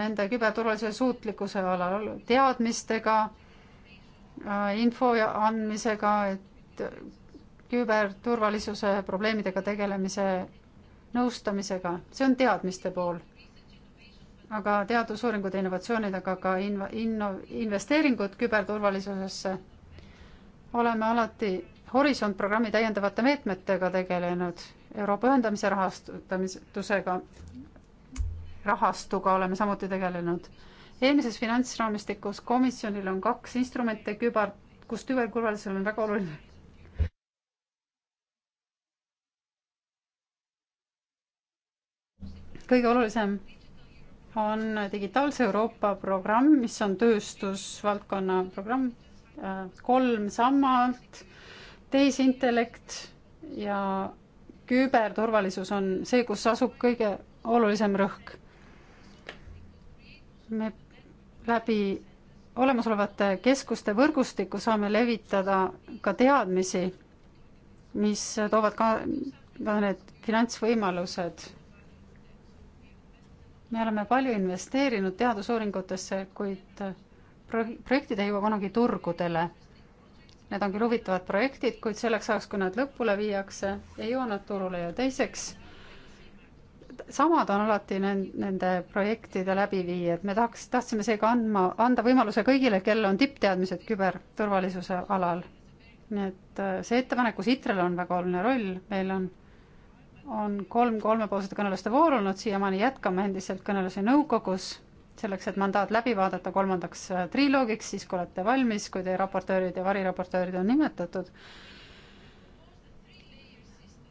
S3: nende küberturvalisuse suutlikkuse alal, teadmistega, info andmisega, et küberturvalisuse probleemidega tegelemise nõustamisega, see on teadmiste pool. aga teadusuuringud ja innovatsioonid, aga ka inv-, inno-, investeeringud küberturvalisusesse, oleme alati Horisont programmi täiendavate meetmetega tegelenud, Euroopa ühendamise rahastamisega, rahastuga oleme samuti tegelenud. eelmises finantsraamistikus komisjonil on kaks instrumente küber, kus küberturvalisusel on väga oluline kõige olulisem on Digitaalse Euroopa programm, mis on tööstusvaldkonna programm, äh, kolm sammalt, tehisintellekt ja küberturvalisus on see, kus asub kõige olulisem rõhk. me läbi olemasolevate keskuste võrgustiku saame levitada ka teadmisi, mis toovad ka, ka need finantsvõimalused me oleme palju investeerinud teadusuuringutesse, kuid äh, projektid ei jõua kunagi turgudele. Need on küll huvitavad projektid, kuid selleks ajaks, kui nad lõpule viiakse, ei jõua nad turule ja teiseks, samad on alati nende projektide läbiviijad, me tahaks, tahtsime seega andma, anda võimaluse kõigile, kellel on tippteadmised küberturvalisuse alal. nii et äh, see ettepanekus ITRE-l on väga oluline roll, meil on on kolm kolmepoolsete kõneluste vooru olnud, siiamaani jätkame endiselt kõnelusi nõukogus, selleks et mandaat läbi vaadata kolmandaks äh, triloogiks, siis kui olete valmis, kui teie raportöörid ja variraportöörid on nimetatud.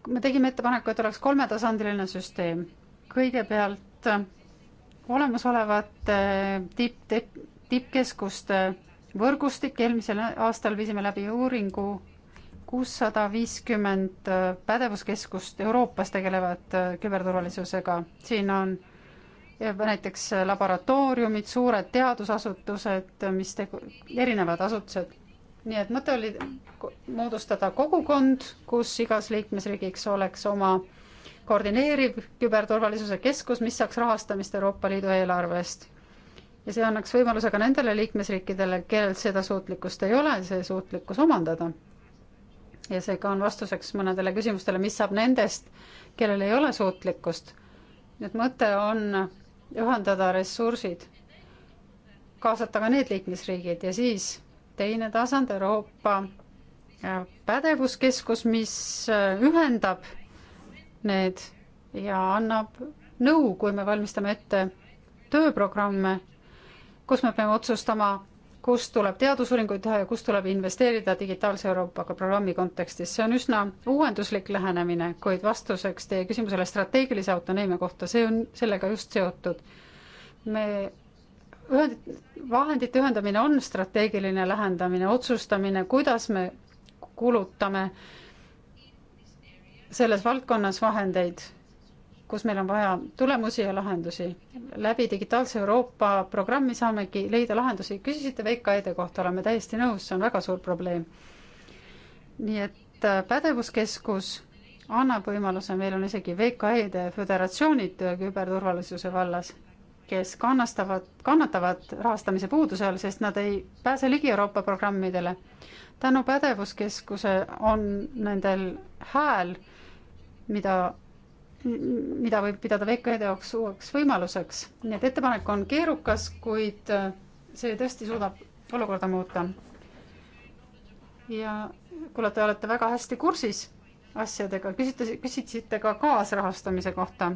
S3: me tegime ettepaneku, et oleks kolmetasandiline süsteem. kõigepealt äh, olemasolevate äh, tipp, tippkeskuste võrgustik, eelmisel aastal viisime läbi uuringu kuussada viiskümmend äh, pädevuskeskust Euroopas tegelevad äh, küberturvalisusega, siin on näiteks äh, laboratooriumid, suured teadusasutused, mis tegu-, erinevad asutused. nii et mõte oli moodustada kogukond, kus igas liikmesriigiks oleks oma koordineeriv küberturvalisuse keskus, mis saaks rahastamist Euroopa Liidu eelarvest. ja see annaks võimaluse ka nendele liikmesriikidele, kellel seda suutlikkust ei ole, see suutlikkus omandada ja see ka on vastuseks mõnedele küsimustele, mis saab nendest, kellel ei ole suutlikkust. nii et mõte on ühendada ressursid, kaasata ka need liikmesriigid ja siis teine tasand, Euroopa äh, pädevuskeskus, mis äh, ühendab need ja annab nõu, kui me valmistame ette tööprogramme, kus me peame otsustama, kus tuleb teadusuuringuid teha ja kus tuleb investeerida digitaalse Euroopaga programmi kontekstis. see on üsna uuenduslik lähenemine, kuid vastuseks teie küsimusele strateegilise autonoomia kohta, see on sellega just seotud. me ühend-, vahendite ühendamine on strateegiline lähendamine, otsustamine, kuidas me kulutame selles valdkonnas vahendeid kus meil on vaja tulemusi ja lahendusi. läbi Digitaalse Euroopa programmi saamegi leida lahendusi. küsisite VKE-de kohta, oleme täiesti nõus, see on väga suur probleem. nii et äh, pädevuskeskus annab võimaluse, meil on isegi VKE-de föderatsioonid äh, küberturvalisuse vallas, kes kannastavad, kannatavad rahastamise puuduse all, sest nad ei pääse ligi Euroopa programmidele. tänu pädevuskeskuse on nendel hääl, mida mida võib pidada VKD jaoks uueks võimaluseks. nii et ettepanek on keerukas, kuid äh, see tõesti suudab olukorda muuta. ja kuule, te olete väga hästi kursis asjadega, küsite, küsisite ka kaasrahastamise kohta.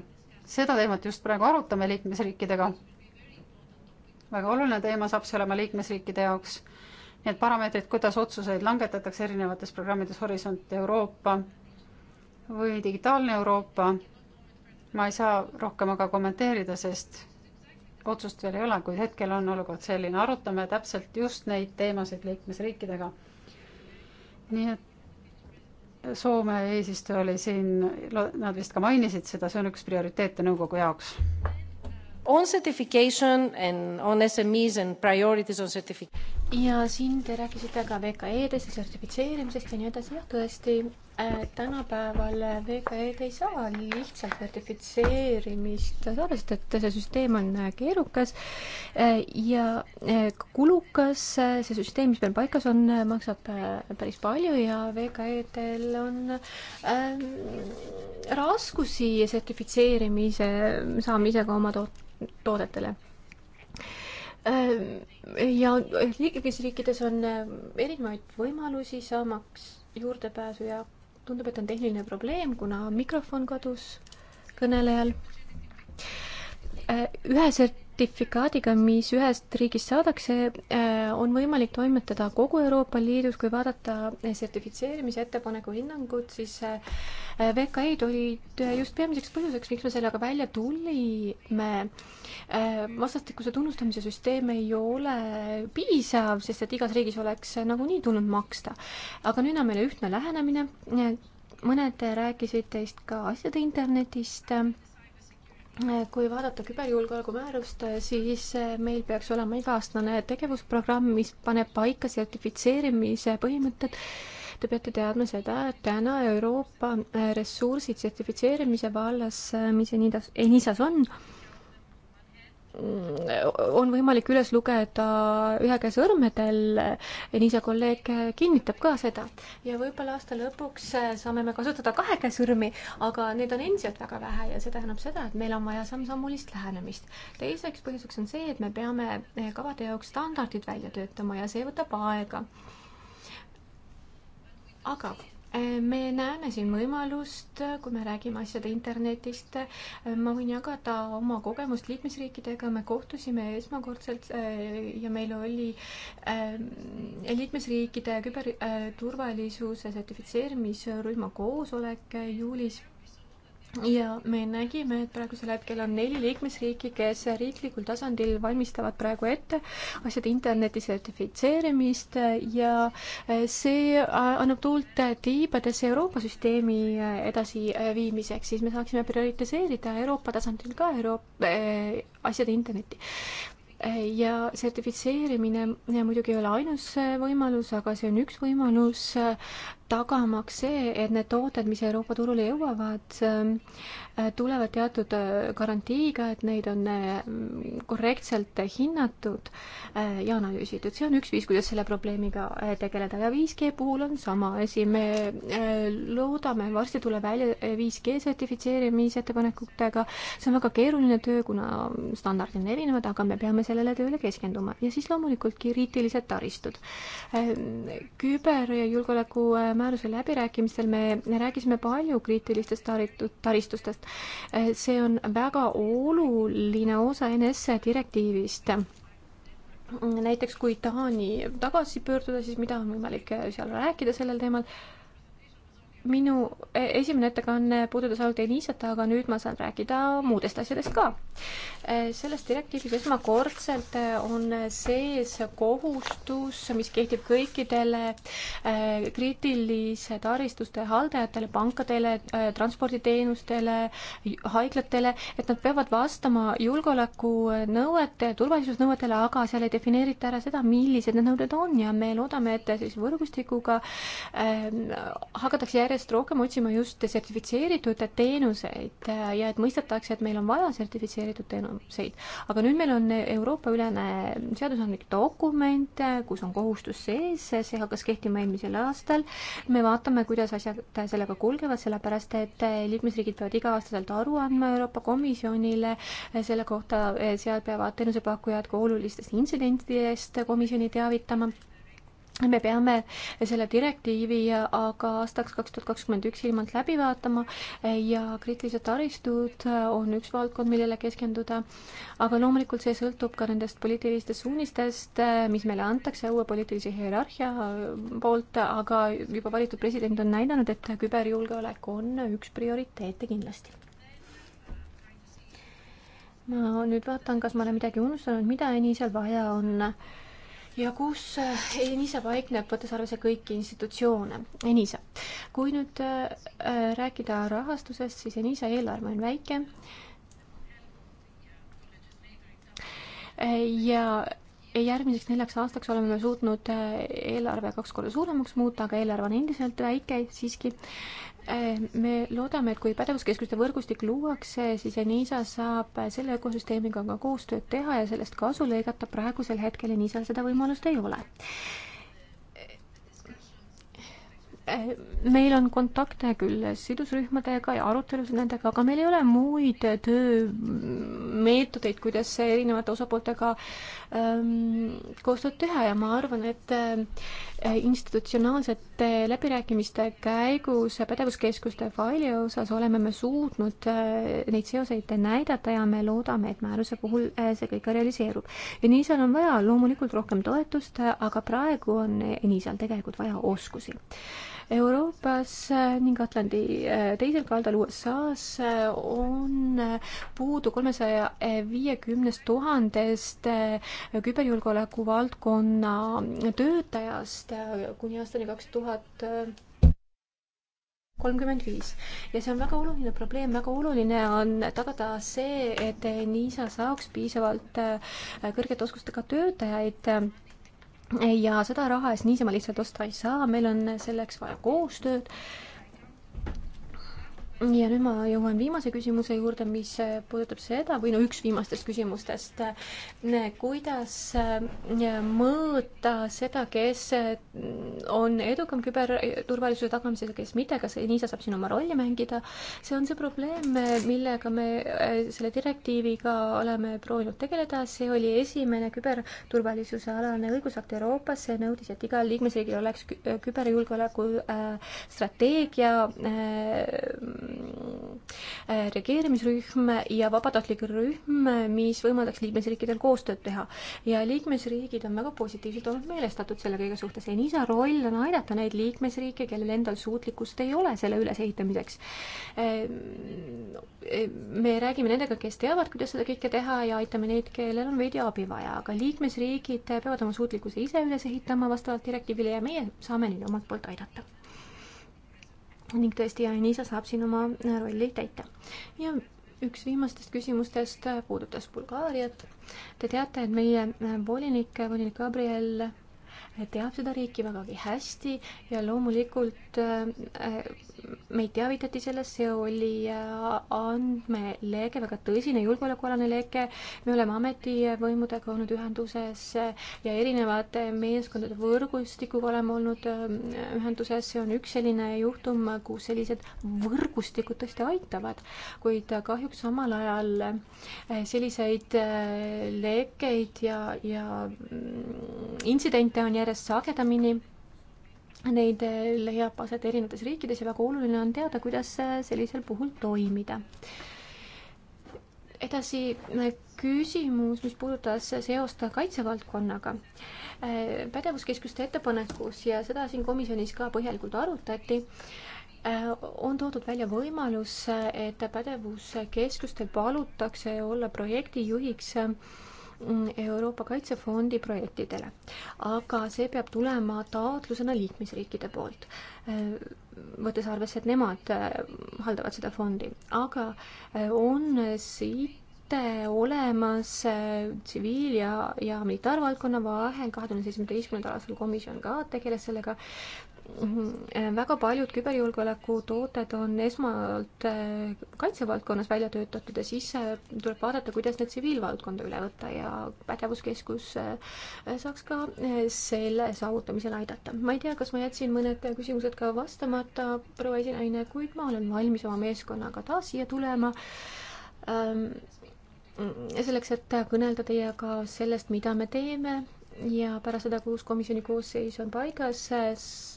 S3: seda teemat just praegu arutame liikmesriikidega. väga oluline teema saab see olema liikmesriikide jaoks. Need parameetrid, kuidas otsuseid langetatakse erinevates programmides Horisont Euroopa või Digitaalne Euroopa ma ei saa rohkem aga kommenteerida, sest otsust veel ei ole, kuid hetkel on olukord selline, arutame täpselt just neid teemasid liikmesriikidega. nii et Soome eesistuja oli siin, nad vist ka mainisid seda, see on üks prioriteete nõukogu jaoks. On certification and on SMEs and priorities on certification
S1: ja siin te rääkisite ka VKE-dest ja sertifitseerimisest ja nii edasi, jah tõesti äh,, tänapäeval VKE-d ei saa lihtsalt sertifitseerimist saadest, et see süsteem on äh, keerukas äh, ja äh, kulukas, äh, see süsteem, mis meil paikas on, äh, maksab päris palju ja VKE-del on raskusi sertifitseerimise saamisega oma toot-, toodetele Äh, ja liikmesriikides on äh, erinevaid võimalusi saamaks juurdepääsu ja tundub, et on tehniline probleem, kuna mikrofon kadus kõnelejal. Äh, üheselt sertifikaadiga, mis ühest riigist saadakse, äh, on võimalik toimetada kogu Euroopa Liidus, kui vaadata äh, sertifitseerimise ettepaneku hinnangut, siis äh, VKE-d olid just peamiseks põhjuseks, miks me sellega välja tulime. vastastikuse tunnustamise süsteem ei ole piisav, sest et igas riigis oleks nagunii tulnud maksta. aga nüüd on meil ühtne lähenemine, mõned rääkisid teist ka asjade internetist kui vaadata küberjulgeoleku määrust, siis eh, meil peaks olema iga-aastane tegevusprogramm, mis paneb paika sertifitseerimise põhimõtted. Te peate teadma seda, et täna Euroopa eh, ressursid sertifitseerimise vallas, eh, mis ENISA-s on, Mm, on võimalik üles lugeda ühe käe sõrmedel, nii see kolleeg kinnitab ka seda. ja võib-olla aasta lõpuks saame me kasutada kahe käe sõrmi, aga need on endiselt väga vähe ja see tähendab seda, et meil on vaja samm-sammulist lähenemist. teiseks põhjuseks on see, et me peame kavade jaoks standardid välja töötama ja see võtab aega. aga me näeme siin võimalust, kui me räägime asjade internetist. ma võin jagada oma kogemust liikmesriikidega, me kohtusime esmakordselt äh, ja meil oli äh, liikmesriikide küberturvalisuse sertifitseerimisrühma koosolek juulis ja me nägime, et praegusel hetkel on neli liikmesriiki, kes riiklikul tasandil valmistavad praegu ette asjade interneti sertifitseerimist ja eh, see annab tuult tiibadesse Euroopa süsteemi eh, edasiviimiseks, siis me saaksime prioritiseerida Euroopa tasandil ka Euroopa äh, eh, asjade internetti ja sertifitseerimine muidugi ei ole ainus võimalus, aga see on üks võimalus tagamaks see, et need tooted, mis Euroopa turule jõuavad, ähm, äh, tulevad teatud äh, garantiiga, et neid on äh, korrektselt hinnatud ja analüüsitud. see on üks viis, kuidas selle probleemiga tegeleda ja 5G puhul on sama asi. me loodame varsti tuleb välja 5G sertifitseerimisettepanekutega. see on väga keeruline töö, kuna standardid on erinevad, aga me peame sellele tööle keskenduma ja siis loomulikult kriitilised taristud. küberjulgeoleku määruse läbirääkimistel me rääkisime palju kriitilistest taritud, taristustest. see on väga oluline osa NSV direktiivist. näiteks kui Taani tagasi pöörduda, siis mida on võimalik seal rääkida sellel teemal minu e, esimene ettekanne puudutas ainult Enisat, aga nüüd ma saan rääkida muudest asjadest ka. E, selles direktiivis esmakordselt e, on sees kohustus, mis kehtib kõikidele kriitilise taristuste haldajatele, pankadele, transporditeenustele, haiglatele, et nad peavad vastama julgeolekunõuete, turvalisusnõuetele, aga seal ei defineerita ära seda, millised need nõuded on ja me loodame, et siis võrgustikuga hakatakse järjest rohkem otsima just sertifitseeritud teenuseid äh, ja et mõistetakse, et meil on vaja sertifitseeritud teenuseid. aga nüüd meil on Euroopa-ülene seadusandlik dokument, äh, kus on kohustus sees, see hakkas kehtima eelmisel aastal. me vaatame, kuidas asjad äh, sellega kulgevad, sellepärast et liikmesriigid peavad iga-aastaselt aru andma Euroopa Komisjonile selle kohta, seal peavad teenusepakkujad ka olulistest intsidentidest komisjoni teavitama me peame selle direktiivi aga aastaks kaks tuhat kakskümmend üks ilmalt läbi vaatama ja kriitilised taristud on üks valdkond, millele keskenduda. aga loomulikult see sõltub ka nendest poliitilistest suunistest, mis meile antakse uue poliitilise hierarhia poolt, aga juba valitud president on näidanud, et küberjulgeolek on üks prioriteete kindlasti ma nüüd vaatan, kas ma olen midagi unustanud, mida nii seal vaja on ja kus eh, Enisa paikneb, võttes arvesse kõiki institutsioone, Enisa. kui nüüd eh, eh, rääkida rahastusest, siis Enisa eelarve on väike ja järgmiseks neljaks aastaks oleme me suutnud eelarve kaks korda suuremaks muuta, aga eelarve on endiselt väike siiski Eh, me loodame, et kui pädevuskeskuste võrgustik luuakse, siis Enisa saab selle ökosüsteemiga ka koostööd teha ja sellest kasu lõigata. praegusel hetkel Enisal seda võimalust ei ole. Äh, meil on kontakte küll sidusrühmadega ja arutelusid nendega, aga meil ei ole muid töömeetodeid, kuidas erinevate osapooltega ähm, koostööd teha ja ma arvan, et äh, institutsionaalsete läbirääkimiste käigus pädevuskeskuste faili osas oleme me suutnud äh, neid seoseid näidata ja me loodame, et määruse puhul äh, see kõik ka realiseerub. ja Niisal on vaja loomulikult rohkem toetust, aga praegu on äh, Niisal tegelikult vaja oskusi Euroopas eh, ning Atlandi eh, teisel kaldal USA-s eh, on puudu kolmesaja viiekümnest tuhandest küberjulgeoleku valdkonna töötajast kuni aastani kaks tuhat kolmkümmend viis ja see on väga oluline probleem, väga oluline on tagada see, et NISA saaks piisavalt kõrgete oskustega töötajaid ja seda raha eest niisama lihtsalt osta ei saa, meil on selleks vaja koostööd ja nüüd ma jõuan viimase küsimuse juurde, mis äh, puudutab seda või no üks viimastest küsimustest. Äh, kuidas äh, mõõta seda, kes on edukam küberturvalisuse tagamisel ja kes mitte, kas Niisa saab siin oma rolli mängida? see on see probleem, millega me selle direktiiviga oleme proovinud tegeleda, see oli esimene küberturvalisuse alane õigusakt Euroopas, see nõudis, et igal liikmesriigil oleks küberjulgeoleku strateegia Äh, reageerimisrühm ja vabatahtlik rühm, mis võimaldaks liikmesriikidel koostööd teha. ja liikmesriigid on väga positiivselt olnud meelestatud selle kõige suhtes. ENISA roll on aidata neid liikmesriike, kellel endal suutlikkust ei ole selle ülesehitamiseks. Ehm, me räägime nendega, kes teavad, kuidas seda kõike teha ja aitame neid, kellel on veidi abi vaja, aga liikmesriigid peavad oma suutlikkuse ise üles ehitama vastavalt direktiivile ja meie saame neil omalt poolt aidata ning tõesti, Anisa saab siin oma äh, rolli täita. ja üks viimastest küsimustest äh, puudutas Bulgaariat. Te teate, et meie äh, volinik, volinik Gabriel teab seda riiki vägagi hästi ja loomulikult äh, äh, meid teavitati sellest, see oli äh, andmeleke, väga tõsine julgeolekualane leke. me oleme ametivõimudega olnud ühenduses ja erinevate meeskondade võrgustikuga oleme olnud ühenduses, see on üks selline juhtum, kus sellised võrgustikud tõesti aitavad, kuid kahjuks samal ajal selliseid lekeid ja, ja mm, intsidente on järjest järjest sagedamini. Neid eh, leiab aset erinevates riikides ja väga oluline on teada, kuidas eh, sellisel puhul toimida. edasi eh, küsimus, mis puudutas seost kaitsevaldkonnaga. pädevuskeskuste ettepanekus ja seda siin komisjonis ka põhjalikult arutati on toodud välja võimalus, et pädevuskeskustel palutakse olla projektijuhiks Euroopa Kaitsefondi projektidele. aga see peab tulema taotlusena liikmesriikide poolt, äh, võttes arvesse, et nemad äh, haldavad seda fondi, aga äh, on siit side olemas tsiviil- äh, ja, ja militaarvaldkonna vahel, kahe tuhande seitsmeteistkümnendal aastal komisjon ka tegeles sellega Mhm. väga paljud küberjulgeoleku tooted on esmalt äh, kaitsevaldkonnas välja töötatud ja siis äh, tuleb vaadata, kuidas need tsiviilvaldkonda üle võtta ja pädevuskeskus äh, saaks ka selle saavutamisel aidata. ma ei tea, kas ma jätsin mõned küsimused ka vastamata, proua esinaine, kuid ma olen valmis oma meeskonnaga taas siia tulema ähm, selleks, et kõnelda teiega sellest, mida me teeme ja pärast seda, kui uus komisjoni koosseis on paigas,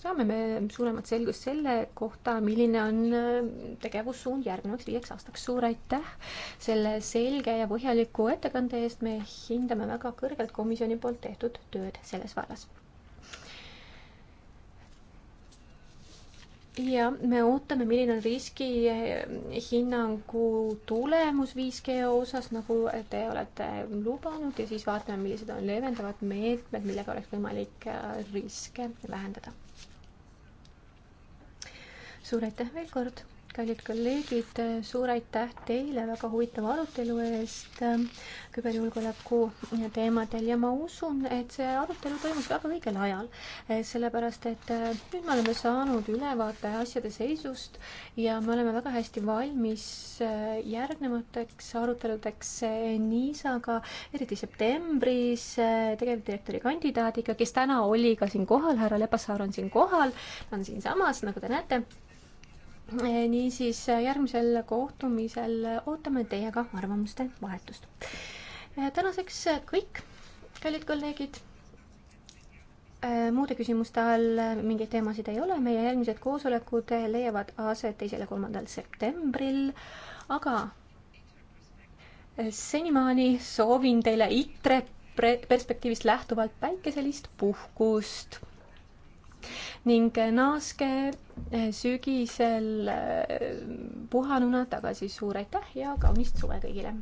S1: saame me suuremat selgust selle kohta, milline on äh, tegevussuund järgnevaks viieks aastaks. suur aitäh selle selge ja põhjaliku ettekande eest, me hindame väga kõrgelt komisjoni poolt tehtud tööd selles vallas ja me ootame, milline on riskihinnangu eh, tulemus 5G osas, nagu te olete lubanud ja siis vaatame, millised on leevendavad meetmed, millega oleks võimalik eh, riske vähendada. suur aitäh veel kord kallid kolleegid, suur aitäh teile väga huvitava arutelu eest ähm, küberjulgeoleku teemadel ja ma usun, et see arutelu toimus väga õigel ajal, äh, sellepärast et äh, nüüd me oleme saanud ülevaate asjade seisust ja me oleme väga hästi valmis äh, järgnevateks aruteludeks Niisaga, eriti septembris tegevdirektori kandidaadiga, kes täna oli ka siin kohal, härra Lepasaar on siin kohal, on siinsamas, nagu te näete Eh, niisiis järgmisel kohtumisel ootame teiega arvamuste vahetust. Eh, tänaseks kõik, kallid kolleegid. Eh, muude küsimuste all mingeid teemasid ei ole, meie järgmised koosolekud leiavad aset teisel ja kolmandal septembril, aga senimaani soovin teile ITRE perspektiivist lähtuvalt päikeselist puhkust ning naaske eh, sügisel eh, puhanuna tagasi. suur aitäh ja kaunist suve kõigile!